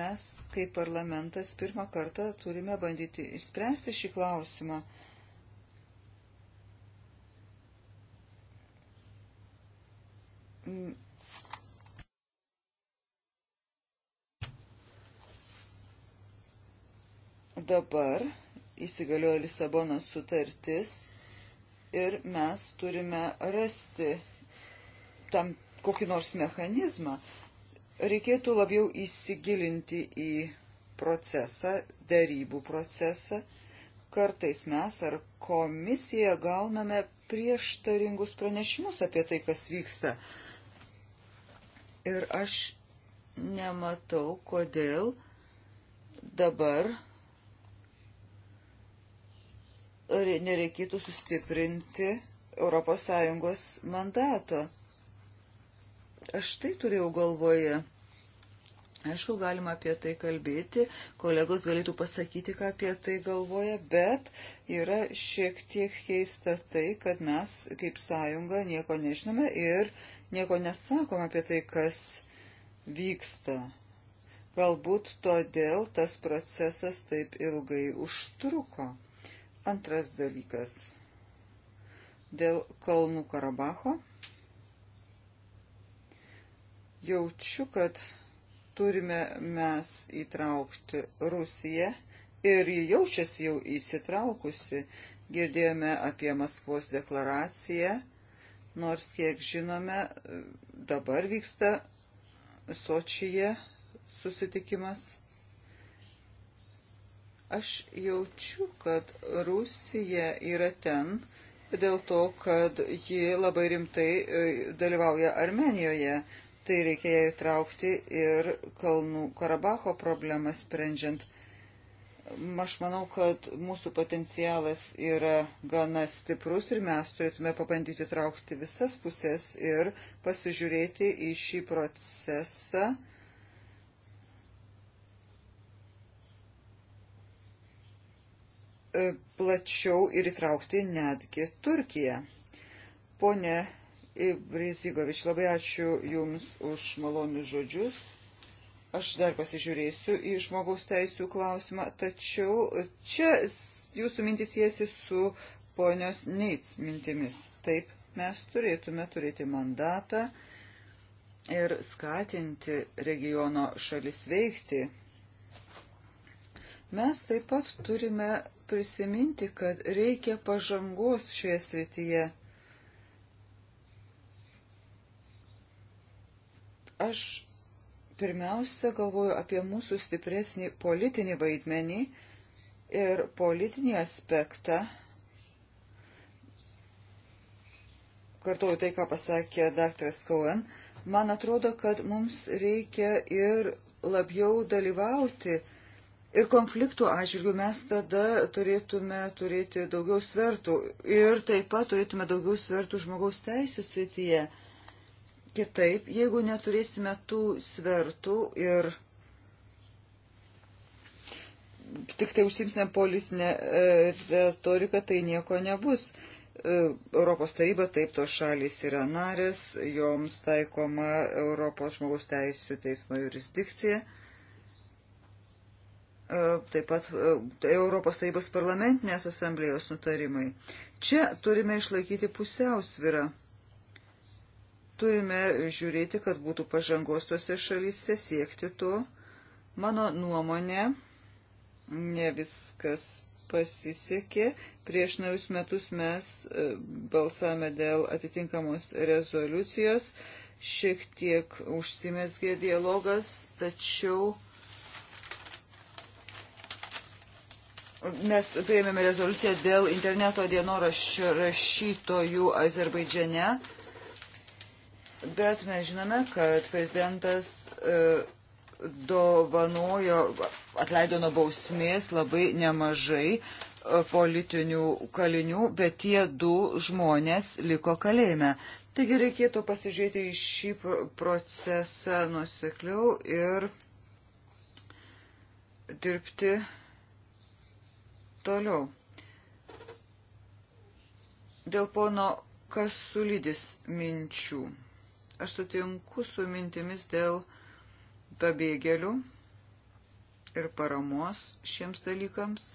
mes kaip parlamentas pirmą kartą turime bandyti išspręsti šį klausimą. Dabar įsigalioja Lisabonos sutartis ir mes turime rasti tam kokį nors mechanizmą. Reikėtų labiau įsigilinti į procesą, darybų procesą. Kartais mes ar komisija gauname prieštaringus pranešimus apie tai, kas vyksta. Ir aš nematau, kodėl dabar nereikėtų sustiprinti ES mandato. Aš tai turėjau galvoje. Aišku, galima apie tai kalbėti, kolegos galėtų pasakyti, ką apie tai galvoja, bet yra šiek tiek keista tai, kad mes kaip sąjunga nieko nežinome ir nieko nesakom apie tai, kas vyksta. Galbūt todėl tas procesas taip ilgai užtruko. Antras dalykas. Dėl Kalnų Karabacho jaučiu, kad turime mes įtraukti Rusiją ir ji jaučiasi jau įsitraukusi. Girdėjome apie Maskvos deklaraciją, nors kiek žinome, dabar vyksta Sočyje susitikimas. Aš jaučiu, kad Rusija yra ten dėl to, kad ji labai rimtai e, dalyvauja Armenijoje. Tai reikia ją įtraukti ir Kalnų Karabacho problemą sprendžiant. Aš manau, kad mūsų potencialas yra gana stiprus ir mes turėtume pabandyti traukti visas pusės ir pasižiūrėti į šį procesą E, plačiau ir įtraukti netgi Turkiją. Pone Brizigovič, labai ačiū Jums už malonius žodžius. Aš dar pasižiūrėsiu į žmogaus teisų klausimą, tačiau čia Jūsų mintis jėsi su ponios Neits mintimis. Taip, mes turėtume turėti mandatą ir skatinti regiono šalis veikti Mes taip pat turime prisiminti, kad reikia pažangos šioje srityje. Aš pirmiausia galvoju apie mūsų stipresnį politinį vaidmenį ir politinį aspektą. Kartuoju tai, ką pasakė daktaras Cohen. Man atrodo, kad mums reikia ir labiau dalyvauti Ir konfliktų atžvilgių mes tada turėtume turėti daugiau svertų ir taip pat turėtume daugiau svertų žmogaus teisų srityje. Kitaip, jeigu neturėsime tų svertų ir tik tai užsimsime politinę e, retoriką, tai nieko nebus. E, Europos taryba taip tos šalys yra narės, joms taikoma Europos žmogaus teisų teismo jurisdikcija E, taip pat e, tai Europos tarybos parlamentinės asamblėjos nutarimai. Čia turime išlaikyti pusiausvirą. Turime žiūrėti, kad būtų pažangos tose šalyse, siekti to. Mano nuomonė, ne viskas pasisekė. Prieš naujus metus mes e, balsavome dėl atitinkamos rezoliucijos. Šiek tiek užsimesgė dialogas, tačiau Mes prieimėme rezoliuciją dėl interneto dienoraščio rašytojų Azerbaidžiane, bet mes žinome, kad prezidentas e, dovanojo, atleido nuo bausmės labai nemažai e, politinių kalinių, bet tie du žmonės liko kalėjime. Taigi reikėtų pasižiūrėti į šį procesą nusekliau ir dirbti Toliau. Dėl pono Kasulidis minčių. Aš sutinku su mintimis dėl pabėgėlių ir paramos šiems dalykams.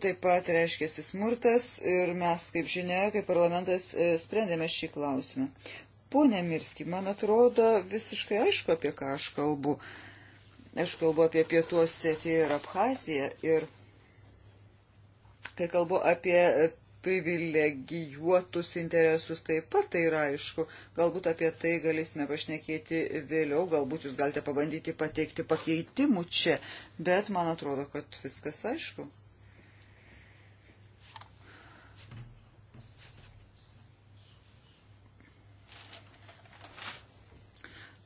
taip pat reiškėsi smurtas ir mes, kaip žinia, kaip parlamentas e, sprendėme šį klausimą. Pone Mirski, man atrodo visiškai aišku, apie ką aš kalbu. Aš kalbu apie pietų Osetiją ir Abhaziją ir kai kalbu apie privilegijuotus interesus taip pat tai yra aišku. Galbūt apie tai galėsime pašnekėti vėliau, galbūt jūs galite pabandyti pateikti pakeitimų čia, bet man atrodo, kad viskas aišku.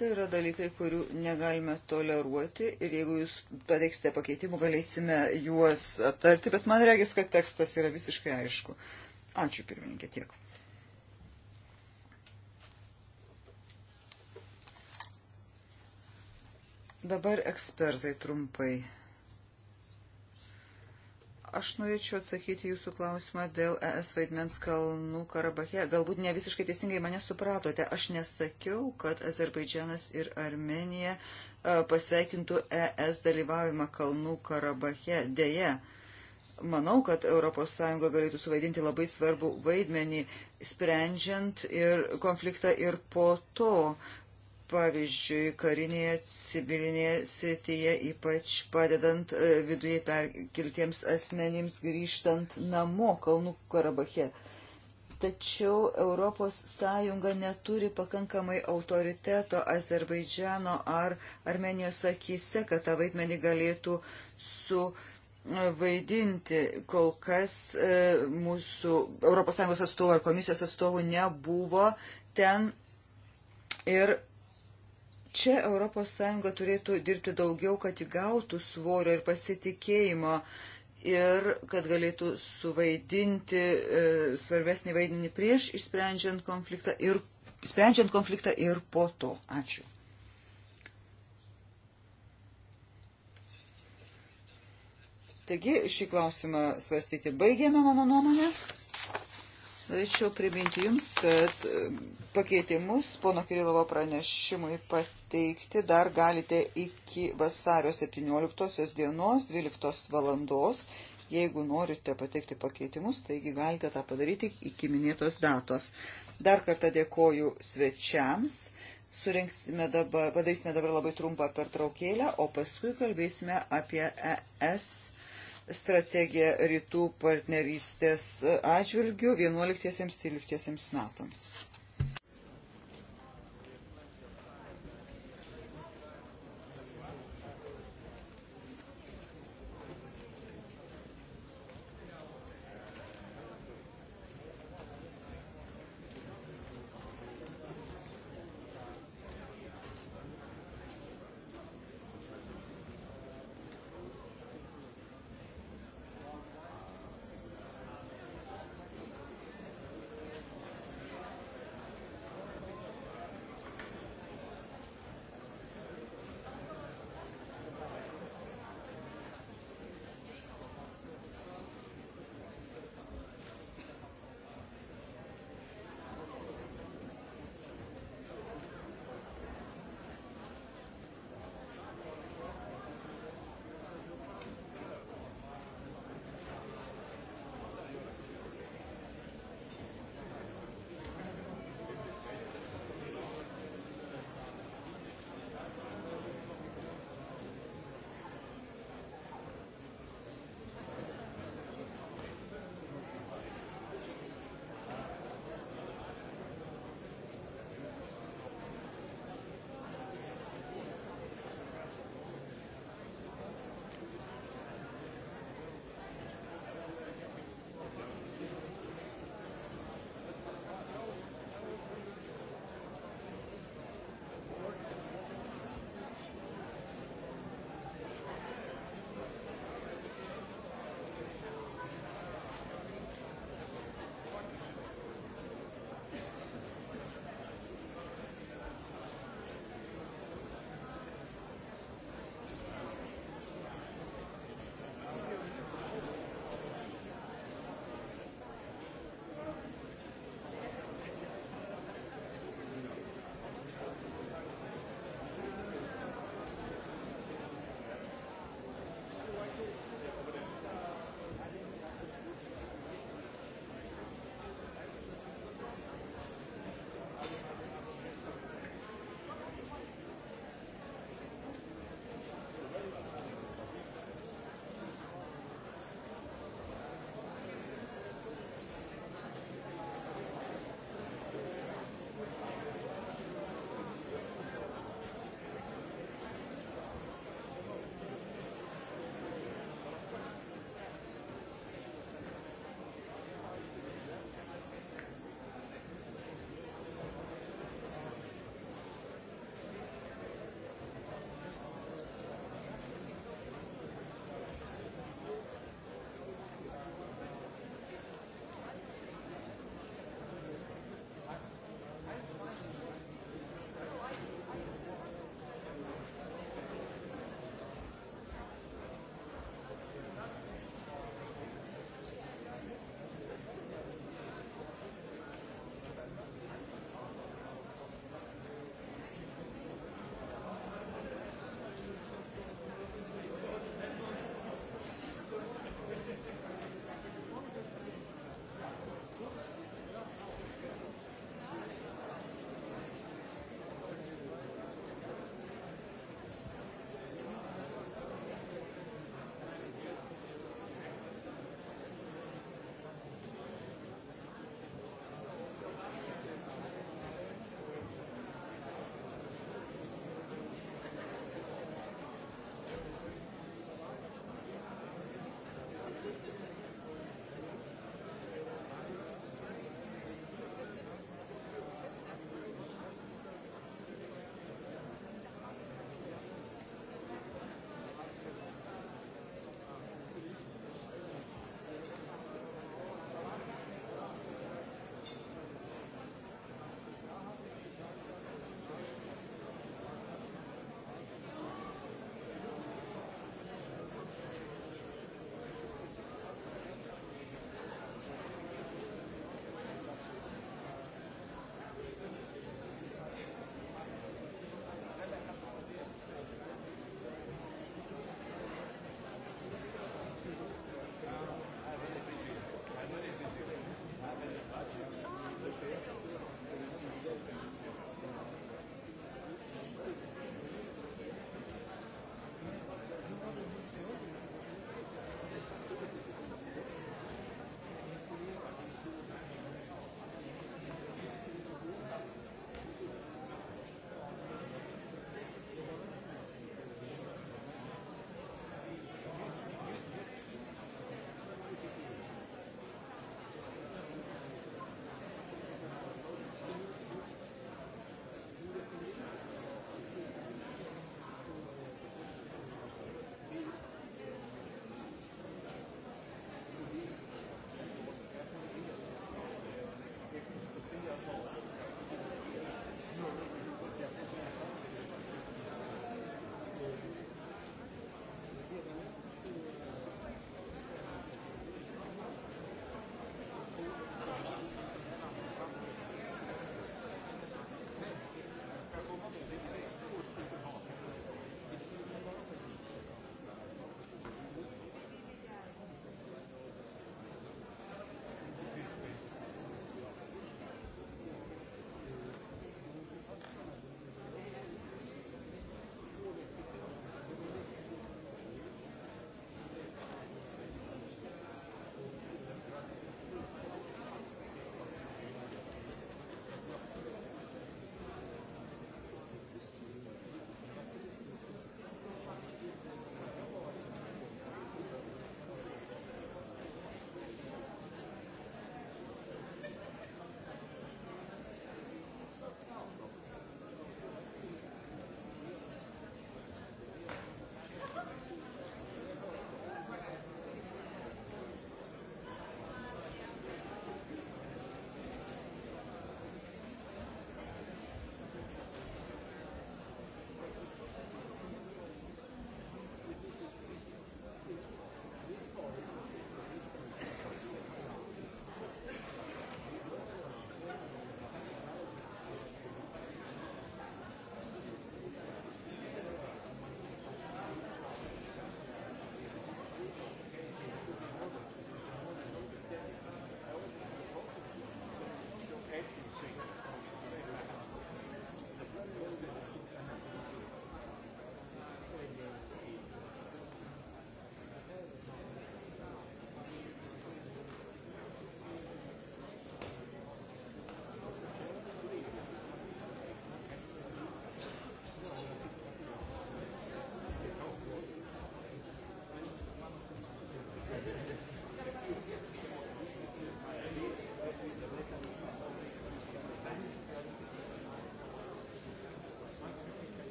Tai yra dalykai, kurių negalime toleruoti ir jeigu jūs pateiksite pakeitimų, galėsime juos aptarti, bet man regis, kad tekstas yra visiškai aišku. Ačiū pirmininkė tiek. Dabar ekspertai trumpai. Aš norėčiau atsakyti jūsų klausimą dėl ES vaidmens Kalnų Karabache. Galbūt ne visiškai teisingai mane supratote. Aš nesakiau, kad Azerbaidžianas ir Armenija e, pasveikintų ES dalyvavimą Kalnų Karabache. Deja, manau, kad ES galėtų suvaidinti labai svarbų vaidmenį, sprendžiant ir konfliktą ir po to pavyzdžiui, karinėje, civilinėje srityje, ypač padedant e, viduje perkeltiems asmenims grįžtant namo Kalnų Karabache. Tačiau ES neturi pakankamai autoriteto Azerbaidžiano ar Armenijos akise, kad tą vaidmenį galėtų suvaidinti. E, Kol kas e, mūsų ES atstovų ar komisijos atstovų nebuvo ten ir Čia ES turėtų dirbti daugiau, kad įgautų svorio ir pasitikėjimo ir kad galėtų suvaidinti e, svarbesnį vaidinį prieš išsprendžiant konfliktą ir, sprendžiant konfliktą ir po to. Ačiū. Taigi šį klausimą svarstyti baigėme, mano nuomonė. Norėčiau priminti Jums, kad e, pakeitimus pono Kirilovo pranešimui pateikti dar galite iki vasario 17 dienos 12 valandos. Jeigu norite pateikti pakeitimus, taigi galite tą padaryti iki minėtos datos. Dar kartą dėkoju svečiams surinksime dabar, padarysime dabar labai trumpą pertraukėlę, o paskui kalbėsime apie ES strategiją rytų partnerystės atžvilgių 11-13 metams.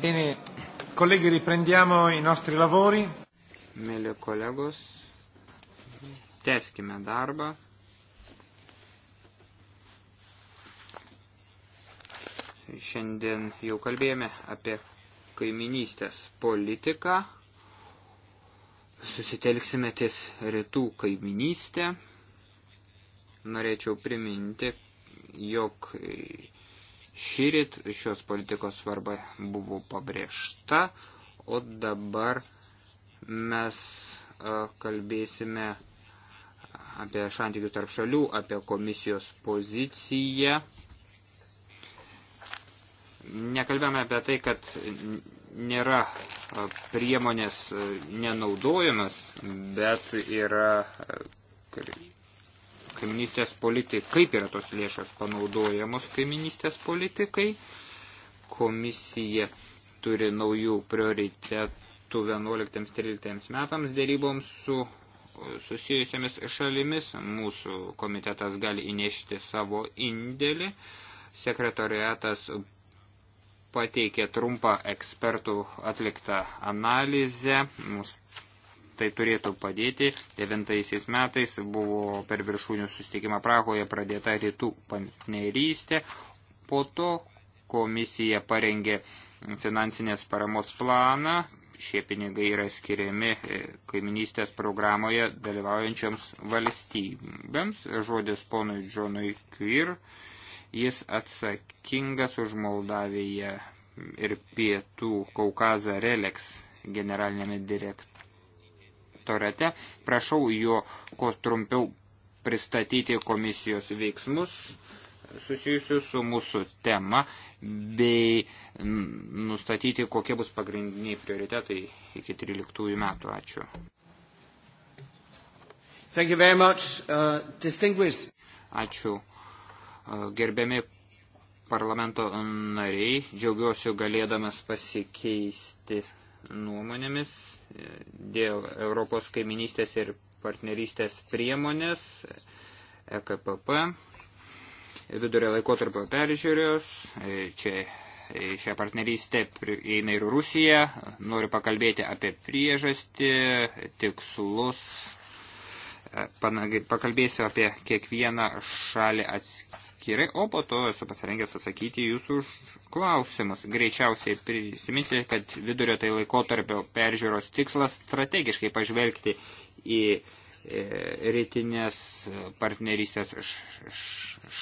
Bene, colleghi, riprendiamo i nostri lavori. Mėly kolegos, teskime darbą. Šiandien jau kalbėjome apie kaiminystės politiką. Susitelksime ties rytų kaiminystę. Norėčiau priminti, jog Šyrit šios politikos svarba buvo pabrėžta, o dabar mes e, kalbėsime apie santykius tarp šalių, apie komisijos poziciją. Nekalbėjome apie tai, kad nėra e, priemonės e, nenaudojamas, bet yra kaiminystės politikai, kaip yra tos lėšos panaudojamos kaiminystės politikai. Komisija turi naujų prioritetų 11-13 metams dėryboms su susijusiamis šalimis. Mūsų komitetas gali įnešti savo indėlį. Sekretariatas pateikė trumpą ekspertų atliktą analizę. Mūsų tai turėtų padėti. Devintaisiais metais buvo per viršūnių sustikimą Prahoje pradėta rytų partnerystė. Po to komisija parengė finansinės paramos planą. Šie pinigai yra skiriami e, kaiminystės programoje dalyvaujančioms valstybėms. Žodis ponui Džonui Kvir. Jis atsakingas už Moldaviją ir pietų Kaukazą Relex generalinėme direktoriuje direktorate. Prašau jo kuo trumpiau pristatyti komisijos veiksmus susijusius su mūsų tema bei nustatyti, kokie bus pagrindiniai prioritetai iki 13 metų. Ačiū. Thank you very much, uh, distinguished. Ačiū. Uh, gerbiami parlamento nariai, džiaugiuosi galėdamas pasikeisti nuomonėmis e, dėl Europos kaiminystės ir partnerystės priemonės EKPP vidurio laikotarpio peržiūrios. E, čia e, šią partnerystę eina ir Rusija. Noriu pakalbėti apie priežastį, tikslus, pakalbėsiu apie kiekvieną šalį atskirai, o po to esu pasirengęs atsakyti jūsų klausimus. Greičiausiai prisiminsite, kad vidurio tai laikotarpio peržiūros tikslas strategiškai pažvelgti į e, rytinės partnerystės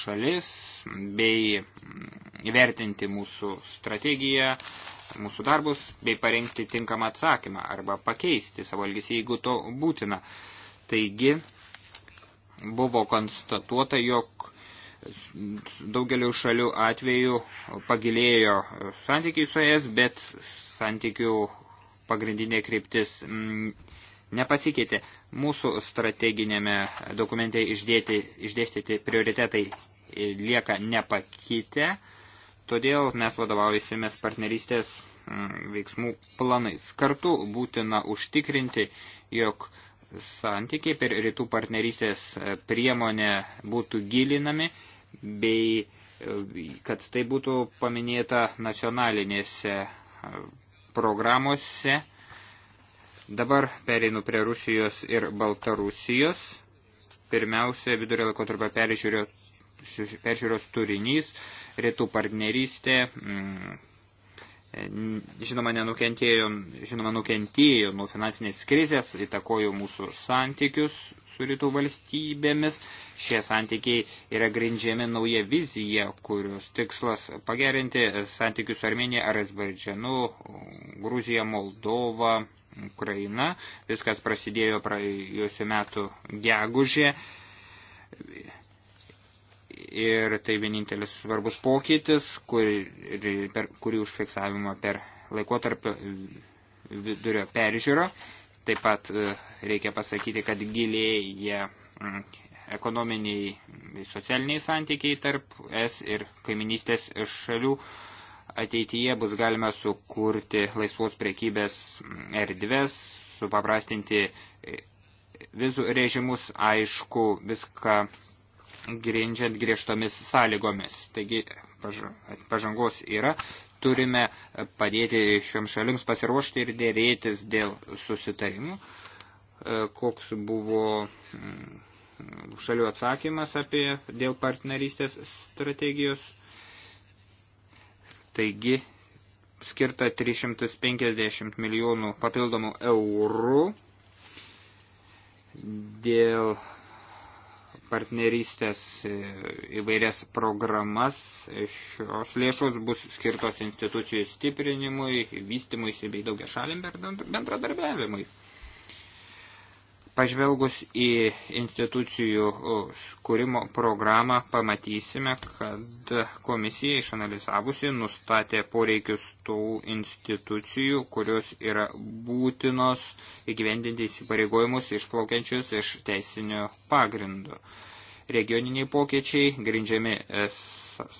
šalis bei mm, įvertinti mūsų strategiją, mūsų darbus bei parengti tinkamą atsakymą arba pakeisti savo elgesį, jeigu to būtina. Uh, Taigi buvo konstatuota, jog daugeliu šalių atveju pagilėjo santykiai su ES, bet santykių pagrindinė kryptis mm, nepasikeitė. Mūsų strateginėme dokumente išdėti, išdėstyti prioritetai lieka nepakitę, todėl mes vadovaujasimės partnerystės mm, veiksmų planais. Kartu būtina užtikrinti, jog santykiai per rytų partnerystės priemonę būtų gilinami, bei e, kad tai būtų paminėta nacionalinėse e, programuose. Dabar pereinu prie Rusijos ir Baltarusijos. Pirmiausia, vidurio laikotarpio peržiūrios turinys, rytų partnerystė, mm, E, žinoma, nenukentėjo, žinoma, nukentėjo nuo finansinės krizės, įtakojo mūsų santykius su rytų valstybėmis. Šie santykiai yra grindžiami nauja vizija, kurios tikslas pagerinti santykius su Armenija, Arazbaidžianu, Gruzija, Moldova, Ukraina. Viskas prasidėjo praėjusiu metu gegužė ir tai vienintelis svarbus pokytis, kur, per, kurį užfiksavimą per laikotarpio vidurio peržiūro. Taip pat e, reikia pasakyti, kad gilėja ekonominiai socialiniai santykiai tarp S ir kaiminystės šalių. Ateityje bus galima sukurti laisvos priekybės erdves, supaprastinti e, vizų režimus, aišku, viską grindžiant griežtomis sąlygomis. Taigi pažangos yra, turime padėti šioms šalims pasiruošti ir dėrėtis dėl susitarimų. E, koks buvo mm, šalių atsakymas apie dėl partnerystės strategijos. Taigi skirta 350 milijonų papildomų eurų dėl partnerystės e, įvairias programas. Šios lėšos bus skirtos institucijų stiprinimui, vystimui bei daugia šalim bendradarbiavimui. Bendra Pažvelgus į institucijų skūrimo programą, pamatysime, kad komisija išanalizavusi nustatė poreikius tų institucijų, kurios yra būtinos įgyvendinti įsipareigojimus išplaukiančius iš teisinio pagrindo. Regioniniai pokyčiai grindžiami e,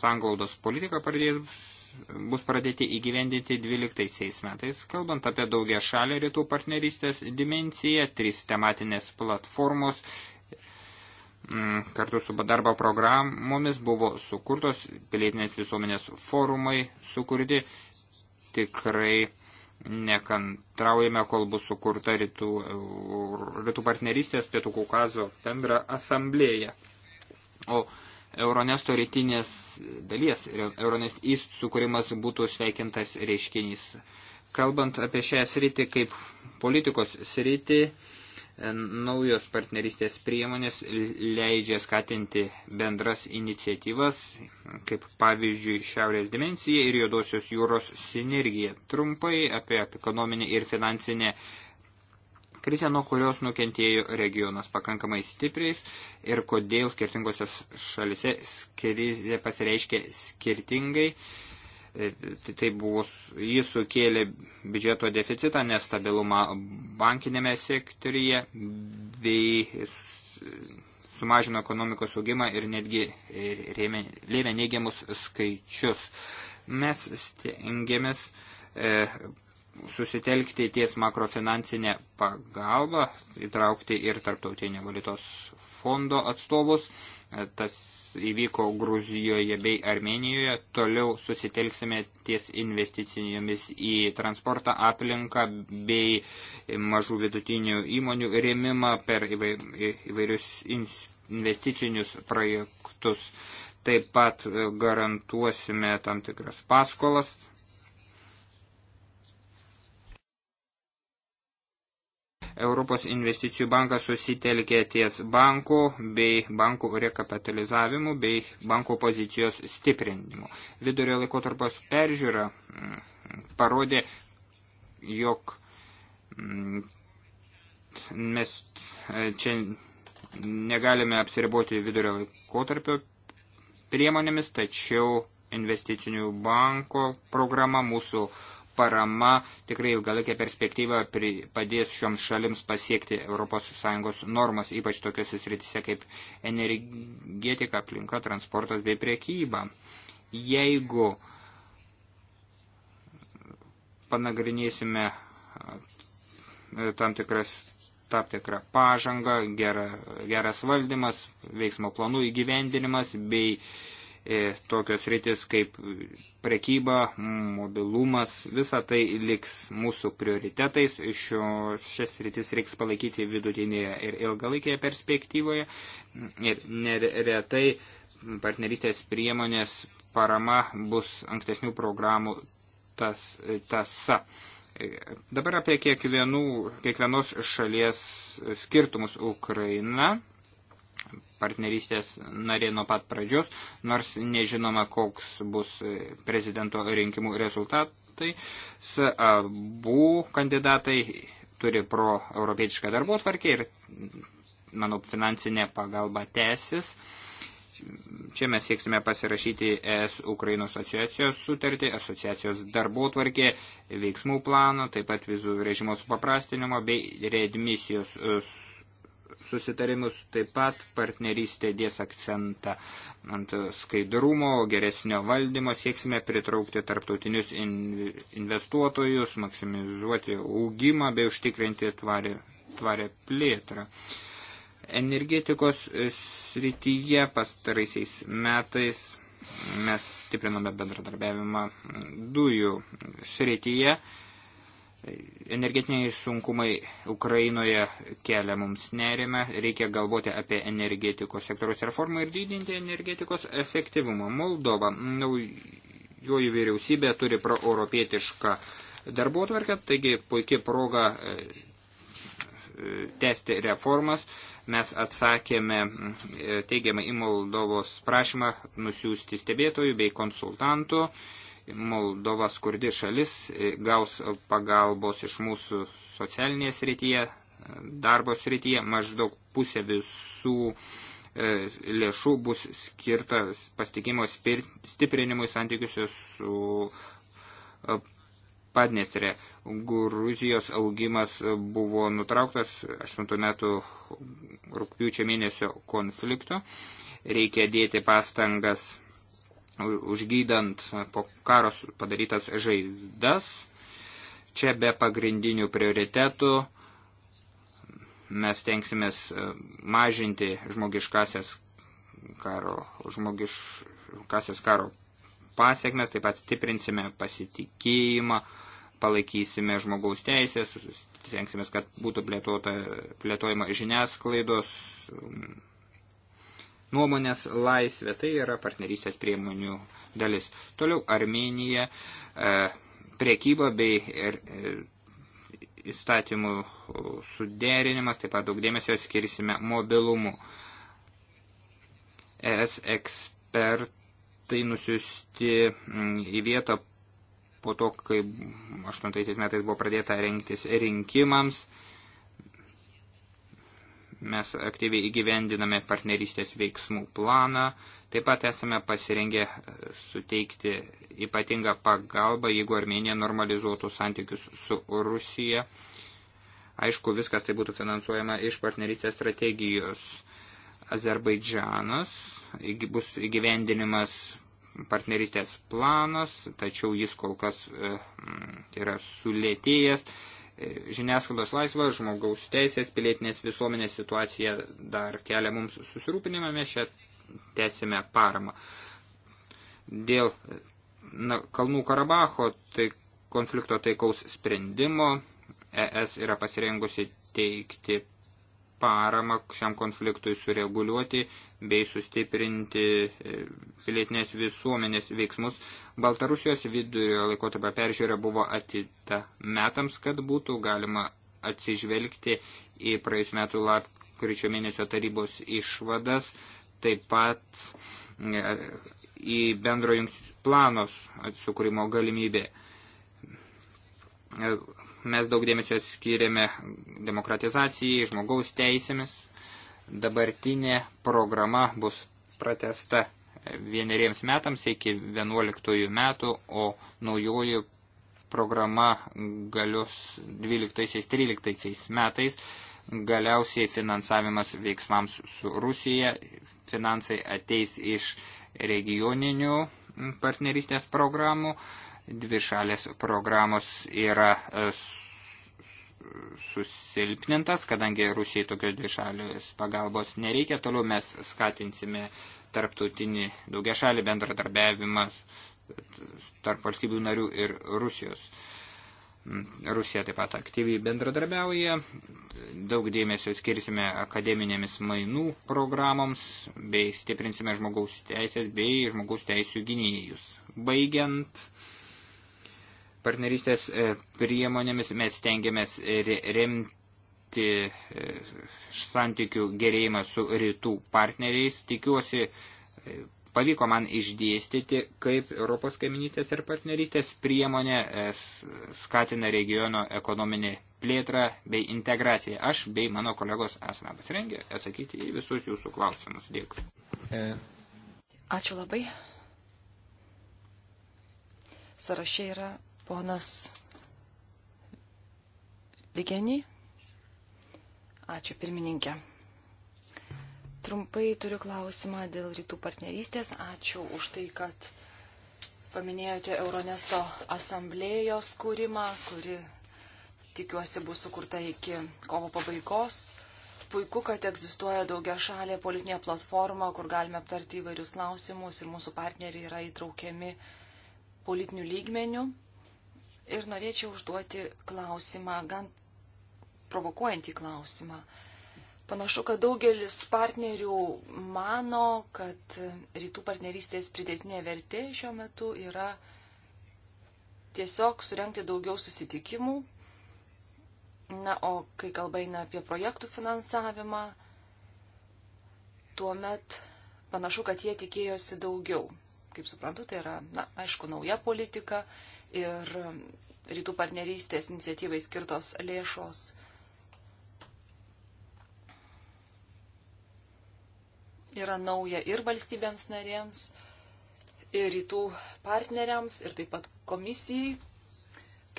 sangaudos politiką pradėjus bus pradėti įgyvendinti 12 metais. Kalbant apie daugia šalį rytų partnerystės dimenciją, trys tematinės platformos mm, kartu su darbo programomis buvo sukurtos pilietinės visuomenės forumai sukurti tikrai nekantraujame, kol bus sukurta rytų, rytų partnerystės Pietų Kaukazo bendra asamblėja. O Euronesto rytinės dalies, Euronest East sukūrimas būtų sveikintas reiškinys. Kalbant apie šią sritį kaip politikos sritį, naujos partnerystės priemonės leidžia skatinti bendras iniciatyvas, kaip pavyzdžiui Šiaurės dimensija ir Jodosios jūros sinergija. Trumpai apie ekonominę ir finansinę Krizė, nuo kurios nukentėjo regionas pakankamai stipriais ir kodėl skirtingose šalise krizė pasireiškia skirtingai. E, tai, tai buvo, jis sukėlė biudžeto deficitą, nestabilumą bankinėme sektoriuje bei sumažino ekonomikos augimą ir netgi lėmė neigiamus skaičius. Mes stengiamės e, susitelkti ties makrofinansinę pagalbą, įtraukti ir tarptautinio valiutos fondo atstovus. Tas įvyko Gruzijoje bei Armenijoje. Toliau susitelksime ties investicijomis į transportą aplinką bei mažų vidutinių įmonių rėmimą per įvairius investicinius projektus. Taip pat garantuosime tam tikras paskolas Europos investicijų bankas susitelkė ties bankų bei bankų rekapitalizavimu bei bankų pozicijos stiprinimu. Vidurio laikotarpos peržiūra mm, parodė, jog mm, mes e, čia negalime apsiriboti vidurio laikotarpio priemonėmis, tačiau investicinių banko programa mūsų uh, parama tikrai ilgalaikė perspektyva padės šioms šalims pasiekti ES normos, ypač tokiuose sritise kaip energetika, aplinka, transportas bei priekyba. Jeigu panagrinėsime e, tam tikras tam tikrą pažangą, gera, geras valdymas, veiksmo planų įgyvendinimas bei uh, E, tokios rytis kaip prekyba, mobilumas, visa tai liks mūsų prioritetais. Šios, šias rytis reiks palaikyti vidutinėje ir ilgalaikėje perspektyvoje. Ir neretai partnerystės priemonės parama bus ankstesnių programų tas, tasa. E, dabar apie kiekvienų, kiekvienos šalies skirtumus Ukraina partnerystės narė nuo pat pradžios, nors nežinoma, koks bus e, prezidento rinkimų rezultatai. Abu kandidatai turi proeuropietišką darbo tvarkę ir, manau, finansinė pagalba tęsis. Čia mes sieksime pasirašyti ES Ukrainos asociacijos sutartį, asociacijos darbo tvarkė, veiksmų planą, taip pat vizų režimo supaprastinimo bei readmisijos e, susitarimus, taip pat partnerystė dės akcentą ant skaidrumo, geresnio valdymo, sieksime pritraukti tarptautinius investuotojus, maksimizuoti augimą bei užtikrinti tvarę, tvarę plėtrą. Energetikos srityje pastaraisiais metais mes stiprinome bendradarbiavimą dujų srityje Energetiniai sunkumai Ukrainoje kelia mums nerimą, reikia galvoti apie energetikos sektoriaus reformą ir didinti energetikos efektyvumą. Moldova, naujoji vyriausybė turi proeuropietišką darbuotvarkę, taigi puikia proga e, e, tęsti reformas. Mes atsakėme e, teigiamai į Moldovos prašymą nusiųsti stebėtojų bei konsultantų. Moldova skurdi šalis, e, gaus pagalbos iš mūsų socialinės rytyje, darbo srityje, maždaug pusė visų e, lėšų bus skirtas pasitikimo stiprinimui santykiuose su e, Padnestrė. Gruzijos augimas buvo nutrauktas 8 metų rūpiučio mėnesio konflikto. Reikia dėti pastangas užgydant po karos padarytas žaizdas. Čia be pagrindinių prioritetų mes tenksimės e, mažinti žmogiškasias karo, žmogiškasias karo pasiekmes, taip pat stiprinsime pasitikėjimą, palaikysime žmogaus teisės, stengsimės, kad būtų plėtota, plėtojama žiniasklaidos nuomonės laisvė, tai yra partnerystės priemonių dalis. Toliau Armenija, e, priekyba bei ir, er, ir e, įstatymų suderinimas, taip pat daug dėmesio skirsime mobilumu. ES ekspertai nusiusti į vietą po to, kai 8 metais buvo pradėta rengtis rinkimams. E, Mes aktyviai įgyvendiname partnerystės veiksmų planą, taip pat esame pasirengę e, suteikti ypatingą pagalbą, jeigu Armenija normalizuotų santykius su Rusija. Aišku, viskas tai būtų finansuojama iš partnerystės strategijos. Azerbaidžanas bus įgyvendinimas partnerystės planas, tačiau jis kol kas e, yra sulėtėjęs žiniasklaidos laisvą, žmogaus teisės, pilietinės visuomenės situacija dar kelia mums susirūpinimą, mes čia tęsime paramą. Dėl na, Kalnų Karabacho tai konflikto taikaus sprendimo ES yra pasirengusi teikti paramą šiam konfliktui sureguliuoti bei sustiprinti e, pilietinės visuomenės veiksmus. Baltarusijos vidurio laikotarpio peržiūra buvo atita metams, kad būtų galima atsižvelgti į praėjusiu metu lapkričio mėnesio tarybos išvadas, taip pat e, į bendro planos atsukūrimo galimybę e, Mes daug dėmesio skiriame demokratizacijai, žmogaus teisėmis. Dabartinė programa bus pratesta vieneriems metams iki 11 metų, o naujoji programa galius 12-13 metais. Galiausiai finansavimas veiksmams su Rusija, finansai ateis iš regioninių partnerystės programų dvi šalės programos yra e, susilpnintas, kadangi Rusijai tokios dvi šalės pagalbos nereikia, toliau mes skatinsime tarptautinį daugia šalį bendradarbiavimą tarp valstybių narių ir Rusijos. Rusija taip pat aktyviai bendradarbiauja, daug dėmesio skirsime akademinėmis mainų programoms, bei stiprinsime žmogaus teisės bei žmogaus teisų gynėjus. Baigiant, partnerystės e, priemonėmis mes tengiamės remti e, santykių gerėjimą su rytų partneriais. Tikiuosi, e, pavyko man išdėstyti, kaip Europos kaiminystės ir partnerystės priemonė skatina regiono ekonominį plėtrą bei integraciją. Aš bei mano kolegos esame pasirengę atsakyti į visus jūsų klausimus. Dėkui. Ačiū labai. Sarašė yra Ponas Vigeniai. Ačiū pirmininkė. Trumpai turiu klausimą dėl rytų partnerystės. Ačiū už tai, kad paminėjote Euronesto asamblėjos kūrimą, kuri tikiuosi bus sukurta iki kovo pabaigos. Puiku, kad egzistuoja daugia šalė politinė platforma, kur galime aptarti įvairius klausimus ir mūsų partneriai yra įtraukiami politinių lygmenių ir norėčiau užduoti klausimą, gan provokuojantį klausimą. Panašu, kad daugelis partnerių mano, kad rytų partnerystės pridėtinė vertė šiuo metu yra tiesiog surenkti daugiau susitikimų. Na, o kai kalba eina apie projektų finansavimą, tuomet panašu, kad jie tikėjosi daugiau. Kaip suprantu, tai yra, na, aišku, nauja politika ir rytų partnerystės iniciatyvai skirtos lėšos. Yra nauja ir valstybėms narėms, ir rytų partneriams, ir taip pat komisijai.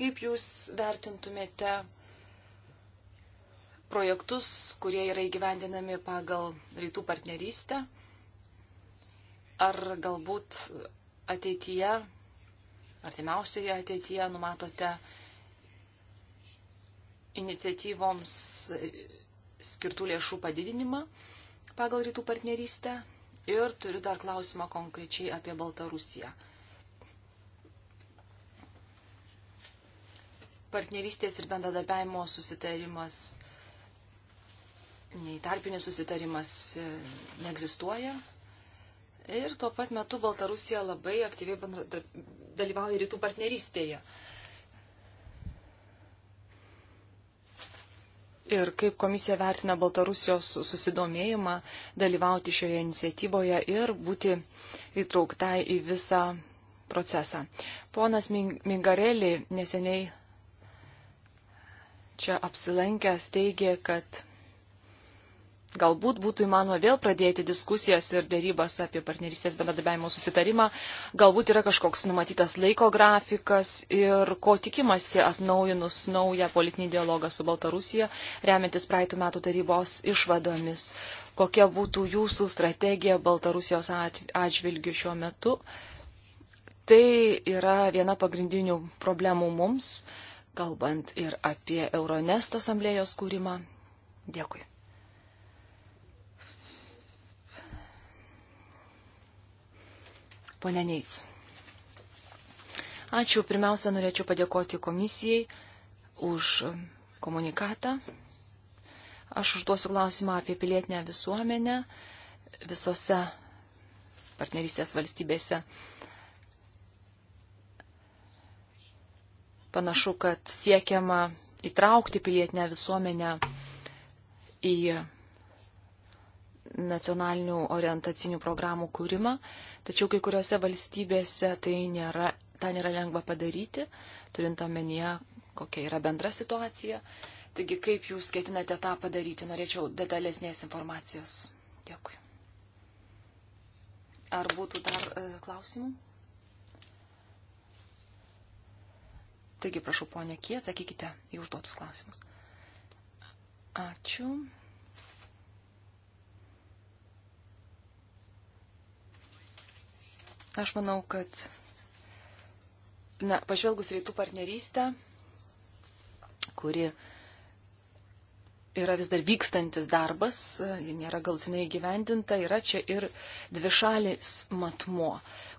Kaip jūs vertintumėte projektus, kurie yra įgyvendinami pagal rytų partnerystę? Ar galbūt ateityje artimiausioje ateityje numatote iniciatyvoms skirtų lėšų padidinimą pagal rytų partnerystę. Ir turiu dar klausimą konkrečiai apie Baltarusiją. Partnerystės ir bendradarbiavimo susitarimas, nei tarpinis susitarimas e, neegzistuoja. Ir tuo pat metu Baltarusija labai aktyviai dalyvauja rytų partnerystėje. Ir kaip komisija vertina Baltarusijos susidomėjimą dalyvauti šioje iniciatyvoje ir būti įtrauktai į visą procesą. Ponas Mingarelį neseniai čia apsilankęs teigė, kad Galbūt būtų įmanoma vėl pradėti diskusijas ir dėrybas apie partnerystės bendradarbiavimo susitarimą. Galbūt yra kažkoks numatytas laiko grafikas ir ko tikimasi atnaujinus naują politinį dialogą su Baltarusija, remiantis praeitų metų tarybos išvadomis. Kokia būtų jūsų strategija Baltarusijos atžvilgių šiuo metu? Tai yra viena pagrindinių problemų mums, kalbant ir apie Euronest asamblėjos kūrimą. Dėkui. Pone Neits. Ačiū. Pirmiausia, norėčiau padėkoti komisijai už komunikatą. Aš užduosiu klausimą apie pilietinę visuomenę visose partnerystės valstybėse. Panašu, kad siekiama įtraukti pilietinę visuomenę į nacionalinių orientacinių programų kūrimą, tačiau kai kuriuose valstybėse tai nėra, tą nėra lengva padaryti, turint omenyje, kokia yra bendra situacija. Taigi, kaip jūs ketinate tą padaryti, norėčiau detalesnės informacijos. Dėkui. Ar būtų dar e, klausimų? Taigi, prašau, ponė Kie, atsakykite į užduotus klausimus. Ačiū. Aš manau, kad na, pažvelgus rytų partnerystę, kuri yra vis dar vykstantis darbas, ji nėra galutinai gyvendinta, yra čia ir dvišalis matmo,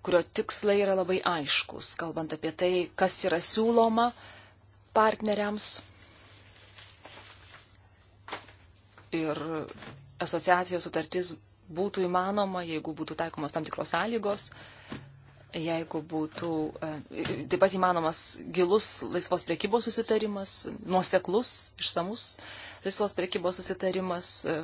kurio tikslai yra labai aiškus, kalbant apie tai, kas yra siūloma partneriams ir asociacijos sutartis būtų įmanoma, jeigu būtų taikomos tam tikros sąlygos, jeigu būtų e, taip pat įmanomas gilus laisvos priekybos susitarimas, nuoseklus, išsamus laisvos priekybos susitarimas, e,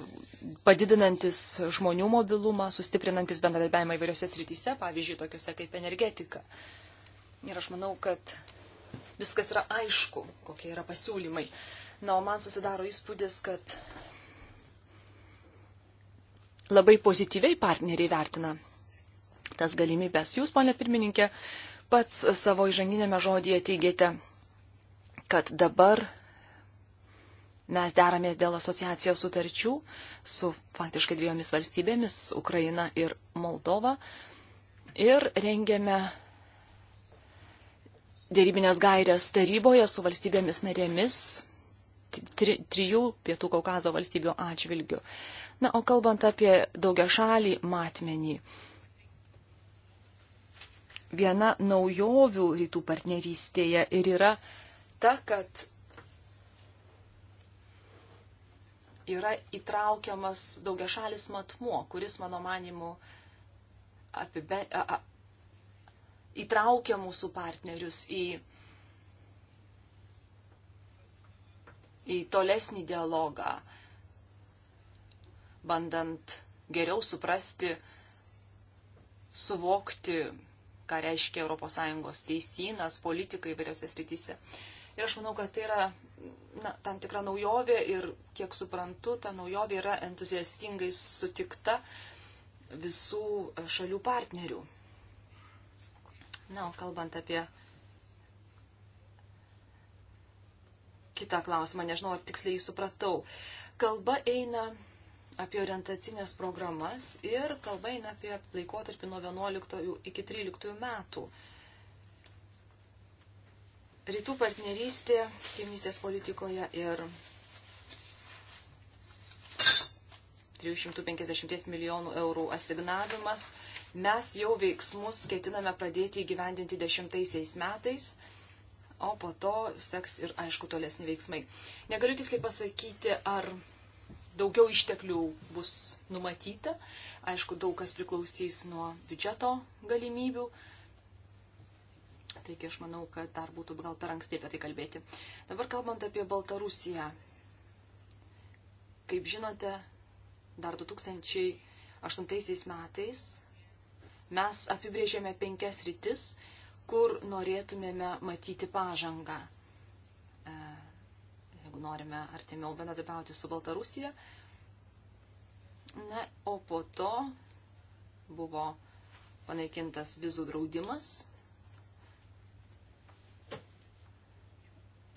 padidinantis žmonių mobilumą, sustiprinantis bendradarbiavimą įvairiose srityse, pavyzdžiui, tokiuose kaip energetika. Ir aš manau, kad viskas yra aišku, kokie yra pasiūlymai. Na, o man susidaro įspūdis, kad labai pozityviai partneriai vertina tas galimybės. Jūs, ponė pirmininkė, pats savo įžanginėme žodėje teigėte, kad dabar mes deramės dėl asociacijos sutarčių su faktiškai dviejomis valstybėmis - Ukraina ir Moldova. Ir rengėme dėrybinės gairės taryboje su valstybėmis narėmis trijų pietų Kaukazo valstybių atžvilgių. Na, o kalbant apie daugia šalį matmenį, viena naujovių rytų partnerystėje ir yra ta, kad yra įtraukiamas daugia šalis matmuo, kuris, mano manimu, apibe, a, a, įtraukia mūsų partnerius į, į tolesnį dialogą bandant geriau suprasti, suvokti, ką reiškia ES teisynas, politikai įvairiose srityse. Ir aš manau, kad tai yra na, tam tikra naujovė ir, kiek suprantu, ta naujovė yra entuziastingai sutikta visų šalių partnerių. Na, o kalbant apie kitą klausimą, nežinau, ar tiksliai supratau. Kalba eina apie orientacinės programas ir kalba eina apie laikotarpį nuo 11 iki 13 metų. Rytų partnerystė kaimynystės politikoje ir 350 milijonų eurų asignavimas. Mes jau veiksmus ketiname pradėti įgyvendinti dešimtaisiais metais, o po to seks ir aišku tolesni veiksmai. Negaliu tiksliai pasakyti, ar daugiau išteklių bus numatyta. Aišku, daug kas priklausys nuo biudžeto galimybių. Taigi aš manau, kad dar būtų gal per anksti apie tai kalbėti. Dabar kalbant apie Baltarusiją. Kaip žinote, dar 2008 metais mes apibrėžėme penkias rytis, kur norėtumėme matyti pažangą jeigu norime artimiau bendradarbiauti su Baltarusija. Na, o po to buvo panaikintas vizų draudimas.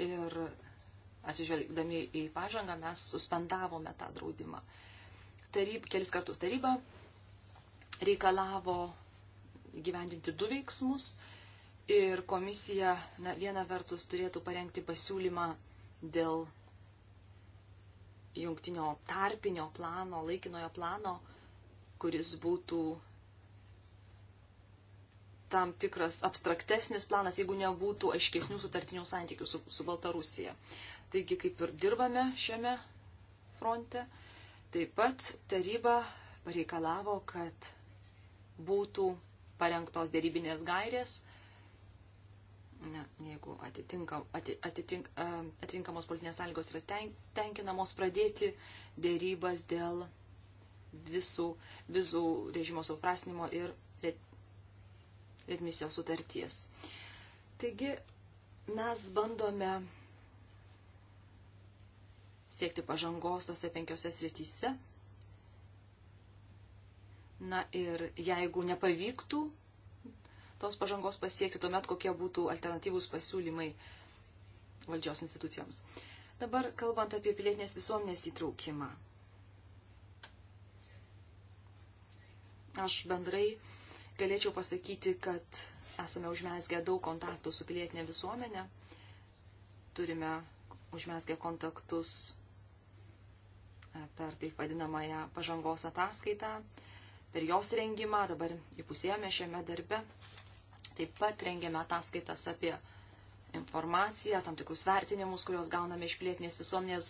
Ir atsižvelgdami į pažangą mes suspendavome tą draudimą. Taryb, kelis kartus taryba reikalavo gyvendinti du veiksmus ir komisija na, viena vertus turėtų parengti pasiūlymą dėl jungtinio tarpinio plano, laikinojo plano, kuris būtų tam tikras abstraktesnis planas, jeigu nebūtų aiškesnių sutartinių santykių su, su Baltarusija. Taigi kaip ir dirbame šiame fronte. Taip pat taryba pareikalavo, kad būtų parengtos dėrybinės gairės Ne, jeigu atitinkam, ati, atitink, atitinkamos politinės sąlygos yra ten, tenkinamos pradėti dėrybas dėl visų vizų režimo suprasnimo ir redmisijos sutarties. Taigi mes bandome siekti pažangos tose penkiose srityse. Na ir jeigu nepavyktų tos pažangos pasiekti, tuomet kokie būtų alternatyvūs pasiūlymai valdžios institucijoms. Dabar kalbant apie pilietinės visuomenės įtraukimą. Aš bendrai galėčiau pasakyti, kad esame užmesgę daug kontaktų su pilietinė visuomenė, turime užmesgę kontaktus e, per taip vadinamąją pažangos ataskaitą, per jos rengimą, dabar įpusėjome šiame darbe. Taip pat rengiame ataskaitas apie informaciją, tam tikrus vertinimus, kuriuos gauname iš plėtinės visuomenės,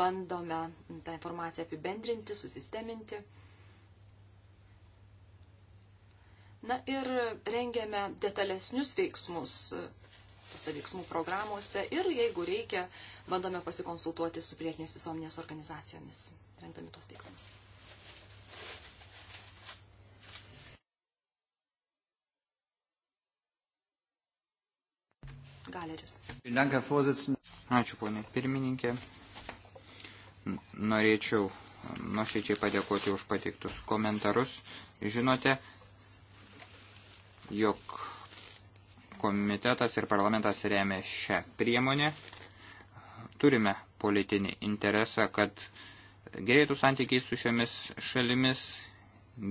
bandome tą informaciją apibendrinti, susisteminti. Na ir rengiame detalesnius veiksmus tose veiksmų programuose ir, jeigu reikia, bandome pasikonsultuoti su plėtinės visuomenės organizacijomis, rengdami tuos veiksmus. Galeris. Ačiū, ponė pirmininkė. Norėčiau nuoširdžiai padėkoti už pateiktus komentarus. Žinote, jog komitetas ir parlamentas remia šią priemonę. Turime politinį interesą, kad gerėtų santykiai su šiomis šalimis,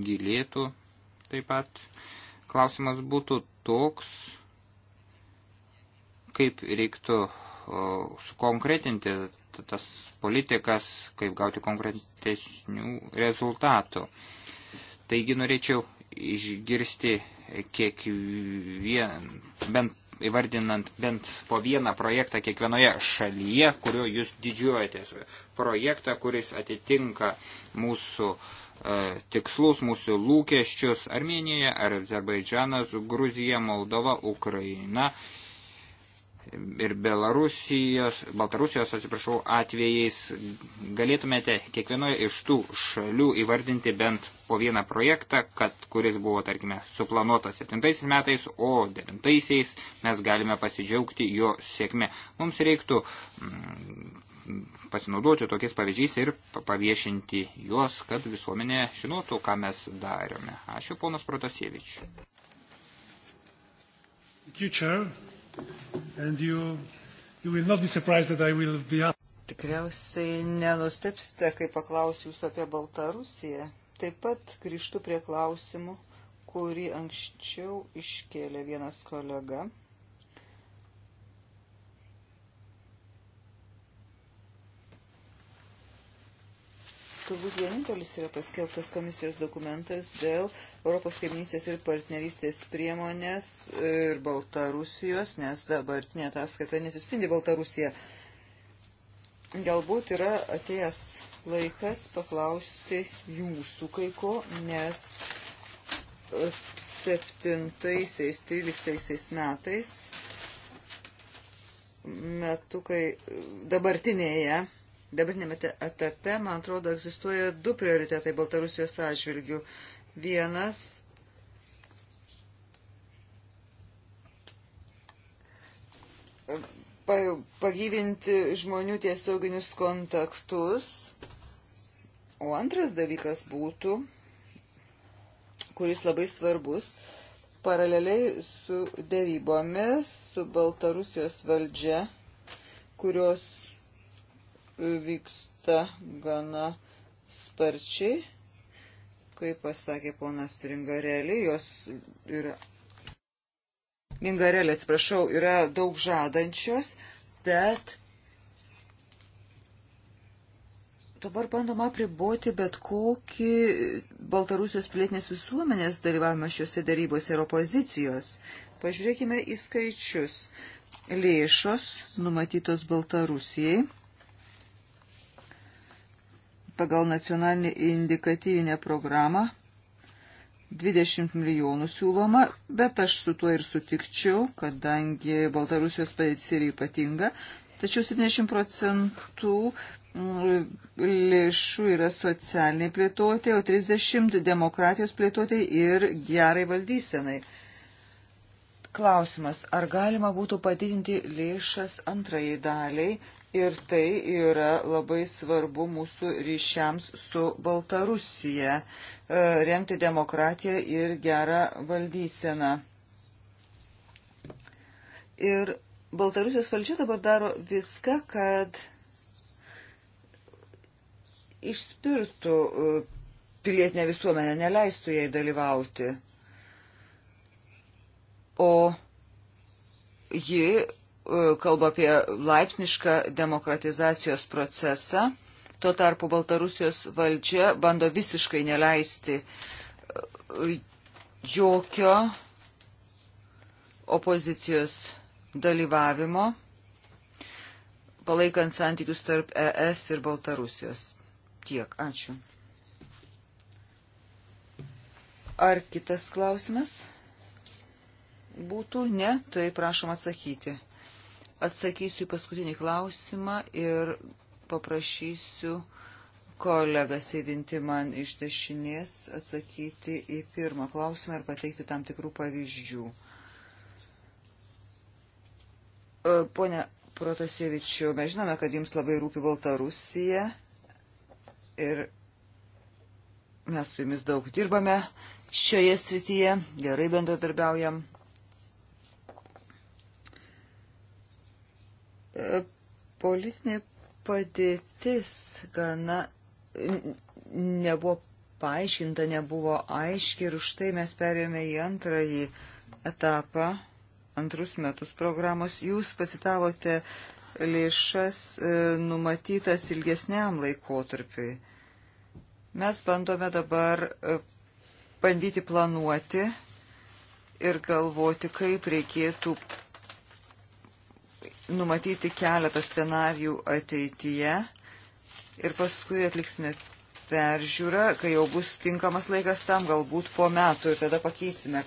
gilėtų taip pat. Klausimas būtų toks, kaip reiktų sukonkretinti tas politikas, kaip gauti konkretesnių rezultatų. Taigi norėčiau išgirsti kiekvien, bent įvardinant bent po vieną projektą kiekvienoje šalyje, kuriuo jūs didžiuojatės. Projektą, kuris atitinka mūsų e, tikslus, mūsų lūkesčius Armenija, ar Azerbaidžanas, Gruzija, Moldova, Ukraina ir Belarusijos, Baltarusijos, atsiprašau, atvejais galėtumėte kiekvienoje iš tų šalių įvardinti bent po vieną projektą, kad kuris buvo, tarkime, suplanuotas 7 metais, o 9 mes galime pasidžiaugti jo sėkme. Mums reiktų mm, pasinaudoti tokiais pavyzdžiais ir paviešinti juos, kad visuomenė žinotų, ką mes darome. Ačiū, ponas Protasievičius. Thank you, Chair. You, you will not be surprised that I will be asked. Tikriausiai nenustepsite, kai paklausiu jūsų apie Baltarusiją. Taip pat grįžtu prie klausimų, kurį anksčiau iškėlė vienas kolega turbūt vienintelis yra paskelbtas komisijos dokumentas dėl Europos kaiminystės ir partnerystės priemonės ir Baltarusijos, nes dabartinė ataskaita nesispindi Baltarusija. Galbūt yra atėjęs laikas paklausti jūsų kai ko, nes 7-13 e, metais metu, kai dabartinėje dabartinėme etape, man atrodo, egzistuoja du prioritetai Baltarusijos atžvilgių. Vienas pagyvinti žmonių tiesioginius kontaktus. O antras dalykas būtų, kuris labai svarbus, paraleliai su dėrybomis, su Baltarusijos valdžia, kurios vyksta gana sparčiai. Kaip pasakė ponas Tringarelį, jos yra. Mingarelė, atsiprašau, yra daug žadančios, bet dabar bandoma apriboti bet kokį Baltarusijos pilietinės visuomenės dalyvavimą šiuose darybose ir opozicijos. Pažiūrėkime į skaičius. Lėšos numatytos Baltarusijai pagal nacionalinį indikatyvinę programą 20 milijonų siūloma, bet aš su tuo ir sutikčiau, kadangi Baltarusijos padėtis yra ypatinga. Tačiau 70 procentų mm, lėšų yra socialiniai plėtotė, o 30 demokratijos plėtotė ir gerai valdysenai. Klausimas, ar galima būtų padidinti lėšas antrajai daliai, ir tai yra labai svarbu mūsų ryšiams su Baltarusija, e, remti demokratiją ir gerą valdyseną. Ir Baltarusijos valdžia dabar daro viską, kad išspirtų e, pilietinę visuomenę, neleistų jai dalyvauti. O ji E, kalba apie laipsnišką demokratizacijos procesą. Tuo tarpu Baltarusijos valdžia bando visiškai neleisti e, jokio opozicijos dalyvavimo, palaikant santykius tarp ES ir Baltarusijos. Tiek, ačiū. Ar kitas klausimas būtų? Ne, tai prašom atsakyti. Atsakysiu į paskutinį klausimą ir paprašysiu kolegą sėdinti man iš dešinės atsakyti į pirmą klausimą ir pateikti tam tikrų pavyzdžių. E, pone Protasievičiu, mes žinome, kad jums labai rūpi Baltarusija ir mes su jumis daug dirbame šioje srityje, gerai bendradarbiaujam. E, politinė padėtis gana nebuvo paaiškinta, nebuvo aiški ir už tai mes perėjome į antrąjį etapą, antrus metus programos. Jūs pasitavote lėšas e, numatytas ilgesniam laikotarpiui. Mes bandome dabar e, bandyti planuoti ir galvoti, kaip reikėtų numatyti keletą scenarijų ateityje ir paskui atliksime peržiūrą, kai jau bus tinkamas laikas tam, galbūt po metų ir tada pakeisime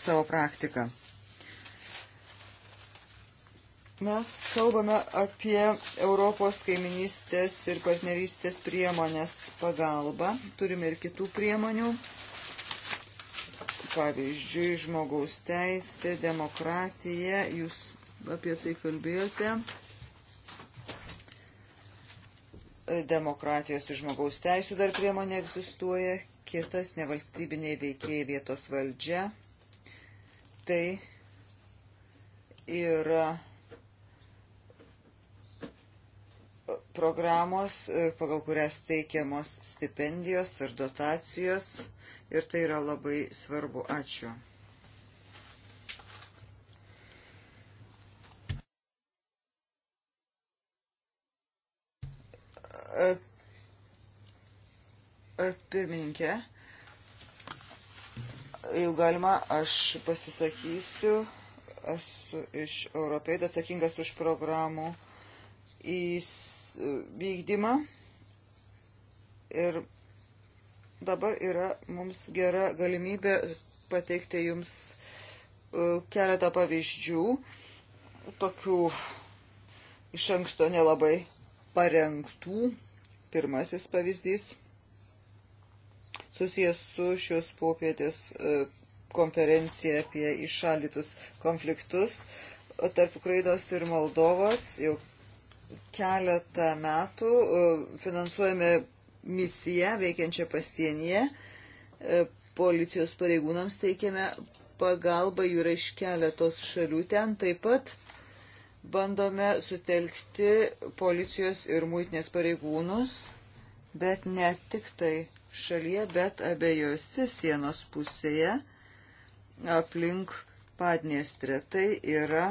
savo praktiką. Mes kalbame apie Europos kaiminystės ir partnerystės priemonės pagalbą. Turime ir kitų priemonių. Pavyzdžiui, žmogaus teisė, demokratija. Jūs apie tai kalbėjote. Demokratijos ir žmogaus teisų dar priemonė egzistuoja, kitas nevalstybiniai veikėjai vietos valdžia. Tai yra programos, pagal kurias teikiamos stipendijos ir dotacijos ir tai yra labai svarbu. Ačiū. pirmininkė. Jau galima, aš pasisakysiu, esu iš Europėd atsakingas už programų įvykdymą. Ir dabar yra mums gera galimybė pateikti jums e, keletą pavyzdžių, tokių iš anksto nelabai parengtų. Pirmasis pavyzdys – susijęs su šios popietės e, konferencija apie išalytus konfliktus tarp Ukrainos ir Moldovos. Jau keletą metų e, finansuojame misiją veikiančią pasienyje. E, policijos pareigūnams teikiame pagalbą, jų yra iš keletos šalių ten. Taip pat bandome sutelkti policijos ir muitinės pareigūnus, bet ne tik tai šalyje, bet abiejose sienos pusėje aplink Padniestrę. Tai yra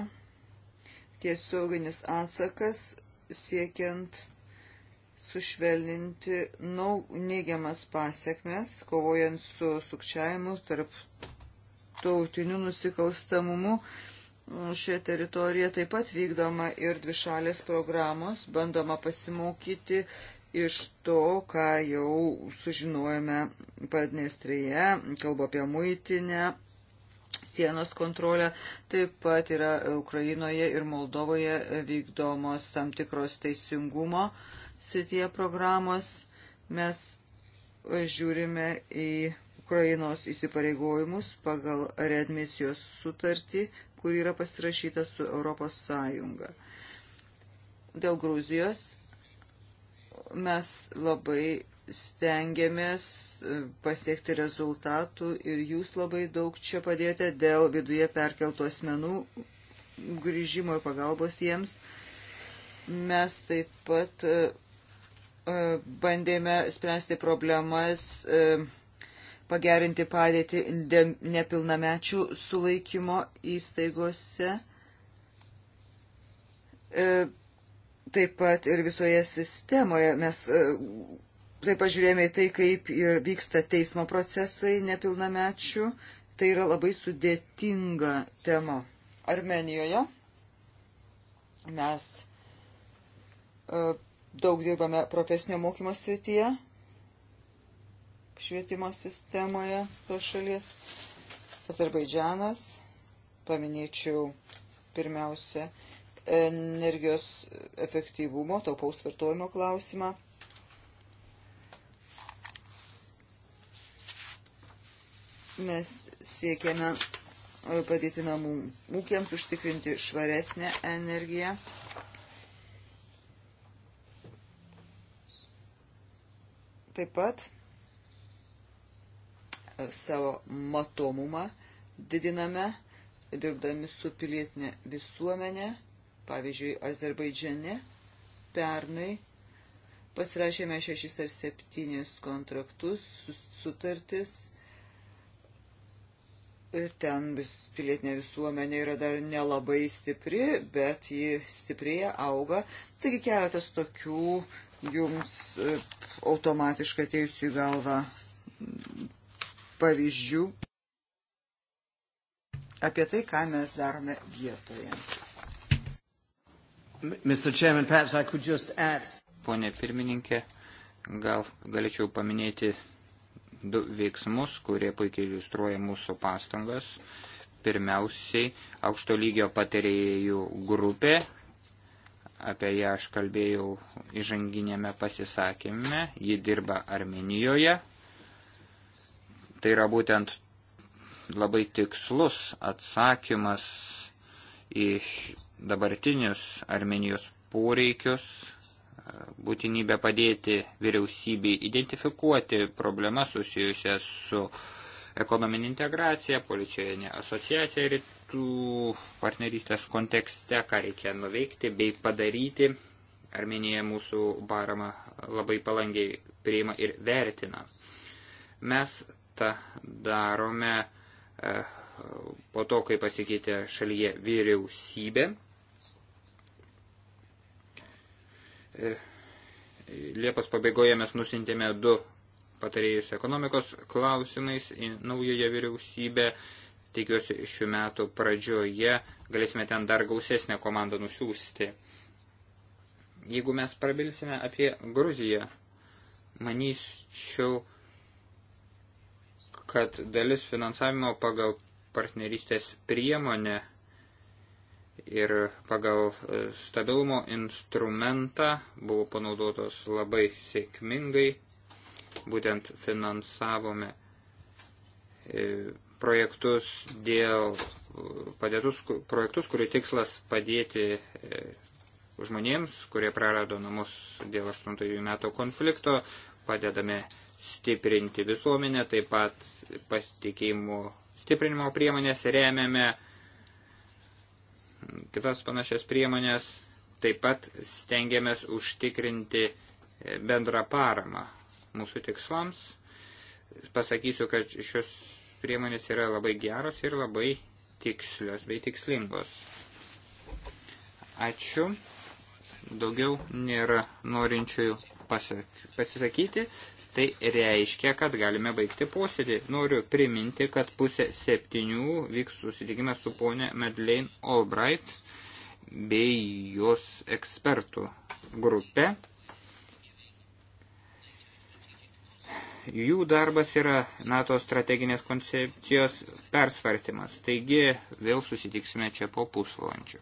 tiesioginis atsakas siekiant sušvelninti nau, neigiamas pasiekmes, kovojant su sukčiavimu tarp tautiniu nusikalstamumu. Šioje teritorijoje taip pat vykdoma ir dvišalės programos, bandoma pasimokyti iš to, ką jau sužinojame Padnestrėje, kalbu apie muitinę, sienos kontrolę, taip pat yra Ukrainoje ir Moldovoje vykdomos tam tikros teisingumo sitie programos. Mes žiūrime į Ukrainos įsipareigojimus pagal readmisijos sutartį, kur yra pasirašyta su Europos Sąjunga. Dėl Gruzijos mes labai stengiamės e, pasiekti rezultatų ir jūs labai daug čia padėjote dėl viduje perkeltų asmenų grįžimo ir pagalbos jiems. Mes taip pat e, e, bandėme spręsti problemas, pagerinti padėtį nepilnamečių sulaikymo įstaigose taip pat ir visoje sistemoje mes e, taip pat žiūrėjome į tai, kaip ir vyksta teismo procesai nepilnamečių. Tai yra labai sudėtinga tema. Armenijoje mes e, daug dirbame profesinio mokymo srityje, švietimo sistemoje tos šalies. Azerbaidžianas, paminėčiau pirmiausia, energijos efektyvumo, taupaus vartojimo klausimą. Mes siekiame e, padėti namų ūkiams, užtikrinti švaresnę energiją. Taip pat e, savo matomumą didiname, dirbdami su pilietinė visuomenė. Pavyzdžiui, Azerbaidžiane pernai pasirašėme šešis ar septynis kontraktus, sutartis. Ir ten vis, pilietinė visuomenė yra dar nelabai stipri, bet ji stiprėja, auga. Taigi keletas tokių jums e, automatiškai ateisių į galvą pavyzdžių apie tai, ką mes darome vietoje. Chairman, add... Pone pirmininkė, gal galėčiau paminėti du veiksmus, kurie puikiai iliustruoja mūsų pastangas. Pirmiausiai, aukšto lygio patarėjų grupė, apie ją aš kalbėjau įžanginėme pasisakymime, ji dirba Armenijoje. Tai yra būtent labai tikslus atsakymas iš dabartinius Armenijos poreikius, e, būtinybę padėti vyriausybei identifikuoti problemas susijusias su ekonominė integracija, policijinė asociacija rytų partnerystės kontekste, ką reikia nuveikti bei padaryti. Armenija mūsų paramą labai palangiai priima ir vertina. Mes tą darome e, po to, kai pasikeitė šalyje vyriausybė Liepos pabaigoje mes nusintėme du patarėjus ekonomikos klausimais į naująją vyriausybę. Tikiuosi, šių metų pradžioje galėsime ten dar gausesnę komandą nusiųsti. Jeigu mes prabilsime apie Gruziją, manyčiau, kad dalis finansavimo pagal partnerystės priemonę ir pagal e, stabilumo instrumentą buvo panaudotos labai sėkmingai. Būtent finansavome e, projektus dėl e, padėtus, projektus, kurių tikslas padėti žmonėms, kurie prarado namus dėl 8 metų konflikto, padedame stiprinti visuomenę, taip pat pasitikėjimų stiprinimo priemonės remiame kitas panašias priemonės. Taip pat stengiamės užtikrinti bendrą paramą mūsų tikslams. Pasakysiu, kad šios priemonės yra labai geros ir labai tikslios bei tikslingos. Ačiū. Daugiau nėra norinčiųjų pasisakyti. Tai reiškia, kad galime baigti posėdį. Noriu priminti, kad pusė septynių vyks susitikimas su ponė Madeleine Albright bei jos ekspertų grupė. Jų darbas yra NATO strateginės koncepcijos persvartimas, taigi vėl susitiksime čia po pusvalandžio.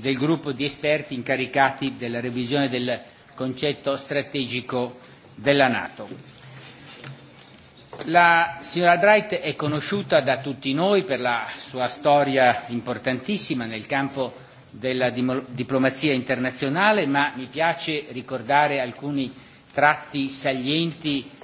del gruppo di esperti incaricati della revisione del concetto strategico della Nato. La signora Albright è conosciuta da tutti noi per la sua storia importantissima nel campo della diplomazia internazionale, ma mi piace ricordare alcuni tratti salienti